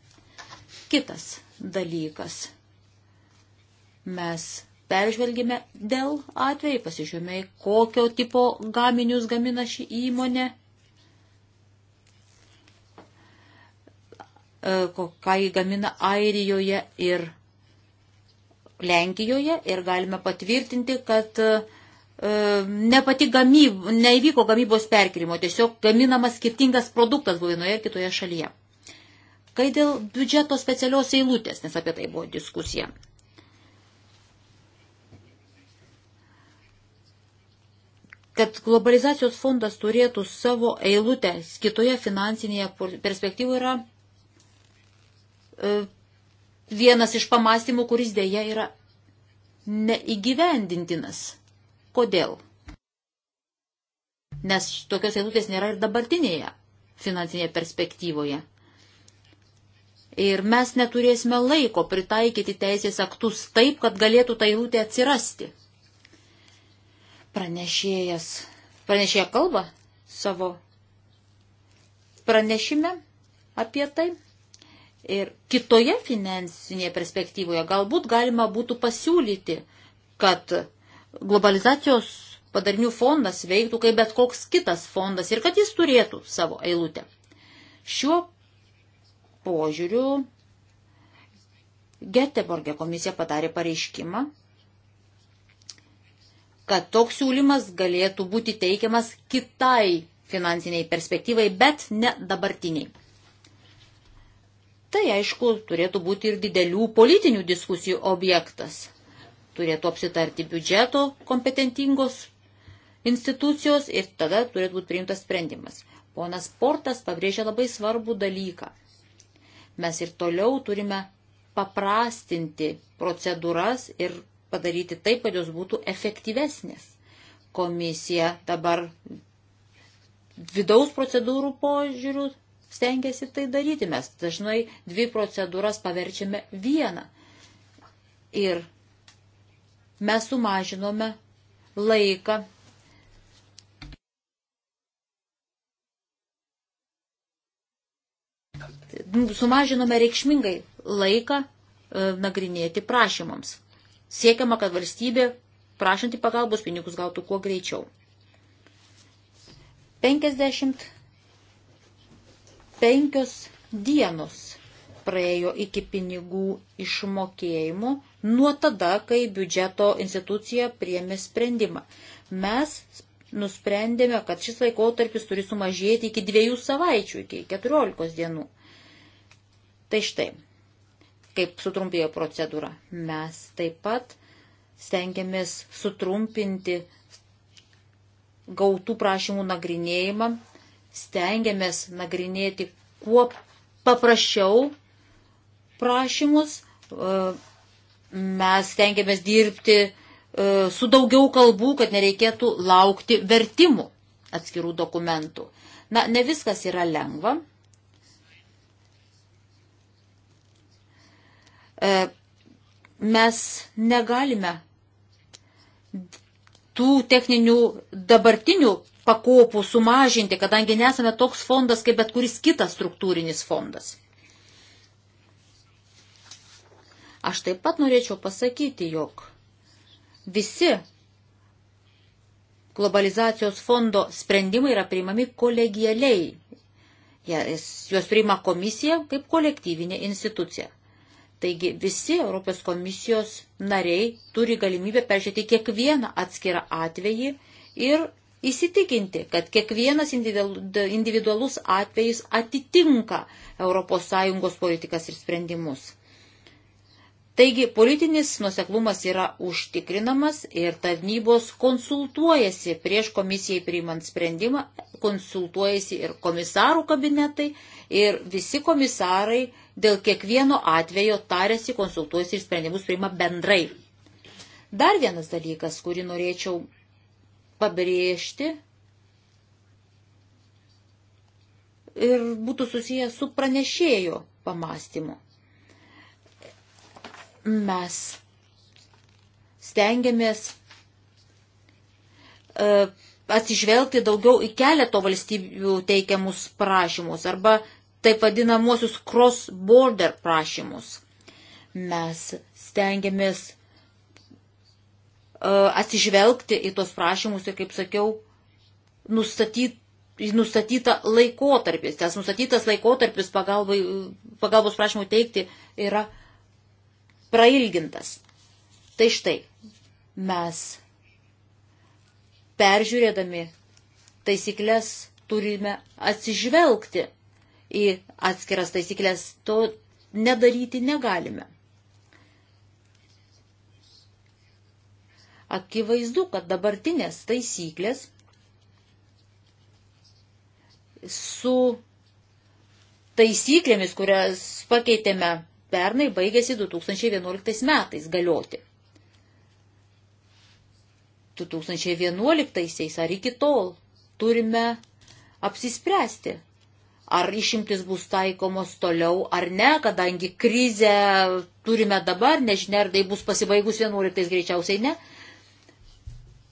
Kitas dalykas. Mes peržvelgėme dėl atvejai, pasižiūrėjome, kokio tipo gaminius gamina šį įmonę, e, ką jį gamina Airijoje ir Lenkijoje ir galime patvirtinti, kad e, ne pati gamyb, neįvyko gamybos perkirimo, tiesiog gaminamas skirtingas produktas buvo vienoje ir kitoje šalyje. Kai dėl biudžeto specialios eilutės, nes apie tai buvo diskusija. kad globalizacijos fondas turėtų savo eilutę kitoje finansinėje perspektyvoje yra e, vienas iš pamastymų, kuris dėja yra neįgyvendintinas. Kodėl? Nes tokios eilutės nėra ir dabartinėje finansinėje perspektyvoje. Ir mes neturėsime laiko pritaikyti teisės aktus taip, kad galėtų ta eilutė atsirasti. Pranešėjas, pranešėja kalba savo pranešime apie tai. Ir kitoje finansinėje perspektyvoje galbūt galima būtų pasiūlyti, kad globalizacijos padarinių fondas veiktų kaip bet koks kitas fondas ir kad jis turėtų savo eilutę. Šiuo požiūriu Geteborgė komisija padarė pareiškimą, kad toks siūlymas galėtų būti teikiamas kitai finansiniai perspektyvai, bet ne dabartiniai. Tai aišku, turėtų būti ir didelių politinių diskusijų objektas. Turėtų apsitarti biudžeto kompetentingos institucijos ir tada turėtų būti priimtas sprendimas. Ponas Portas pabrėžia labai svarbų dalyką. Mes ir toliau turime paprastinti procedūras ir padaryti taip, kad jos būtų efektyvesnės. Komisija dabar vidaus procedūrų požiūrių stengiasi tai daryti. Mes dažnai dvi procedūras paverčiame vieną. Ir mes sumažinome laiką. Sumažinome reikšmingai laiką e, nagrinėti prašymams siekiama, kad valstybė prašanti pagalbos pinigus gautų kuo greičiau. 55 dienos praėjo iki pinigų išmokėjimų nuo tada, kai biudžeto institucija priemė sprendimą. Mes nusprendėme, kad šis laikotarpis turi sumažėti iki dviejų savaičių, iki 14 dienų. Tai štai, kaip sutrumpėjo procedūra. Mes taip pat stengiamės sutrumpinti gautų prašymų nagrinėjimą, stengiamės nagrinėti kuo paprasčiau prašymus, e, mes stengiamės dirbti e, su daugiau kalbų, kad nereikėtų laukti vertimų atskirų dokumentų. Na, ne viskas yra lengva, E, mes negalime tų techninių dabartinių pakopų sumažinti, kadangi nesame toks fondas kaip bet kuris kitas struktūrinis fondas. Aš taip pat norėčiau pasakyti, jog visi globalizacijos fondo sprendimai yra priimami kolegialiai. Juos priima komisija kaip kolektyvinė institucija. Taigi visi Europos komisijos nariai turi galimybę peržiūrėti kiekvieną atskirą atvejį ir įsitikinti, kad kiekvienas individualus atvejis atitinka ES politikas ir sprendimus. Taigi politinis nuseklumas yra užtikrinamas ir tarnybos konsultuojasi prieš komisijai priimant sprendimą, konsultuojasi ir komisarų kabinetai ir visi komisarai dėl kiekvieno atvejo tarėsi, konsultuojasi ir sprendimus priima bendrai. Dar vienas dalykas, kurį norėčiau pabrėžti ir būtų susijęs su pranešėjo pamastymu mes stengiamės e, atsižvelgti daugiau į keleto valstybių teikiamus prašymus arba taip vadinamuosius cross-border prašymus. Mes stengiamės e, atsižvelgti į tos prašymus ir, kaip sakiau, nustatyti nustatyta laikotarpis. Tas nustatytas laikotarpis pagalbai, pagalbos prašymų teikti yra prailgintas. Tai štai, mes peržiūrėdami taisyklės turime atsižvelgti į atskiras taisyklės, to nedaryti negalime. Akivaizdu, kad dabartinės taisyklės su taisyklėmis, kurias pakeitėme pernai baigėsi 2011 metais galioti. 2011 ar iki tol turime apsispręsti, ar išimtis bus taikomos toliau ar ne, kadangi krizę turime dabar, nežinia, ar tai bus pasibaigus 11 greičiausiai ne.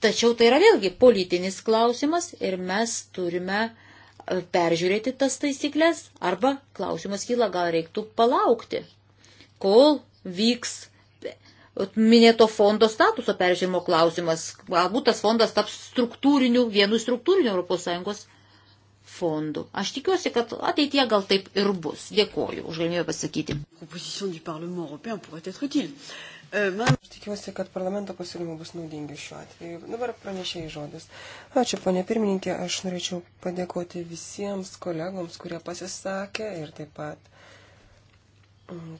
Tačiau tai yra vėlgi politinis klausimas ir mes turime e, peržiūrėti tas taisyklės arba klausimas kyla, gal reiktų palaukti kol vyks minėto fondo statuso peržiūrimo klausimas. Galbūt tas fondas taps struktūriniu, vienu struktūriniu ES fondu. Aš tikiuosi, kad ateitie gal taip ir bus. Dėkoju už galimybę pasakyti. Euh, Aš tikiuosi, kad parlamento pasiūlymai bus naudingi šiuo atveju. Dabar pranešėjai žodis. Ačiū, ponė pirmininkė. Aš norėčiau padėkoti visiems kolegoms, kurie pasisakė ir taip pat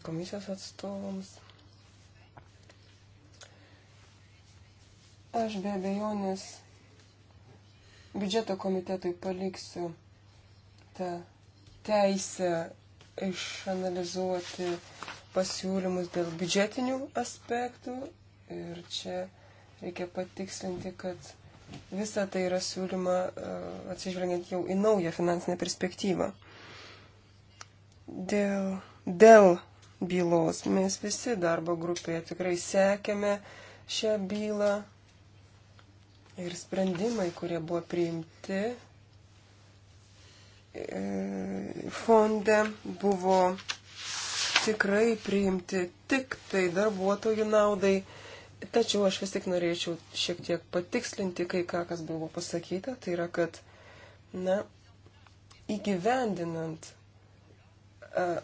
komisijos atstovams. Aš be abejonės biudžeto komitetui paliksiu tą teisę išanalizuoti pasiūlymus dėl biudžetinių aspektų. Ir čia reikia patikslinti, kad visa tai yra siūlyma e, atsižvelgiant jau į naują finansinę perspektyvą. Dėl dėl bylos. Mes visi darbo grupėje tikrai sekėme šią bylą ir sprendimai, kurie buvo priimti e, fonde, buvo tikrai priimti tik tai darbuotojų naudai. Tačiau aš vis tik norėčiau šiek tiek patikslinti kai ką, kas buvo pasakyta. Tai yra, kad, na, įgyvendinant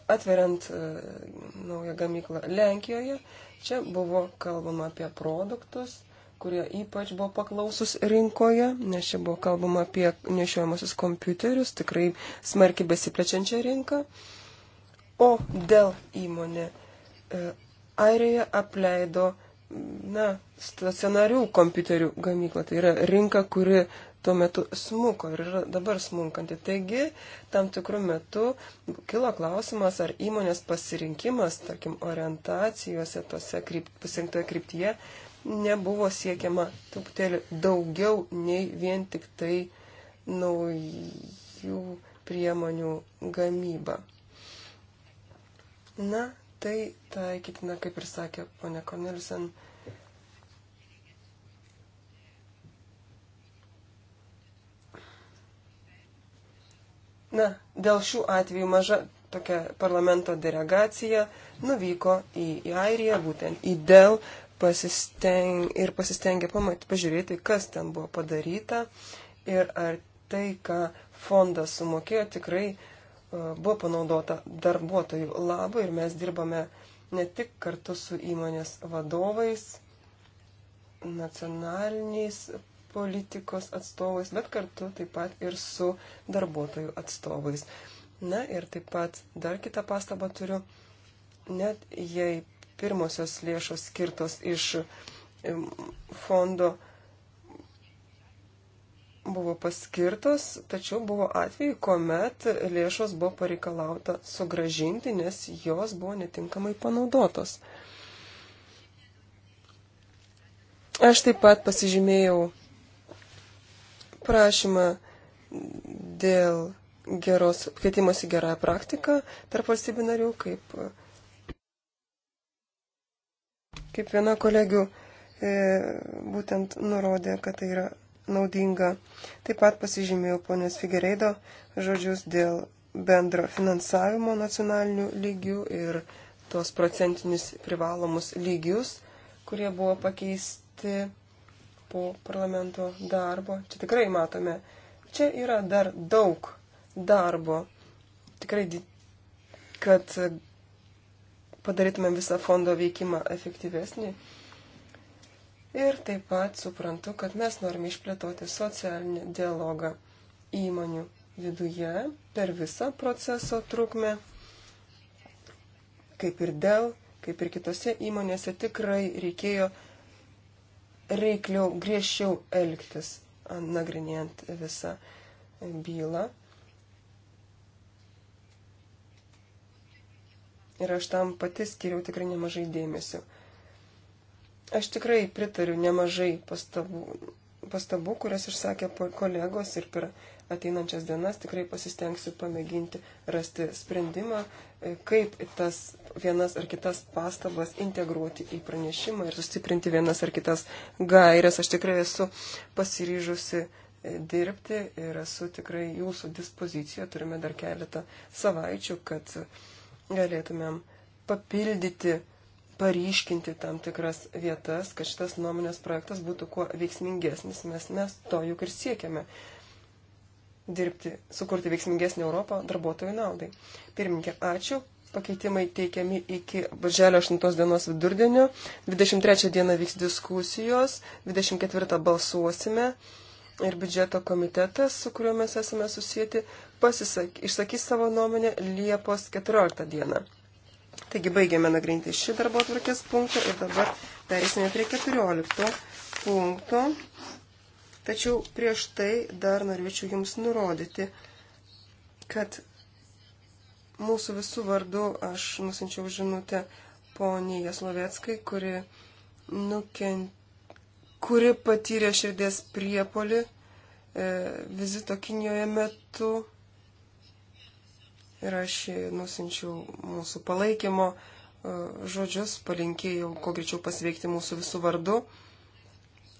atveriant e, naują gamyklą Lenkijoje, čia buvo kalbama apie produktus, kurie ypač buvo paklausus rinkoje, nes čia buvo kalbama apie nešiojamosius kompiuterius, tikrai smarkiai besiplečiančią rinką. O dėl įmonė e, Airija apleido na, stacionarių kompiuterių gamyklą. Tai yra rinka, kuri tuo metu smuko ir yra dabar smunkanti. Taigi, tam tikrų metų kilo klausimas, ar įmonės pasirinkimas, tarkim, orientacijose tose krypt, pasirinktoje kryptyje nebuvo siekiama truputėlį daugiau nei vien tik tai naujų priemonių gamyba. Na, tai taikytina, kaip ir sakė ponia Cornelisen, Na, dėl šių atvejų maža tokia parlamento delegacija nuvyko į, į Airiją, būtent į Dell, pasisteng, ir pasistengė pamat, pažiūrėti, kas ten buvo padaryta ir ar tai, ką fondas sumokėjo, tikrai uh, buvo panaudota darbuotojų labai ir mes dirbame ne tik kartu su įmonės vadovais, nacionaliniais politikos atstovais, bet kartu taip pat ir su darbuotojų atstovais. Na ir taip pat dar kitą pastabą turiu. Net jei pirmosios lėšos skirtos iš fondo buvo paskirtos, tačiau buvo atvejai, kuomet lėšos buvo pareikalauta sugražinti, nes jos buvo netinkamai panaudotos. Aš taip pat pasižymėjau prašymą dėl geros keitimosi gerąją praktiką tarp valstybių narių, kaip, kaip viena kolegių e, būtent nurodė, kad tai yra naudinga. Taip pat pasižymėjau ponios Figereido žodžius dėl bendro finansavimo nacionalinių lygių ir tuos procentinius privalomus lygius, kurie buvo pakeisti po parlamento darbo. Čia tikrai matome, čia yra dar daug darbo. Tikrai, kad padarytume visą fondo veikimą efektyvesnį. Ir taip pat suprantu, kad mes norime išplėtoti socialinį dialogą įmonių viduje per visą proceso trukmę, kaip ir dėl, kaip ir kitose įmonėse tikrai reikėjo reikliau, griežčiau elgtis, nagrinėjant visą bylą. Ir aš tam pati skiriau tikrai nemažai dėmesio. Aš tikrai pritariu nemažai pastabų, pastabų kurias išsakė kolegos ir per ateinančias dienas tikrai pasistengsiu pamėginti rasti sprendimą kaip tas vienas ar kitas pastabas integruoti į pranešimą ir sustiprinti vienas ar kitas gairias. Aš tikrai esu pasiryžusi e, dirbti ir esu tikrai jūsų dispozicijoje. Turime dar keletą savaičių, kad galėtumėm papildyti, paryškinti tam tikras vietas, kad šitas nuomonės projektas būtų kuo veiksmingesnis, nes mes to juk ir siekiame dirbti, sukurti veiksmingesnį Europą darbuotojų naudai. Pirmininkė, ačiū. Pakeitimai teikiami iki birželio 8 dienos vidurdienio. 23 dieną vyks diskusijos, 24 balsuosime ir biudžeto komitetas, su kuriuo mes esame susijęti, pasisak, išsakys savo nuomonę Liepos 14 dieną. Taigi baigėme nagrinti šį darbo atvarkės punktą ir dabar perėsime prie 14 punkto. Tačiau prieš tai dar norėčiau Jums nurodyti, kad mūsų visų vardu aš nusinčiau žinutę poniai Jaslovetskai, kuri, nukent... kuri patyrė širdies priepolį e, vizito Kinijoje metu. Ir aš nusinčiau mūsų palaikymo e, žodžius, palinkėjau kuo greičiau pasveikti mūsų visų vardu. E,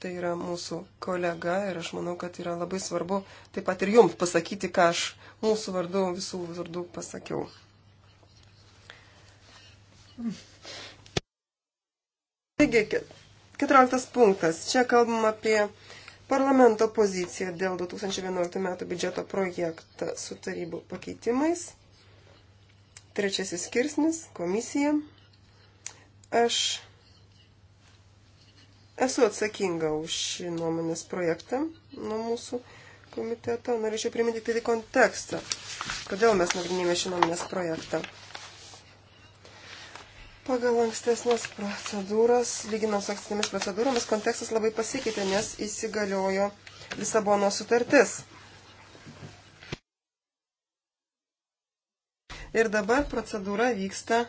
tai yra mūsų kolega ir aš manau, kad yra labai svarbu taip pat ir jums pasakyti, ką aš mūsų vardu, visų vardų pasakiau. Taigi, 14 punktas. Čia kalbam apie parlamento poziciją dėl 2011 m. biudžeto projektą su tarybų pakeitimais. Trečiasis skirsnis - komisija. Aš Esu atsakinga už šį nuomonės projektą nuo mūsų komiteto. Norėčiau priminti tai kontekstą, kodėl mes nagrinėjame šį nuomonės projektą. Pagal ankstesnės procedūras, lyginant su ankstesnėmis procedūromis, kontekstas labai pasikeitė, nes įsigaliojo Lisabono sutartis. Ir dabar procedūra vyksta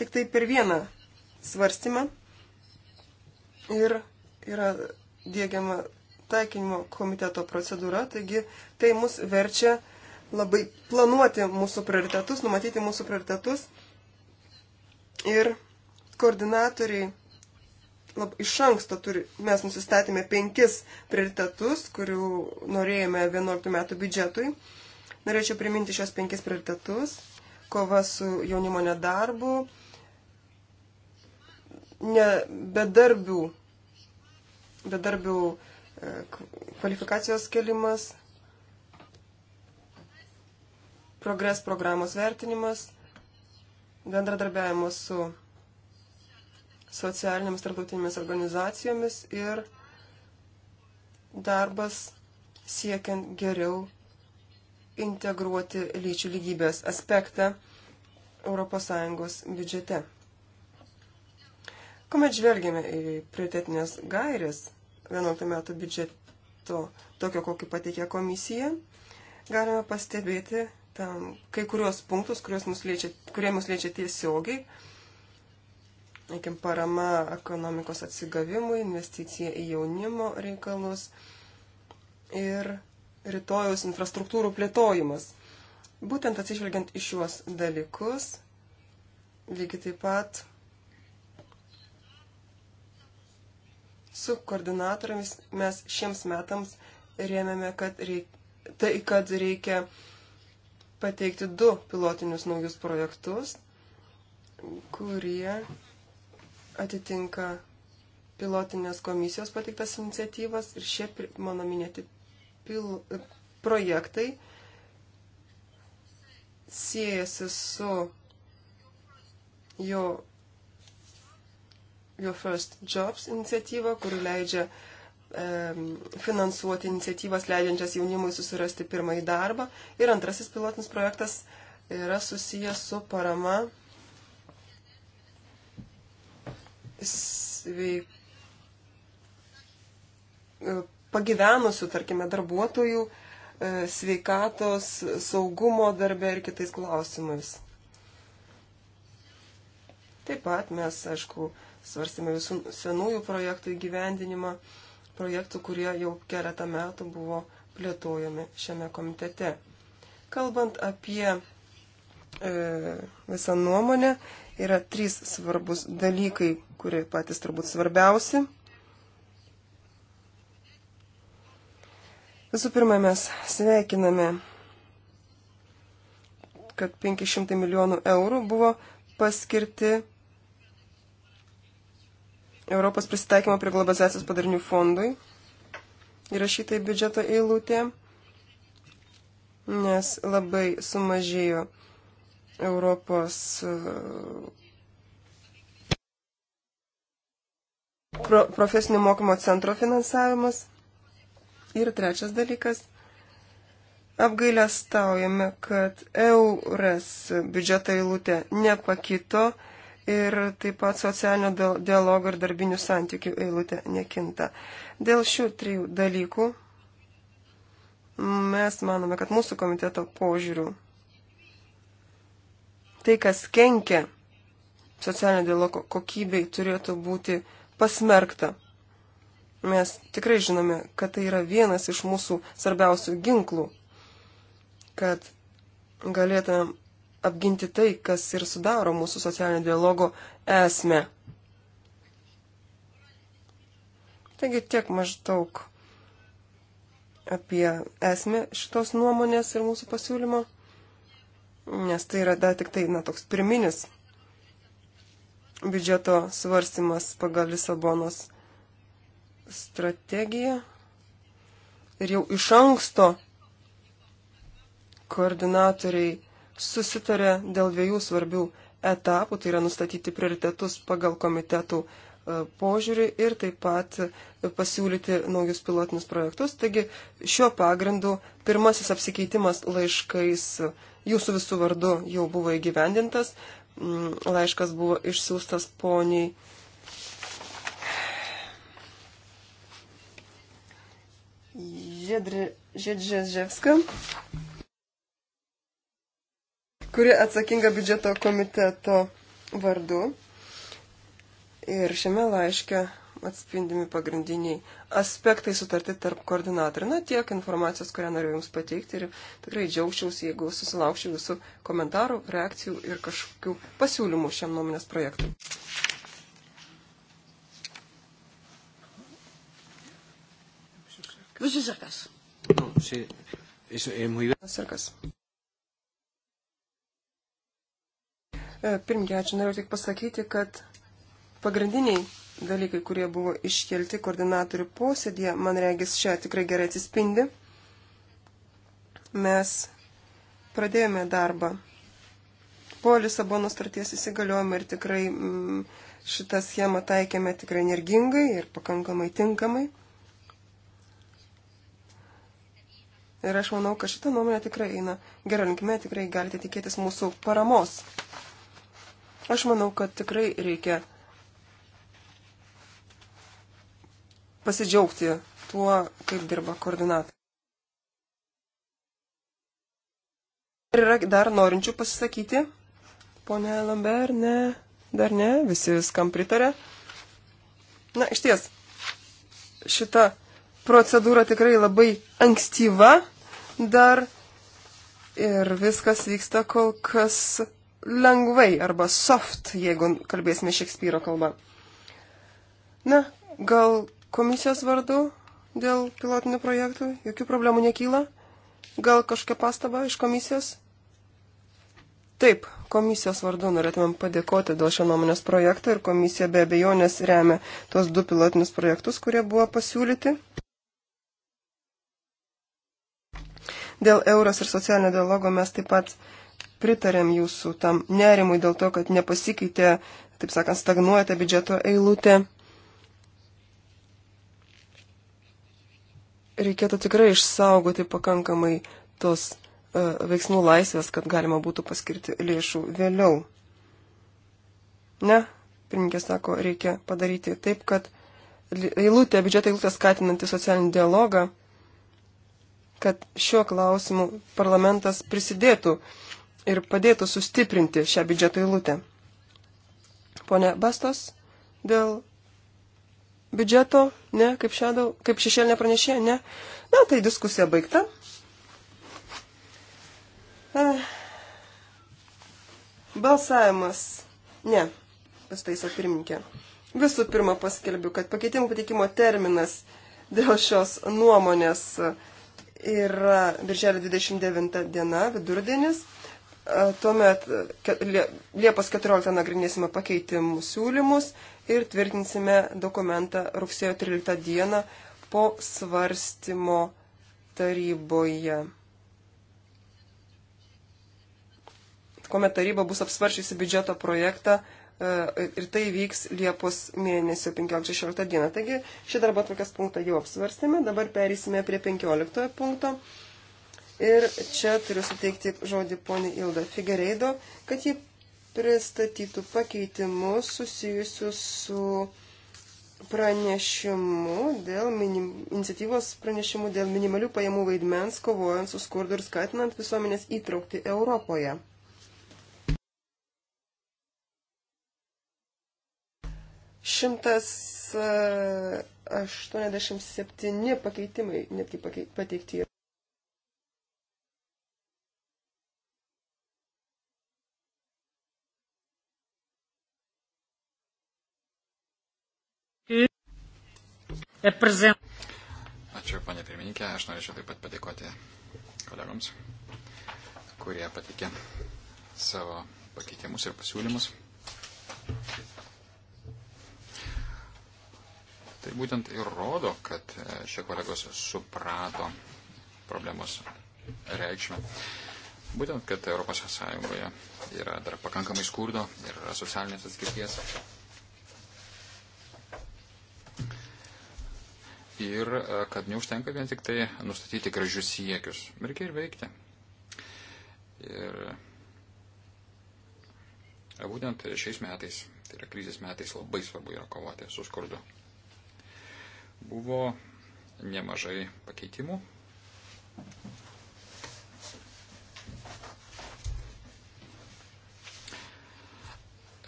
tik tai per vieną svarstymą ir yra dėgiama taikinimo komiteto procedūra, taigi tai mus verčia labai planuoti mūsų prioritetus, numatyti mūsų prioritetus ir koordinatoriai lab, iš anksto turi, mes nusistatėme penkis prioritetus, kurių norėjome 11 metų biudžetui. Norėčiau priminti šios penkis prioritetus. Kova su jaunimo nedarbu, ne, bedarbių bedarbių e, kvalifikacijos kelimas, progres programos vertinimas, bendradarbiavimas su socialinėmis tarptautinėmis organizacijomis ir darbas siekiant geriau integruoti lyčių lygybės aspektą ES biudžete. Komet žvelgėme į prioritetinės gairės 11 metų biudžeto, tokio kokį pateikė komisija, galime pastebėti tam, kai kuriuos punktus, mus liečia, kurie mus liečia tiesiogiai. Eikim, parama ekonomikos atsigavimui, investicija į jaunimo reikalus ir rytojus infrastruktūrų plėtojimas. Būtent atsižvelgiant į šiuos dalykus, lygiai taip pat Su koordinatoriamis mes šiems metams rėmėme, kad reik, tai, kad reikia pateikti du pilotinius naujus projektus, kurie atitinka pilotinės komisijos pateiktas iniciatyvas ir šie mano minėti pil, projektai siejasi su jo Your First Jobs iniciatyvą, kuri leidžia finansuoti iniciatyvas leidžiančias jaunimui susirasti pirmąjį darbą. Ir antrasis pilotinis projektas yra susijęs su parama sveik... E, pagyvenusių, tarkime, darbuotojų e, sveikatos, saugumo darbe ir kitais klausimais. Taip pat mes, aišku, svarstėme visų senųjų projektų įgyvendinimą, projektų, kurie jau keletą metų buvo plėtojami šiame komitete. Kalbant apie e, visą nuomonę, yra trys svarbus dalykai, kurie patys turbūt svarbiausi. Visų pirma, mes sveikiname, kad 500 milijonų eurų buvo paskirti Europos pristaikymo prie globalizacijos padarinių fondui įrašyta į biudžeto eilutę, nes labai sumažėjo Europos e, pro, profesinio mokymo centro finansavimas. Ir trečias dalykas. Apgailę staujame, kad euras biudžeto eilutė nepakito ir taip pat socialinio dialogo ir darbinių santykių eilutė nekinta. Dėl šių trijų dalykų mes manome, kad mūsų komiteto požiūrių tai, kas kenkia socialinio dialogo kokybei, turėtų būti pasmerkta. Mes tikrai žinome, kad tai yra vienas iš mūsų svarbiausių ginklų, kad galėtumėm apginti tai, kas ir sudaro mūsų socialinio dialogo esmę. Taigi tiek maždaug apie esmę šitos nuomonės ir mūsų pasiūlymo, nes tai yra dar tik tai, na, toks pirminis biudžeto svarstymas pagal Lisabonos strategiją. Ir jau iš anksto koordinatoriai susitarė dėl dviejų svarbių etapų, tai yra nustatyti prioritetus pagal komitetų e, požiūrį ir taip pat e, pasiūlyti naujus pilotinius projektus. Taigi šiuo pagrindu pirmasis apsikeitimas laiškais jūsų visų vardu jau buvo įgyvendintas. Mm, laiškas buvo išsiųstas poniai. Žiedževska kuri atsakinga biudžeto komiteto vardu. Ir šiame laiške atspindimi pagrindiniai aspektai sutarti tarp koordinatorių. Na, tiek informacijos, kurią noriu Jums pateikti ir tikrai džiaugčiausi, jeigu susilaukčiau visų komentarų, reakcijų ir kažkokių pasiūlymų šiam nuomonės projektui. Visas sarkas. No, sí, es, es eh, muy... Sarkas. E, Pirmgi, ačiū, noriu tik pasakyti, kad pagrindiniai dalykai, kurie buvo iškelti koordinatorių posėdėje, man regis, čia tikrai gerai atsispindi. Mes pradėjome darbą po Lisabonos starties įsigaliojimo ir tikrai m, mm, šitą schemą taikėme tikrai energingai ir pakankamai tinkamai. Ir aš manau, kad šitą nuomonę tikrai eina gerą linkme, tikrai galite tikėtis mūsų paramos. Aš manau, kad tikrai reikia pasidžiaugti tuo, kaip dirba koordinatai. Ar yra dar norinčių pasisakyti? Pone Lambert, ne, dar ne, visi viskam pritarė. Na, iš ties, šita procedūra tikrai labai ankstyva dar ir viskas vyksta kol kas lengvai arba soft, jeigu kalbėsime Šekspyro kalbą. Na, gal komisijos vardu dėl pilotinių projektų jokių problemų nekyla? Gal kažkokia pastaba iš komisijos? Taip, komisijos vardu norėtumėm padėkoti dėl šio nuomonės projekto ir komisija be abejonės remia tos du pilotinius projektus, kurie buvo pasiūlyti. Dėl euros ir socialinio dialogo mes taip pat pritarėm jūsų tam nerimui dėl to, kad nepasikeitė, taip sakant, stagnuoja ta biudžeto eilutė. Reikėtų tikrai išsaugoti pakankamai tos uh, veiksmų laisvės, kad galima būtų paskirti lėšų vėliau. Ne, pirmininkė sako, reikia padaryti taip, kad eilutė, biudžeto eilutė skatinanti socialinį dialogą, kad šiuo klausimu parlamentas prisidėtų uh, ir padėtų sustiprinti šią biudžeto eilutę. Pone Bastos, dėl biudžeto, ne, kaip, šedau, kaip šešėlinė pranešė, ne. Na, tai diskusija baigta. E, balsavimas. Ne, pastaiso pirmininkė. Visų pirma paskelbiu, kad pakeitimų pateikimo terminas dėl šios nuomonės yra birželio 29 diena, vidurdienis. Tuomet Liepos 14 nagrinėsime pakeitimų siūlymus ir tvirtinsime dokumentą rugsėjo 13 dieną po svarstymo taryboje. Kuomet taryba bus apsvaršysi biudžeto projektą e, ir tai vyks Liepos mėnesio 15-16 dieną. Taigi šį darbo atvarkės punktą jau apsvarstėme, dabar perėsime prie 15 punkto. Ir čia turiu suteikti žodį poniai Ilda Figereido, kad ji pristatytų pakeitimus susijusius su pranešimu dėl minim, iniciatyvos pranešimu dėl minimalių pajamų vaidmens, kovojant su skurdu ir skatinant visuomenės įtraukti Europoje. Šimtas 187 e, pakeitimai netgi pateikti. Ačiū, ponė pirmininkė. Aš norėčiau taip pat padėkoti kolegoms, kurie patikė savo pakeitimus ir pasiūlymus. Tai būtent ir rodo, kad e, šie kolegos suprato problemos reikšmę. Būtent, kad ES yra dar pakankamai skurdo ir socialinės atskirties. ir e, kad neužtenka vien tik tai nustatyti gražius siekius. Reikia ir veikti. Ir e, būtent šiais metais, tai yra krizės metais, labai svarbu yra kovoti su skurdu. Buvo nemažai pakeitimų.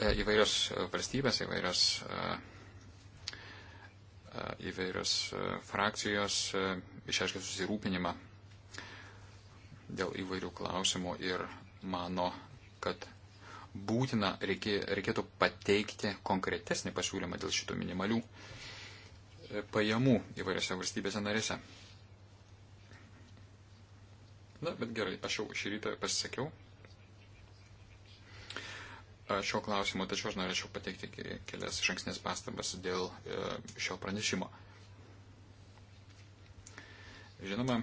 E, įvairios valstybės, įvairios uh, įvairios e, frakcijos e, išaiškė susirūpinimą dėl įvairių klausimų ir mano, kad būtina reikė, reikėtų pateikti konkretesnį pasiūlymą dėl šitų minimalių e, pajamų įvairiose valstybėse narėse. Na, bet gerai, aš jau šį rytą pasisakiau, šio klausimo, tačiau aš norėčiau pateikti kelias iš anksnės pastabas dėl e, šio pranešimo. Žinoma,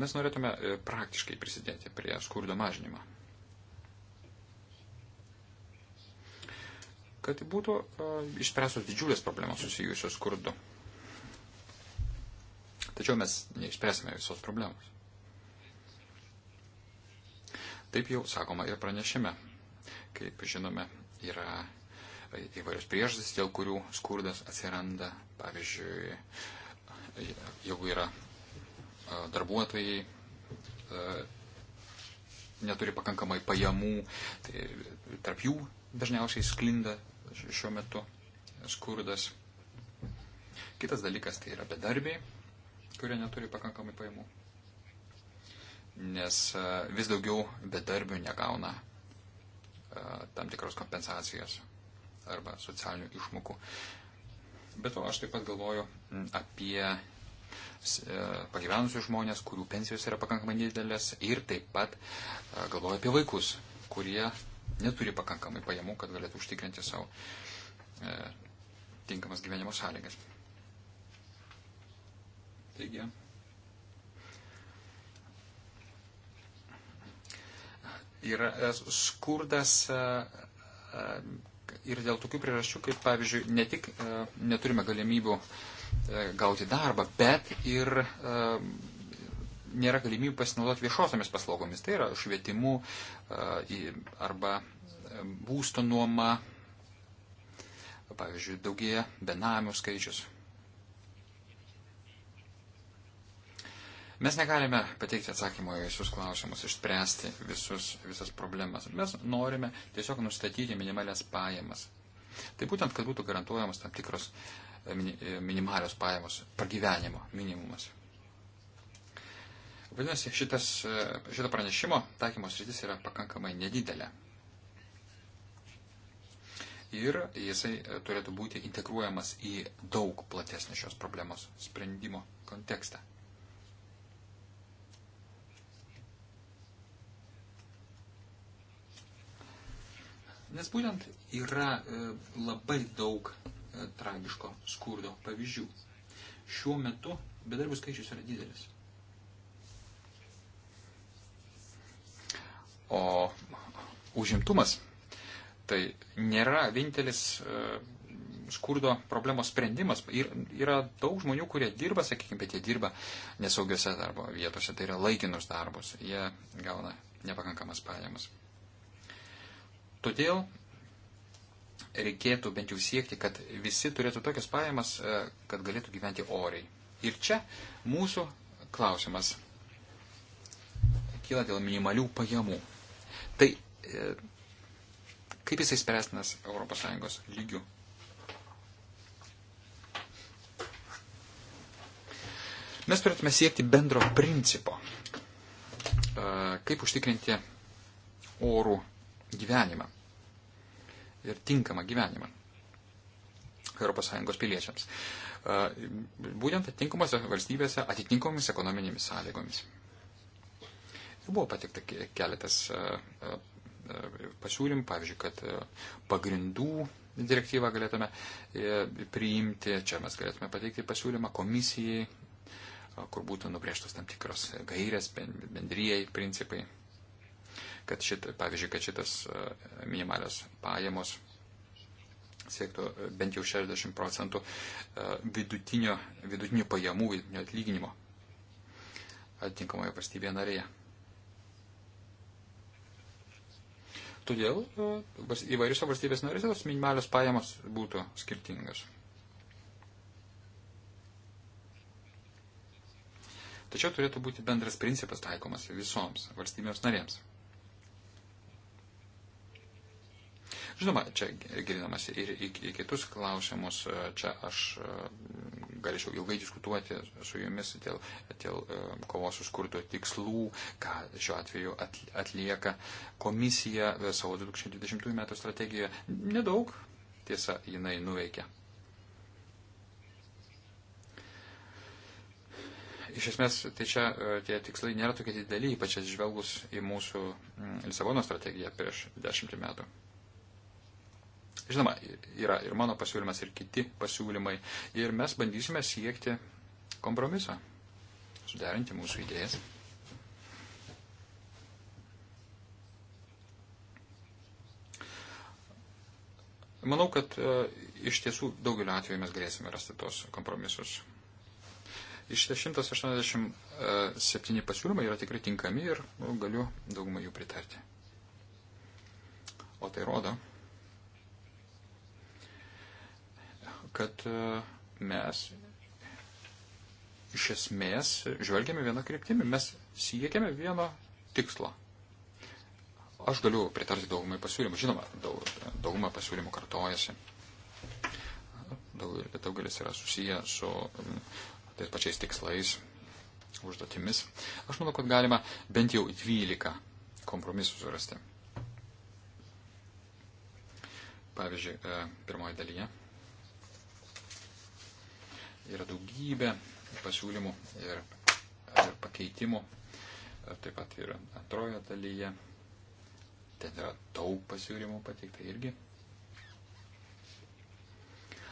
mes norėtume e, praktiškai prisidėti prie skurdo mažinimo. Kad būtų e, išspręstos didžiulės problemos susijusios skurdu. Tačiau mes neišspręsime visos problemos. Taip jau sakoma ir pranešime. Kaip žinome, yra įvairios priežastys, dėl kurių skurdas atsiranda. Pavyzdžiui, jeigu yra e, darbuotojai, e, neturi pakankamai pajamų, tai tarp jų dažniausiai sklinda šiuo metu skurdas. Kitas dalykas tai yra bedarbiai, kurie neturi pakankamai pajamų nes e, vis daugiau bedarbių negauna e, tam tikros kompensacijos arba socialinių išmokų. Bet to aš taip pat galvoju apie e, pagyvenusius žmonės, kurių pensijos yra pakankamai didelės ir taip pat galvoju apie vaikus, kurie neturi pakankamai pajamų, kad galėtų užtikrinti savo tinkamas gyvenimo sąlygas. Taigi, yra e, skurdas e, e, ir dėl tokių priežasčių, kaip pavyzdžiui, ne tik neturime galimybių gauti darbą, bet ir nėra galimybių pasinaudoti viešosiomis paslaugomis. Tai yra švietimu arba būsto nuoma, pavyzdžiui, daugie benamių skaičius. Mes negalime pateikti atsakymo į visus klausimus, išspręsti visus, visas problemas. Mes norime tiesiog nustatyti minimalias pajamas. Tai būtent, kad būtų garantuojamas tam tikros e, e, minimalios pajamos, pragyvenimo minimumas. Vadinasi, šitas, e, šito pranešimo taikymos rytis yra pakankamai nedidelė. Ir jisai turėtų būti integruojamas į daug platesnį šios problemos sprendimo kontekstą. Nes būtent yra e, labai daug e, tragiško skurdo pavyzdžių. Šiuo metu bedarbių skaičius yra didelis. O užimtumas tai nėra vienintelis e, skurdo problemos sprendimas. Ir yra daug žmonių, kurie dirba, sakykime, bet jie dirba nesaugiose darbo vietose, tai yra laikinus darbus, jie gauna nepakankamas pajamas. Todėl reikėtų bent jau siekti, kad visi turėtų tokias pajamas, e, kad galėtų gyventi oriai. Ir čia mūsų klausimas kyla dėl minimalių pajamų. Tai e, kaip jisai spręstinas ES lygių? Mes turėtume siekti bendro principo, e, kaip užtikrinti orų gyvenimą ir tinkamą gyvenimą ES piliečiams. Būtent atitinkamose valstybėse atitinkamomis ekonominėmis sąlygomis. Ir buvo patikta keletas pasiūlymų, pavyzdžiui, kad pagrindų direktyvą galėtume e, priimti, čia mes galėtume pateikti pasiūlymą komisijai, kur būtų nubrėžtos tam tikros gairės, bendrieji principai kad šit, pavyzdžiui, kad šitas e, minimalios pajamos siektų e, bent jau 60 procentų e, vidutinio, vidutinio pajamų, vidutinio atlyginimo atitinkamoje valstybėje narėje. Todėl įvairiose valstybės narėse tos minimalios pajamos būtų skirtingas. Tačiau turėtų būti bendras principas taikomas visoms valstybėms narėms. Žinoma, čia gilinamas ir į, į kitus klausimus, e, čia aš e, galėčiau ilgai diskutuoti su jumis dėl, dėl e, kovos su skurdo tikslų, ką šiuo atveju atlieka komisija savo 2020 m. strategijoje. Nedaug, tiesa, jinai nuveikia. iš esmės, tai čia tie tikslai nėra tokie dideli, ypač atžvelgus į mūsų Lisabono strategiją prieš dešimtį metų. Žinoma, yra ir mano pasiūlymas, ir kiti pasiūlymai. Ir mes bandysime siekti kompromiso, suderinti mūsų idėjas. Manau, kad e, iš tiesų daugeliu atveju mes galėsime rasti tos kompromisus. Iš 187 e, pasiūlymai yra tikrai tinkami ir nu, galiu daugumą jų pritarti. O tai rodo, kad e, mes iš esmės žvelgiame vieną kryptimį, mes siekiame vieno tikslo. Aš galiu pritarti daugumai pasiūlymų, žinoma, daug, dauguma pasiūlymų kartojasi. Daug, daugelis yra susiję su mm, tais pačiais tikslais, užduotimis. Aš manau, kad galima bent jau 12 kompromisų surasti. Pavyzdžiui, e, pirmoji dalyje Yra daugybė pasiūlymų ir, ir pakeitimų. Taip pat ir antrojo dalyje. Ten yra daug pasiūlymų pateikta irgi.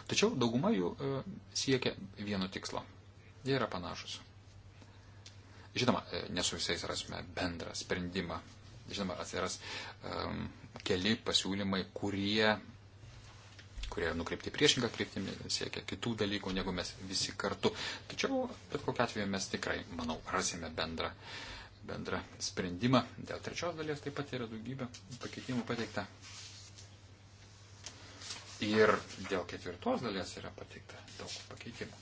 Tačiau dauguma jų e, siekia vieno tikslo. Jie yra panašus. Žinoma, e, nesu visais rasime bendrą sprendimą. Žinoma, atsiras um, keli pasiūlymai, kurie kurie nukreipti priešingą kryptimį, siekia kitų dalykų, negu mes visi kartu. Tačiau, bet kokiu atveju, mes tikrai, manau, rasime bendrą, bendrą sprendimą. Dėl trečios dalies taip pat yra daugybė pakeitimų pateikta. Ir dėl ketvirtos dalies yra pateikta daug pakeitimų.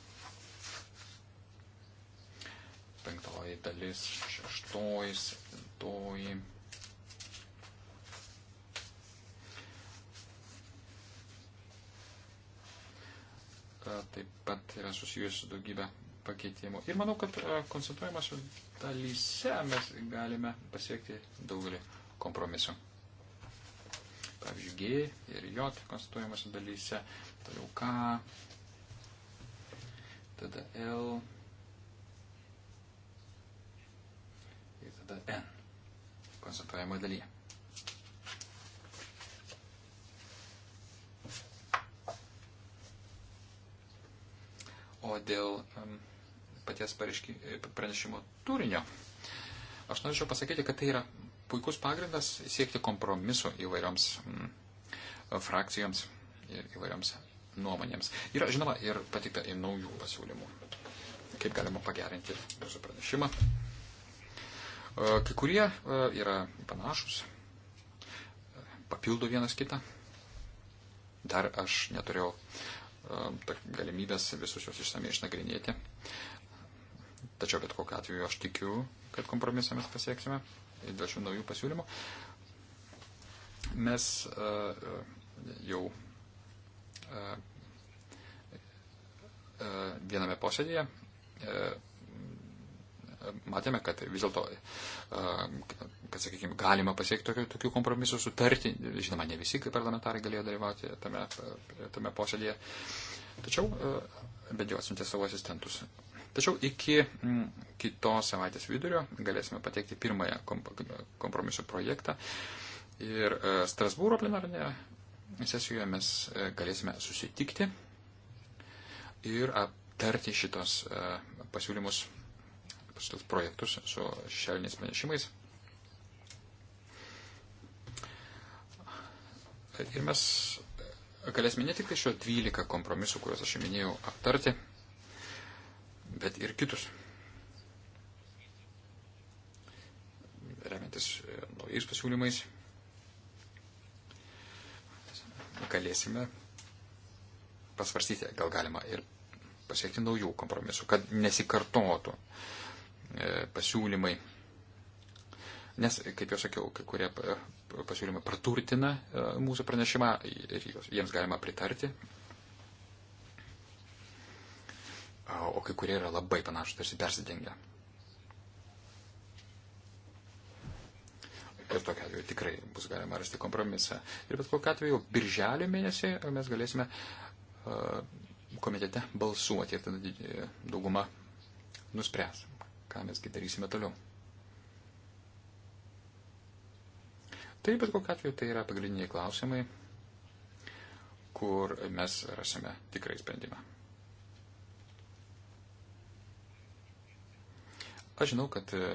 Penktoji dalis, šeštoji, septintoji. taip pat yra susijusi su daugybė pakeitimų. Ir manau, kad e, koncentruojamas dalyse mes galime pasiekti daugelį kompromisų. Pavyzdžiui, G ir J konstatuojamas dalyse, toliau K, tada L ir tada N konstatuojama dalyje. O dėl paties pareiški, pranešimo turinio, aš norėčiau pasakyti, kad tai yra puikus pagrindas siekti kompromiso įvairioms frakcijoms ir įvairioms nuomonėms. Yra, žinoma, ir patikta ir naujų pasiūlymų, kaip galima pagerinti jūsų pranešimą. E, kai kurie e, yra panašus, papildo vienas kitą. Dar aš neturėjau E, galimybės visus juos išsamei išnagrinėti. Tačiau bet kokiu atveju aš tikiu, kad kompromisą mes pasieksime dėl šių naujų pasiūlymų. Mes e, e, jau viename posėdėje matėme, kad vis dėlto, e, kad, sakykime, galima pasiekti tokių, tokių kompromisų, sutarti. Žinoma, ne visi parlamentarai galėjo dalyvauti tame, tame posėdėje. Tačiau, e, bet jau atsiuntė savo asistentus. Tačiau iki kitos savaitės vidurio galėsime pateikti pirmąją kompromiso projektą. Ir e, Strasbūro plenarinėje sesijoje mes galėsime susitikti ir aptarti šitos pasiūlymus šitas projektus su šešėliniais pranešimais. Ir mes galėsime ne tik tai šio 12 kompromisų, kuriuos aš minėjau, aptarti, bet ir kitus. Remiantis e, naujais pasiūlymais, galėsime pasvarstyti, gal galima ir pasiekti naujų kompromisų, kad nesikartotų uh, E, pasiūlymai. Nes, kaip jau sakiau, kai kurie pasiūlymai praturtina e, mūsų pranešimą ir jiems galima pritarti. O kai kurie yra labai panašus, tarsi persidengia. Ir tokia atveju tikrai bus galima rasti kompromisą. Ir bet kokiu atveju, birželio mėnesį mes galėsime e, komitete balsuoti ir tada dauguma nuspręs ką mesgi darysime toliau. Tai bet kokiu atveju tai yra pagrindiniai klausimai, kur mes rasime tikrai sprendimą. Aš žinau, kad e,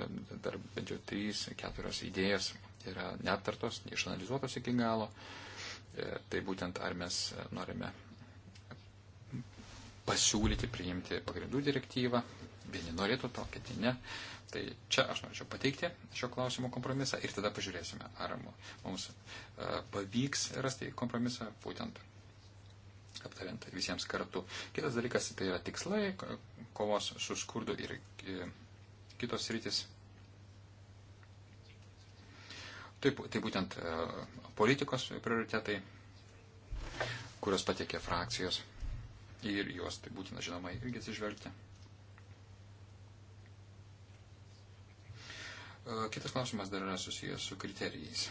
dar bent jau trys, keturios idėjas yra neaptartos, neišanalizuotos iki galo. E, tai būtent ar mes norime pasiūlyti priimti pagrindų direktyvą, vieni norėtų to, kiti ne. Tai čia aš norėčiau pateikti šio klausimo kompromisą ir tada pažiūrėsime, ar mums e, pavyks rasti kompromisą būtent aptariant visiems kartu. Kitas dalykas tai yra tikslai, kovos su skurdu ir e, kitos rytis. Taip, tai būtent e, politikos prioritetai, kurios patiekė frakcijos ir juos tai būtina žinoma irgi atsižvelgti. Kitas klausimas dar yra susijęs su kriterijais,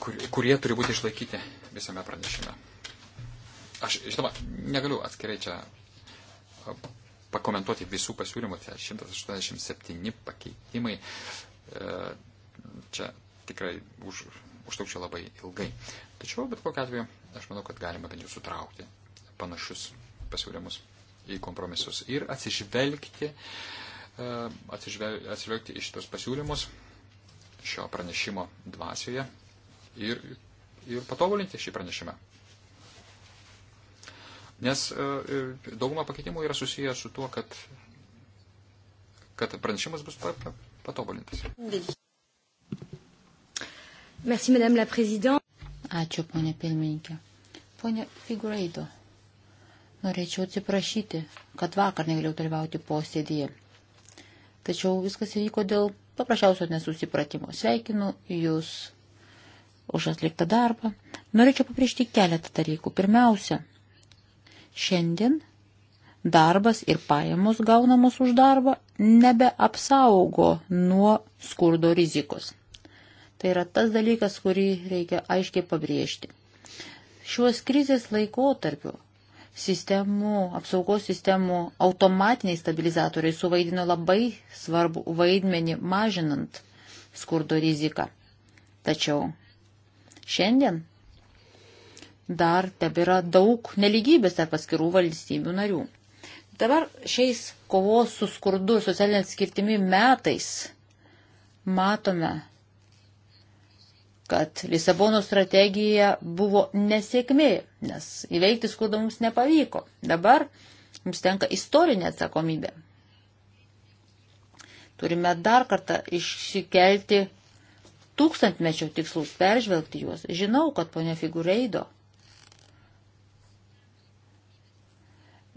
kur, kurie turi būti išlaikyti visame pranešime. Aš, žinoma, negaliu atskirai čia pakomentuoti visų pasiūlymų, tai 187 pakeitimai. E, čia tikrai už, užtrukčiau labai ilgai. Tačiau, bet kokiu atveju, aš manau, kad galima bent jau sutraukti panašius pasiūlymus į kompromisus ir atsižvelgti, e, atsižvelgti iš tos pasiūlymus šio pranešimo dvasioje ir, ir patobulinti šį pranešimą. Nes e, e, dauguma pakeitimų yra susiję su tuo, kad, kad pranešimas bus patobulintas. Merci, Madame la Présidente. Ačiū, ponė pirmininkė. Ponė Figureido. Norėčiau atsiprašyti, kad vakar negalėjau dalyvauti posėdėje. Tačiau viskas įvyko dėl paprasčiausio nesusipratimo. Sveikinu Jūs už atliktą darbą. Norėčiau papriešti keletą dalykų. Pirmiausia, šiandien darbas ir pajamos gaunamos už darbą nebeapsaugo nuo skurdo rizikos. Tai yra tas dalykas, kurį reikia aiškiai pabrėžti. Šiuos krizės laikotarpiu sistemų, apsaugos sistemų automatiniai stabilizatoriai suvaidino labai svarbu vaidmenį mažinant skurdo riziką. Tačiau šiandien dar tebėra daug neligybės tarp atskirų valstybių narių. Dabar šiais kovos su skurdu ir socialinė atskirtimi metais matome, kad Lisabono strategija buvo nesėkmė, nes įveikti skurdą mums nepavyko. Dabar mums tenka istorinė atsakomybė. Turime dar kartą išsikelti tūkstantmečio tikslus, peržvelgti juos. Žinau, kad ponia Figureido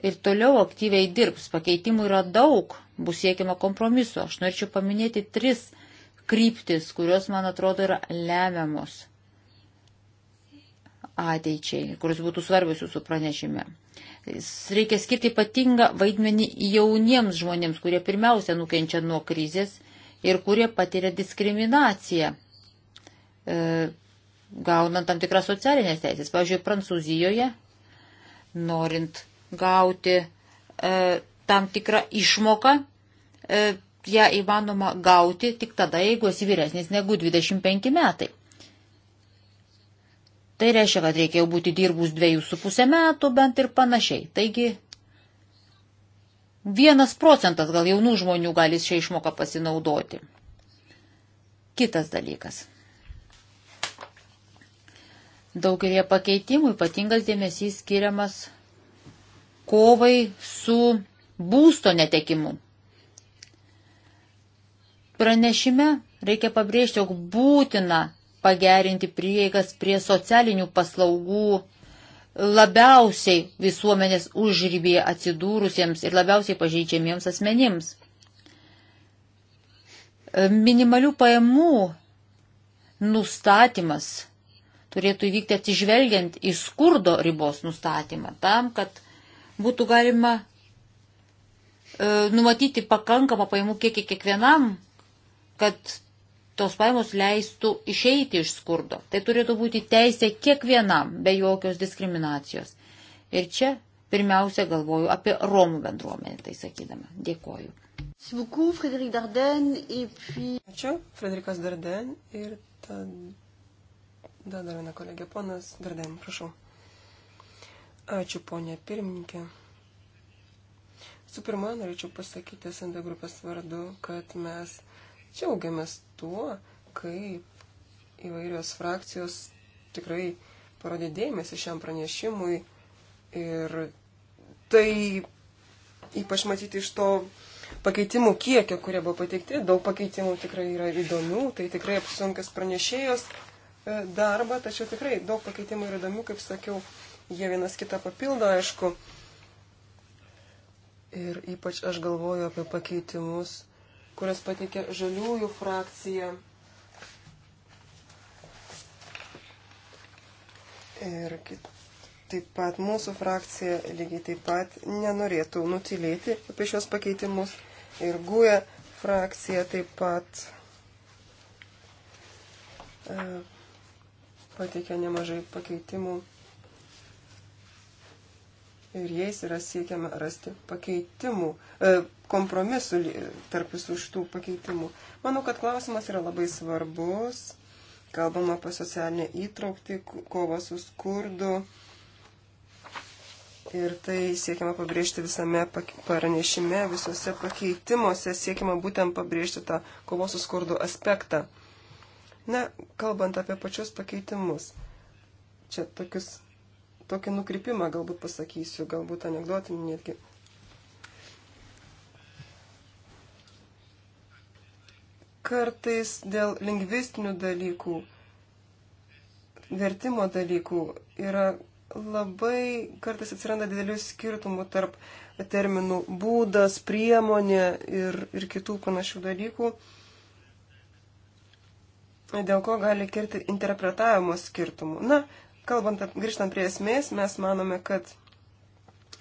ir toliau aktyviai dirbs. Pakeitimų yra daug, bus siekiama kompromiso. Aš norėčiau paminėti tris kryptis, kurios, man atrodo, yra lemiamos ateičiai, kuris būtų svarbios jūsų pranešime. Reikia skirti ypatingą vaidmenį jauniems žmonėms, kurie pirmiausia nukenčia nuo krizės ir kurie patiria diskriminaciją, e, gaunant tam tikras socialinės teisės. Pavyzdžiui, Prancūzijoje, norint gauti e, tam tikrą išmoką, e, ją įmanoma gauti tik tada, jeigu esi vyresnis negu 25 metai. Tai reiškia, kad reikėjo būti dirbus dviejų su pusę metų bent ir panašiai. Taigi, vienas procentas gal jaunų žmonių gali šią išmoką pasinaudoti. Kitas dalykas. Daugelie pakeitimų ypatingas dėmesys skiriamas kovai su būsto netekimu. Pranešime reikia pabrėžti, jog būtina pagerinti prieigas prie socialinių paslaugų labiausiai visuomenės užrybėje atsidūrusiems ir labiausiai pažeidžiamiems asmenims. E, minimalių pajamų nustatymas turėtų įvykti atsižvelgiant į skurdo ribos nustatymą, tam, kad būtų galima e, numatyti pakankamą pajamų kiekį kiekvienam kad tos pajamos leistų išeiti iš skurdo. Tai turėtų būti teisė kiekvienam be jokios diskriminacijos. Ir čia pirmiausia galvoju apie Romų bendruomenę, tai sakydama. Dėkoju. Ačiū, Frederikas Darden ir tada dar viena kolegė, ponas Darden, prašau. Ačiū, ponė pirmininkė. Su pirma, norėčiau pasakyti SND grupės vardu, kad mes Džiaugiamės tuo, kaip įvairios frakcijos tikrai parodė dėmesį šiam pranešimui ir tai ypač matyti iš to pakeitimų kiekio, kurie buvo pateikti. Daug pakeitimų tikrai yra įdomių, tai tikrai apsunkas pranešėjos e, darbą, tačiau tikrai daug pakeitimų yra įdomių, kaip sakiau, jie vienas kitą papildo, aišku. Ir ypač aš galvoju apie pakeitimus kurias pateikė žaliųjų frakcija. Ir taip pat mūsų frakcija lygiai taip pat nenorėtų nutilėti apie šios pakeitimus. Ir GUE frakcija taip pat e, pateikė nemažai pakeitimų ir jais yra siekiama rasti pakeitimų, e, kompromisų tarp visų šitų pakeitimų. Manau, kad klausimas yra labai svarbus. Kalbama apie socialinę įtraukti, kovą su skurdu. Ir tai siekiama pabrėžti visame pranešime, visose pakeitimuose siekiama būtent pabrėžti tą kovos su skurdu aspektą. Na, kalbant apie pačius pakeitimus, čia tokius tokį nukrypimą galbūt pasakysiu, galbūt anegdotinį netgi. Kartais dėl lingvistinių dalykų, vertimo dalykų yra labai kartais atsiranda didelių skirtumų tarp terminų būdas, priemonė ir, ir kitų panašių dalykų, dėl ko gali kirti interpretavimo skirtumų. Na, kalbant, grįžtant prie esmės, mes manome, kad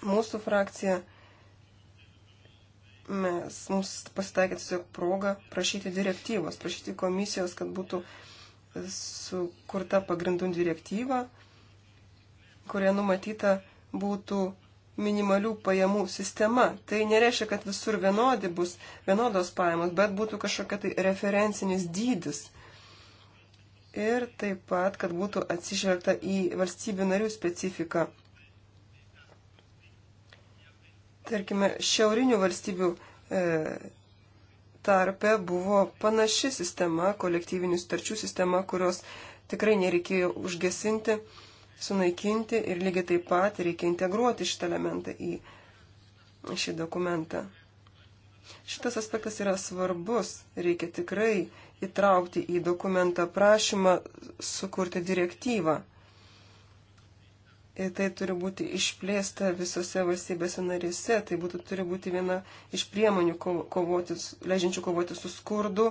mūsų frakcija, mes, mums pasitaikė tiesiog proga prašyti direktyvos, prašyti komisijos, kad būtų sukurta pagrindų direktyva, kurie numatyta būtų minimalių pajamų sistema. Tai nereiškia, kad visur vienodi bus vienodos pajamos, bet būtų kažkokia tai referencinis dydis ir taip pat, kad būtų atsižvelgta į valstybių narių specifiką. Tarkime, šiaurinių valstybių e, tarpe buvo panaši sistema, kolektyvinių starčių sistema, kurios tikrai nereikėjo užgesinti, sunaikinti ir lygiai taip pat reikia integruoti šitą elementą į šį dokumentą. Šitas aspektas yra svarbus, reikia tikrai įtraukti į dokumentą prašymą sukurti direktyvą. Ir tai turi būti išplėsta visose valstybėse narėse. Tai būtų, turi būti viena iš priemonių, kovoti, leidžiančių kovoti su skurdu,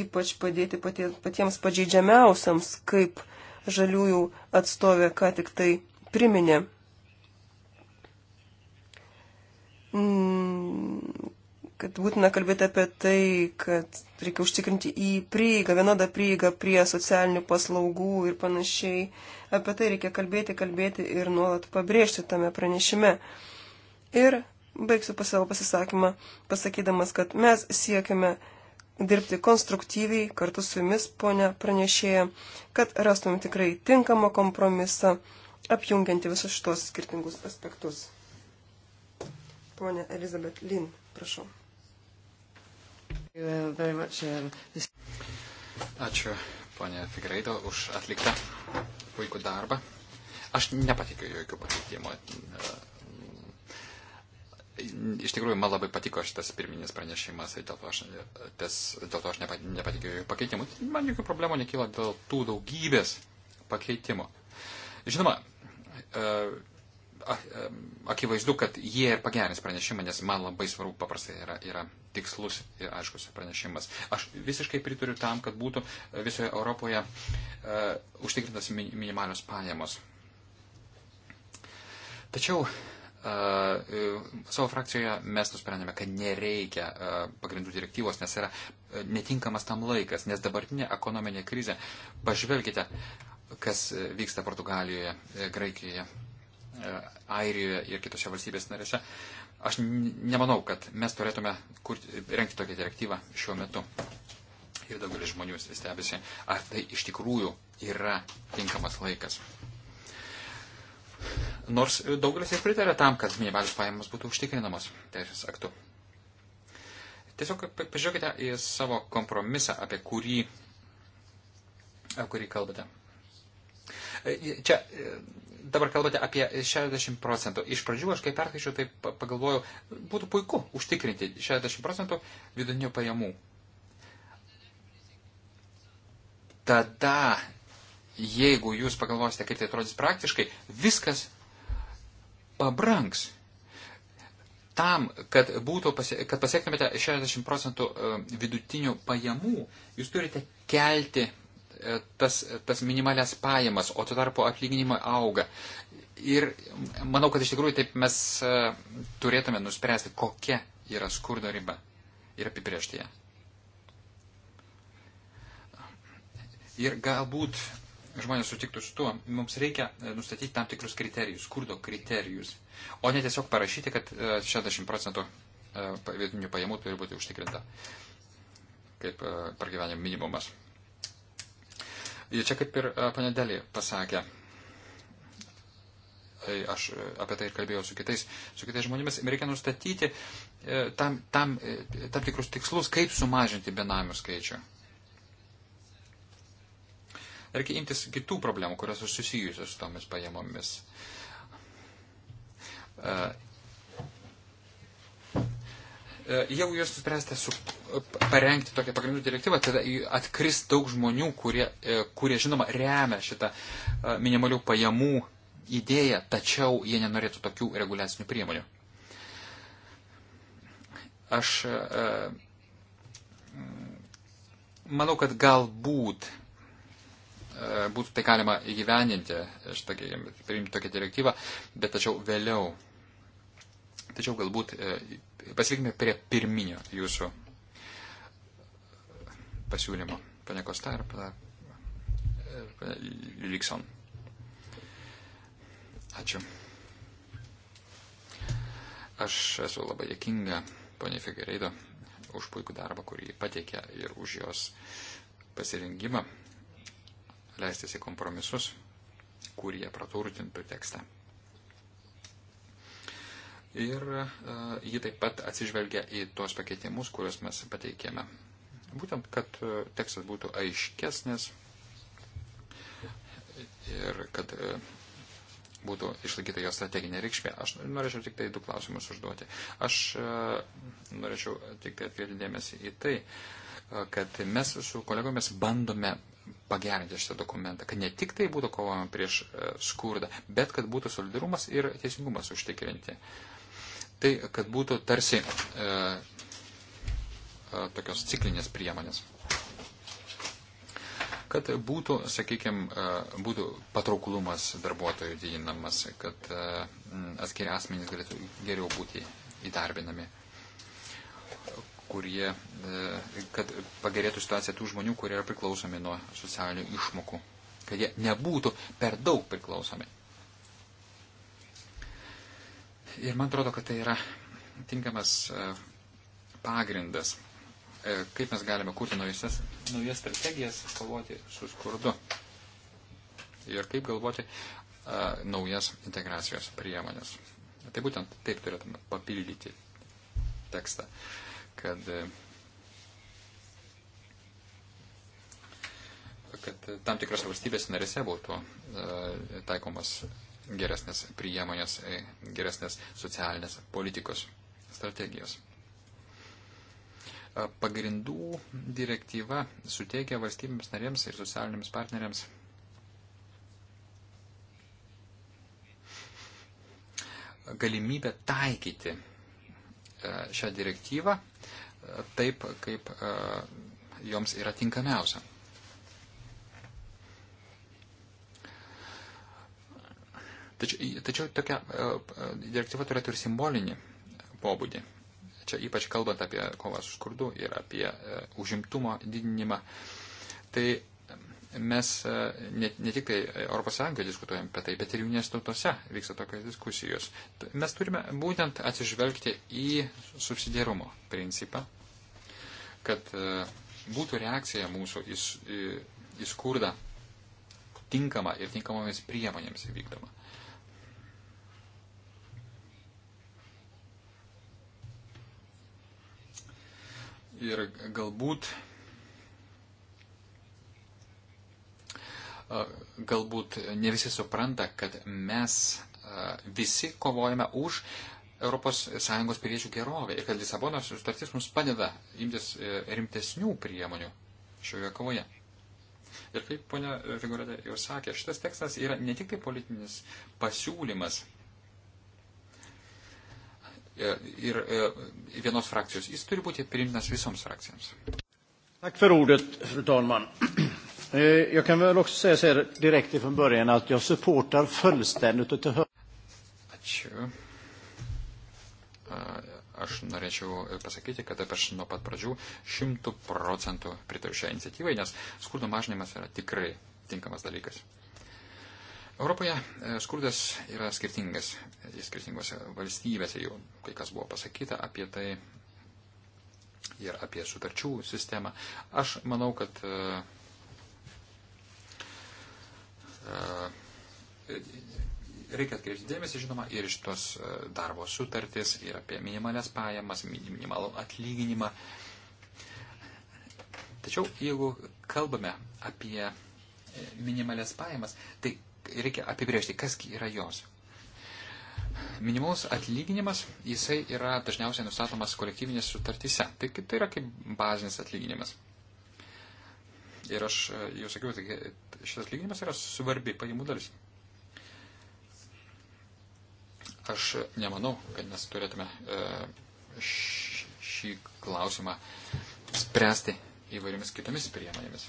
ypač padėti patie, patiems pažeidžiamiausiams, kaip žaliųjų atstovė ką tik tai priminė. Mm, kad būtina kalbėti apie tai, kad reikia užtikrinti į prieigą, vienodą prieigą prie socialinių paslaugų ir panašiai. Apie tai reikia kalbėti, kalbėti ir nuolat pabrėžti tame pranešime. Ir baigsiu pas savo pasisakymą, pasakydamas, kad mes siekiame dirbti konstruktyviai kartu su jumis, ponia pranešėja, kad rastum tikrai tinkamą kompromisą, apjungianti visus šitos skirtingus aspektus. Ponia Elizabeth Lin, prašau. Uh, Ačiū, ponė Figreido, už atliktą puikų darbą. Aš nepatikiu jokių pakeitimų. Iš tikrųjų, man labai patiko šitas pirminis pranešimas, tai dėl to aš, tes, dėl to aš nepatikiu jokių pakeitimų. Man jokių problemų nekyla dėl tų daugybės pakeitimų. Žinoma, akivaizdu, kad jie pagerins pranešimą, nes man labai svarbu paprastai yra, yra tikslus ir aiškus pranešimas. Aš visiškai pritariu tam, kad būtų visoje Europoje uh, užtikrintas minimalios pajamos. Tačiau uh, savo frakcijoje mes nusprendėme, kad nereikia uh, pagrindų direktyvos, nes yra uh, netinkamas tam laikas, nes dabartinė ekonominė krizė, pažvelkite, kas vyksta Portugalijoje, Graikijoje E, Airijoje ir kitose valstybės narėse. Aš nemanau, kad mes turėtume kurti, renkti tokią direktyvą šiuo metu. Ir daugelis žmonių stebisi, ar tai iš tikrųjų yra tinkamas laikas. Nors daugelis ir pritarė tam, kad minimalius pajamos būtų užtikrinamos teisės aktu. Tiesiog pažiūrėkite į savo kompromisą, apie kurį, kurį kalbate. E, čia e, dabar kalbate apie 60 procentų. Iš pradžių aš kai perskaičiau, tai pagalvojau, būtų puiku užtikrinti 60 procentų vidutinių pajamų. Tada, jeigu jūs pagalvosite, kaip tai atrodys praktiškai, viskas pabranks. Tam, kad, būtų, kad pasiektumėte 60 procentų e, vidutinių pajamų, jūs turite kelti E, tas, tas minimalias pajamas, o tuo tarpu atlyginimai auga. Ir manau, kad iš tikrųjų taip mes e, turėtume nuspręsti, kokia yra skurdo riba ir apibriežti ją. Ir galbūt žmonės sutiktų su tuo, mums reikia e, nustatyti tam tikrus kriterijus, skurdo kriterijus, o ne tiesiog parašyti, kad 60 procentų vietinių pajamų turi būti užtikrinta kaip pragyvenimo minimumas. Ir čia kaip ir e, ponė Delį pasakė, tai aš e, apie tai ir kalbėjau su kitais, su kitais žmonėmis, reikia nustatyti e, tam, tam, tam tikrus tikslus, kaip sumažinti benamių skaičių. Reikia imtis kitų problemų, kurios susijusios su tomis pajamomis. E, jeigu jūs nuspręsite su, parengti tokią pagrindų direktyvą, tada atkris daug žmonių, kurie, e, kurie žinoma, remia šitą e, minimalių pajamų idėją, tačiau jie nenorėtų tokių reguliacinių priemonių. Aš manau, kad galbūt būtų tai galima įgyveninti, priimti tokią direktyvą, bet tačiau vėliau. Tačiau galbūt pasilikime prie pirminio jūsų pasiūlymo. Pane Kosta ir pane Likson. Ačiū. Aš esu labai dėkinga ponė Figereido už puikų darbą, kurį pateikė ir už jos pasirengimą leistis į kompromisus, kurie praturtintų tekstą. Ir e, ji taip pat atsižvelgia į tuos pakeitimus, kuriuos mes pateikėme. Būtent, kad e, tekstas būtų aiškesnis ir kad e, būtų išlaikyta jo strateginė reikšmė. Aš norėčiau tik tai du klausimus užduoti. Aš norėčiau tik tai atkreipti dėmesį į tai, kad mes su kolegomis bandome pagerinti šitą dokumentą, kad ne tik tai būtų kovojama prieš skurdą, bet kad būtų solidarumas ir teisingumas užtikrinti. Uh, tai, kad būtų tarsi e, e, tokios ciklinės priemonės. Kad būtų, sakykime, būtų patrauklumas darbuotojų didinamas, kad e, atskiri asmenys galėtų geriau būti įdarbinami, kurie, e, kad pagerėtų situacija tų žmonių, kurie yra priklausomi nuo socialinių išmokų, kad jie nebūtų per daug priklausomi. Ir man atrodo, kad tai yra tinkamas e, pagrindas, e, kaip mes galime kurti naujas, naujas strategijas kovoti su skurdu. Ir kaip galvoti e, naujas integracijos priemonės. Tai būtent taip turėtume papildyti tekstą, kad, kad tam tikras valstybės narėse būtų taikomas geresnės priemonės, e, geresnės socialinės politikos strategijos. E, pagrindų direktyva suteikia valstybėms narėms ir socialiniams partneriams galimybę taikyti e, šią direktyvą taip, kaip joms yra tinkamiausia. Tačiau, tačiau tokia e, e, direktyva turėtų ir simbolinį pobūdį. Čia ypač kalbant apie kovą su skurdu ir apie e, užimtumo didinimą. Tai mes ne, ne tik tai ES diskutuojam apie tai, bet ir jungtinės tautose vyksta tokios diskusijos. Mes turime būtent atsižvelgti į subsidiarumo principą, kad būtų reakcija mūsų į, į, į skurdą tinkama ir tinkamomis priemonėmis vykdoma. ir galbūt, galbūt ne visi supranta, kad mes visi kovojame už ES piliečių gerovę ir kad Lisabonos sutartis mums padeda imtis e, rimtesnių priemonių šioje kovoje. Ir kaip ponia Figuretė jau sakė, šitas tekstas yra ne tik tai politinis pasiūlymas, E, ir e, vienos frakcijos. Jis turi būti priimtinas visoms frakcijams. Tack för ordet, fru talman. Eh, jag kan väl också säga så här direkt ifrån början att jag supportar fullständigt och till höger. Ačiū. Aš norėčiau pasakyti, kad aš nuo pat pradžių šimtų procentų pritariu šią iniciatyvą, nes skurdo mažinimas yra tikrai tinkamas dalykas. Europoje e, skurdas yra skirtingas, e, skirtingose valstybėse jau kai kas buvo pasakyta apie tai ir apie sutarčių sistemą. Aš manau, kad e, reikia atkreipti dėmesį, žinoma, ir iš tos darbo sutartys, ir apie minimalias pajamas, minimalų atlyginimą. Tačiau jeigu kalbame apie minimalias pajamas, tai reikia apibriežti, kas yra jos. Minimalus atlyginimas, jisai yra dažniausiai nustatomas kolektyvinės sutartyse. Tai, tai yra kaip bazinis atlyginimas. Ir aš e, jau sakiau, tai šitas atlyginimas yra svarbi pajamų dalis. Aš nemanau, kad mes turėtume e, šį klausimą spręsti įvairiomis kitomis priemonėmis.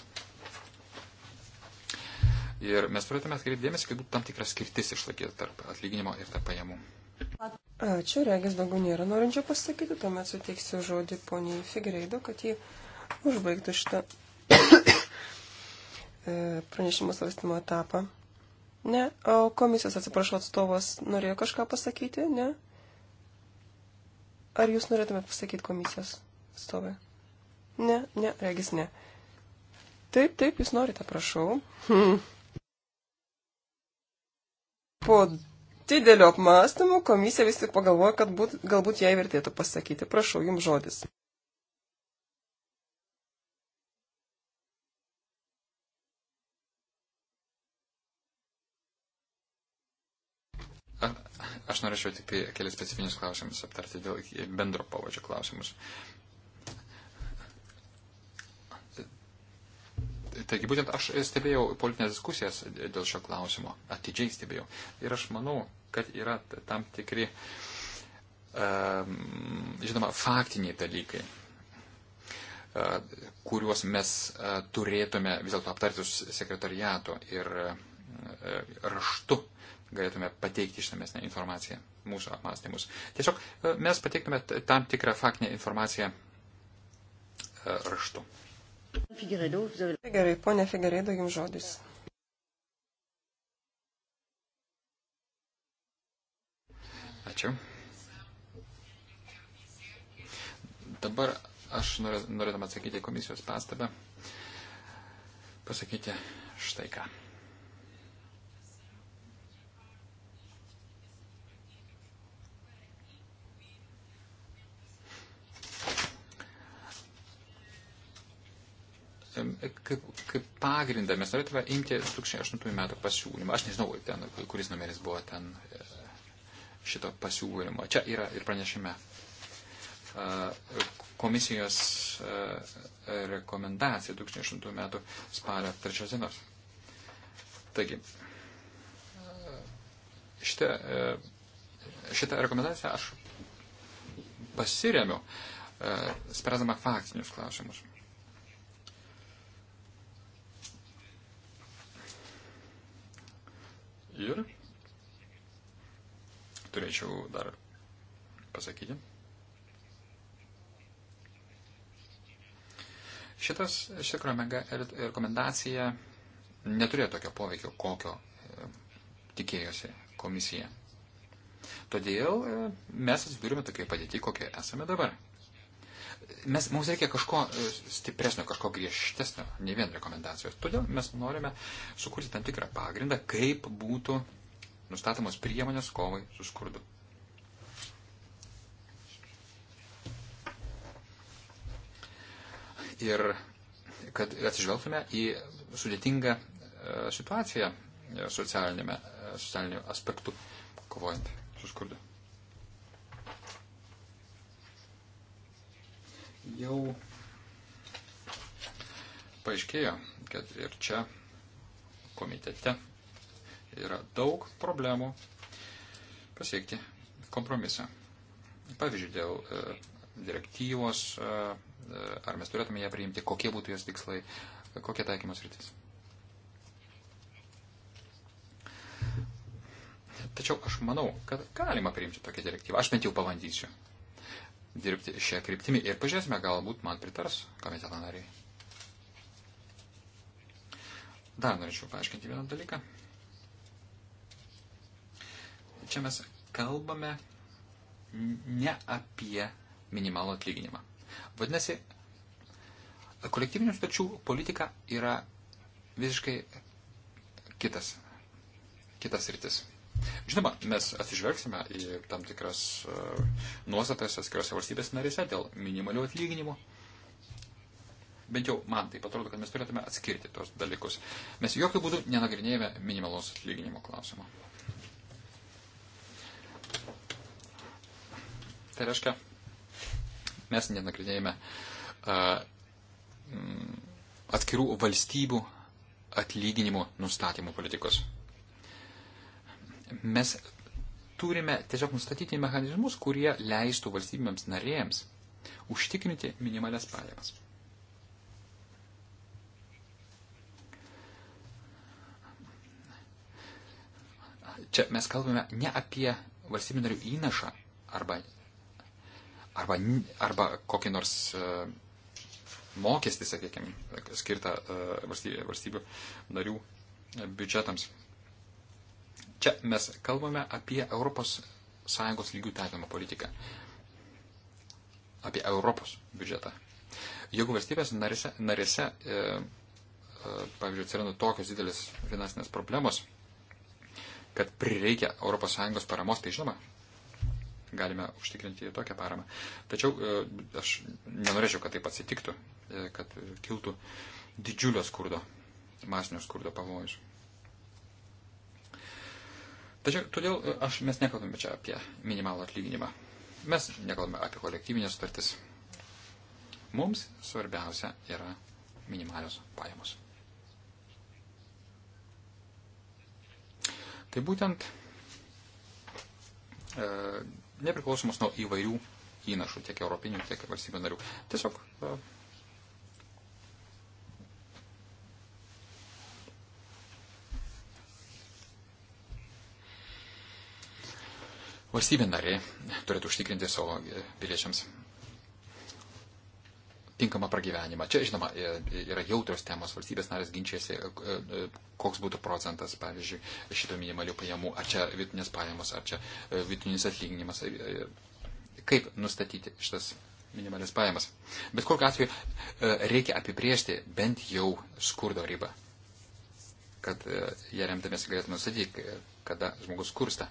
Ir mes turėtume atkreipti dėmesį, kad būtų tam tikras skirtis išlaikyti tarp atlyginimo ir tarp pajamų. Ačiū, regis daugiau nėra norinčio pasakyti, tuomet suteiksiu žodį poniai Figreido, kad jį užbaigtų šitą e, pranešimo svarstymo etapą. Ne, o komisijos atsiprašau atstovas norėjo kažką pasakyti, ne? Ar jūs norėtumėte pasakyti komisijos atstovai? Ne, ne, regis ne. Taip, taip, jūs norite, prašau. Hmm. Po didelio apmąstymų komisija vis tik pagalvoja, kad būt, galbūt jai vertėtų pasakyti. Prašau, jums žodis. A, aš norėčiau tik kelis specifinius klausimus aptarti dėl bendro pavadžio klausimus. Taigi būtent aš stebėjau politinės diskusijas dėl šio klausimo, atidžiai stebėjau. Ir aš manau, kad yra tam tikri, žinoma, faktiniai dalykai, e, kuriuos mes e, turėtume vis dėlto aptarti su sekretariatu ir e, raštu galėtume pateikti išnamesnę informaciją mūsų apmąstymus. Tiesiog mes pateiktume tam tikrą faktinę informaciją raštu. Gerai, ponė Figereido, jums žodis. Ačiū. Dabar aš norėdama atsakyti komisijos pastabą, pasakyti štai ką. kaip, kaip pagrindą mes norėtume imti 2008 metų pasiūlymą. Aš nežinau, ten, kuris numeris buvo ten e, šito pasiūlymo. Čia yra ir pranešime e, komisijos e, rekomendacija 2008 metų spalio 3 dienos. Taigi, šitą, šitą rekomendaciją aš pasiremiu, spręsdama faktinius klausimus. Ir turėčiau dar pasakyti. Šitas, iš tikrųjų, rekomendacija neturėjo tokio poveikio, kokio e, tikėjosi komisija. Todėl e, mes atsidūrime tokiai padėti, kokie esame dabar mes, mums reikia kažko e, stipresnio, kažko griežtesnio, ne vien rekomendacijos. Todėl mes norime sukurti tam tikrą pagrindą, kaip būtų nustatomos priemonės kovai su skurdu. Ir kad atsižvelgtume į sudėtingą e, situaciją e, socialinių aspektų kovojant su skurdu. jau paaiškėjo, kad ir čia komitete yra daug problemų pasiekti kompromisą. Pavyzdžiui, dėl e, direktyvos, e, e ar mes turėtume ją priimti, kokie būtų jos tikslai, kokie taikymos rytis. Tačiau aš manau, kad galima priimti tokią direktyvą. Aš bent jau pabandysiu dirbti šią kryptimį ir pažiūrėsime, galbūt man pritars komiteto nariai. Dar norėčiau paaiškinti vieną dalyką. Čia mes kalbame ne apie minimalų atlyginimą. Vadinasi, kolektyvinių sutarčių politika yra visiškai kitas, kitas rytis. Žinoma, mes atsižvelgsime į tam tikras e, nuostatas atskirose valstybės narėse dėl minimalių atlyginimų. Bent jau man tai atrodo, kad mes turėtume atskirti tos dalykus. Mes jokių būdų nenagrinėjame minimalaus atlyginimo klausimo. Tai reiškia, mes nenagrinėjame e, atskirų valstybių atlyginimų nustatymų politikos mes turime tiesiog nustatyti mechanizmus, kurie leistų valstybėms narėjams užtikrinti minimalias pajamas. Čia mes kalbame ne apie valstybių narių įnašą arba, arba, arba kokį nors uh, mokestį, sakykime, skirtą uh, e, valstybių, valstybių narių biudžetams. Čia mes kalbame apie ES lygių taikomą politiką, apie Europos biudžetą. Jeigu valstybės narėse, narėse e, e, pavyzdžiui, atsiranda tokios didelės finansinės problemos, kad prireikia ES paramos, tai žinoma, galime užtikrinti tokią paramą. Tačiau e, aš nenorėčiau, kad taip atsitiktų, e, kad kiltų didžiulio skurdo, masinio skurdo pavojus. Tačiau todėl e, aš, mes nekalbame čia apie minimalų atlyginimą. Mes nekalbame apie kolektyvinės sutartis. Mums svarbiausia yra minimalios pajamos. Tai būtent e, nepriklausomos nuo įvairių įnašų, tiek europinių, tiek valstybių narių. Tiesiog e, Valstybė nariai turėtų užtikrinti savo piliečiams tinkamą pragyvenimą. Čia, žinoma, yra jautrios temos, valstybės narės ginčiasi, e, e, koks būtų procentas, pavyzdžiui, šito minimalių pajamų, ar čia vidutinės pajamos, ar čia e, vidutinis atlyginimas, kaip nustatyti šitas minimalės pajamas. Bet kokiu atveju reikia apibriežti bent jau skurdo ribą, kad ją remdamės galėtume nustatyti, kada žmogus skursta.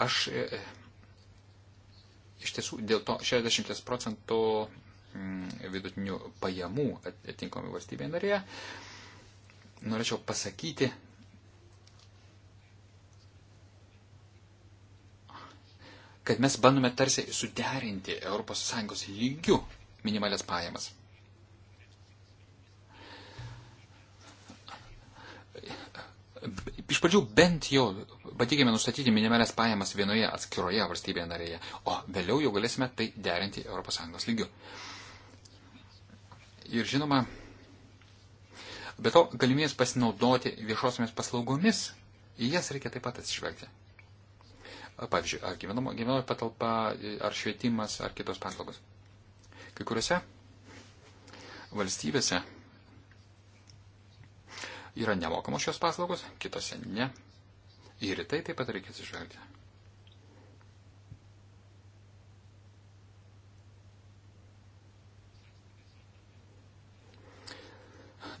Aš e, iš tiesų dėl to 60 procentų mm, vidutinių pajamų atitinkamai valstybėje narėje norėčiau pasakyti, kad mes bandome tarsi suderinti ES lygių minimalės pajamas. Iš pradžių bent jau patikime nustatyti minimalias pajamas vienoje atskiroje valstybėje narėje, o vėliau jau galėsime tai derinti ES lygiu. Ir žinoma, be to galimybės pasinaudoti viešosiamis paslaugomis, į jas reikia taip pat atsižvelgti. Pavyzdžiui, ar gyvenamoji patalpa, ar švietimas, ar kitos paslaugos. Kai kuriuose valstybėse yra nemokamos šios paslaugos, kitose ne. Ir į tai taip pat reikia atsižvelgti.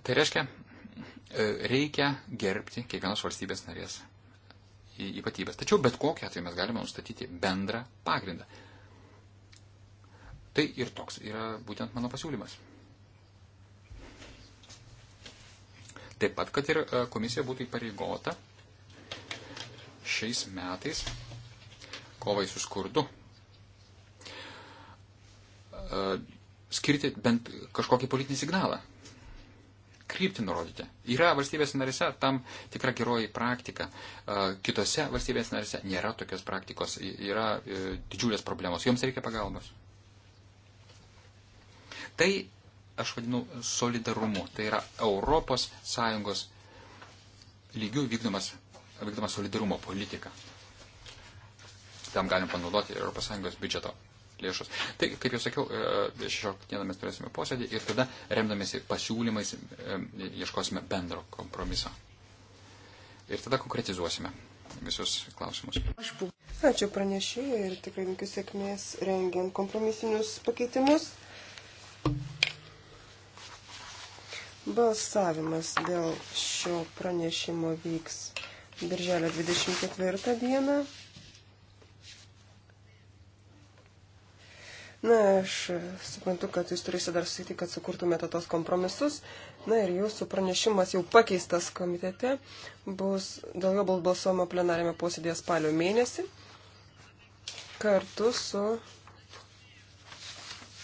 Tai reiškia, e, reikia gerbti kiekvienos valstybės narės ypatybės. Tačiau bet kokią atveju mes galime nustatyti bendrą pagrindą. Tai ir toks yra būtent mano pasiūlymas. Taip pat, kad ir e, komisija būtų įpareigota šiais metais kovai su skurdu e, skirti bent kažkokį politinį signalą. Krypti nurodyti. Yra valstybės narise tam tikra geroji praktika. E, kitose valstybės narise nėra tokios praktikos. Yra e, didžiulės problemos. Joms reikia pagalbos. Tai aš vadinu solidarumu. Tai yra Europos Sąjungos lygių vykdomas vykdoma solidarumo politika. Tam galim panaudoti ES biudžeto lėšus. Tai, kaip jau sakiau, 16 e, dieną mes turėsime posėdį ir tada, remdamėsi pasiūlymais, e, ieškosime bendro kompromiso. Ir tada konkretizuosime visus klausimus. Ačiū pranešėjai ir tikrai linkiu sėkmės rengiant kompromisinius pakeitimus. Balsavimas dėl šio pranešimo vyks birželio 24 dieną. Na, aš suprantu, kad jūs turėsite dar susitikti, kad sukurtumėte tos kompromisus. Na ir jūsų pranešimas jau pakeistas komitete. Bus dėl jo balsuojama plenarėme posėdėje spalio mėnesį. Kartu su.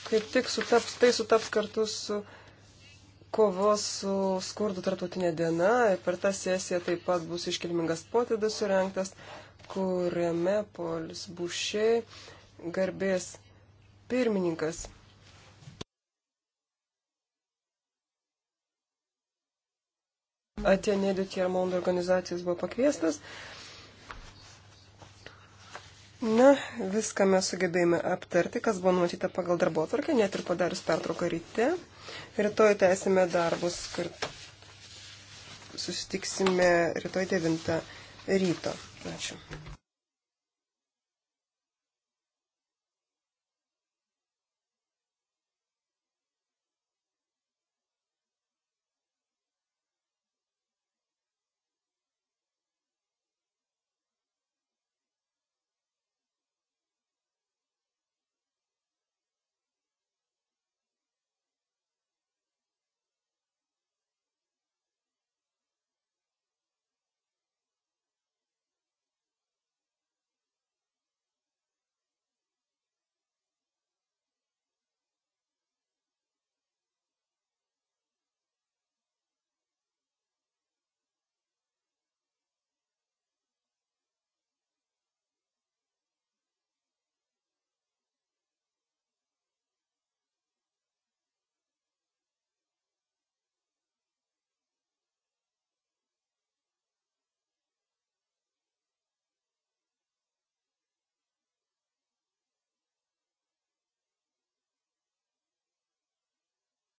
Kaip tik sutaps, tai sutaps kartu su kovos su skurdu tarptautinė diena ir per tą sesiją taip pat bus iškilmingas potėdis surinktas, kuriame Polis Bušė garbės pirmininkas. Atenėdų Tiermond organizacijos buvo pakviestas. Na, viską mes sugebėjome aptarti, kas buvo numatyta pagal darbo atvarkę, net ir padarius pertrauką ryte. Rytoj tęsime darbus, kur susitiksime rytoj 9 ryto. Ačiū.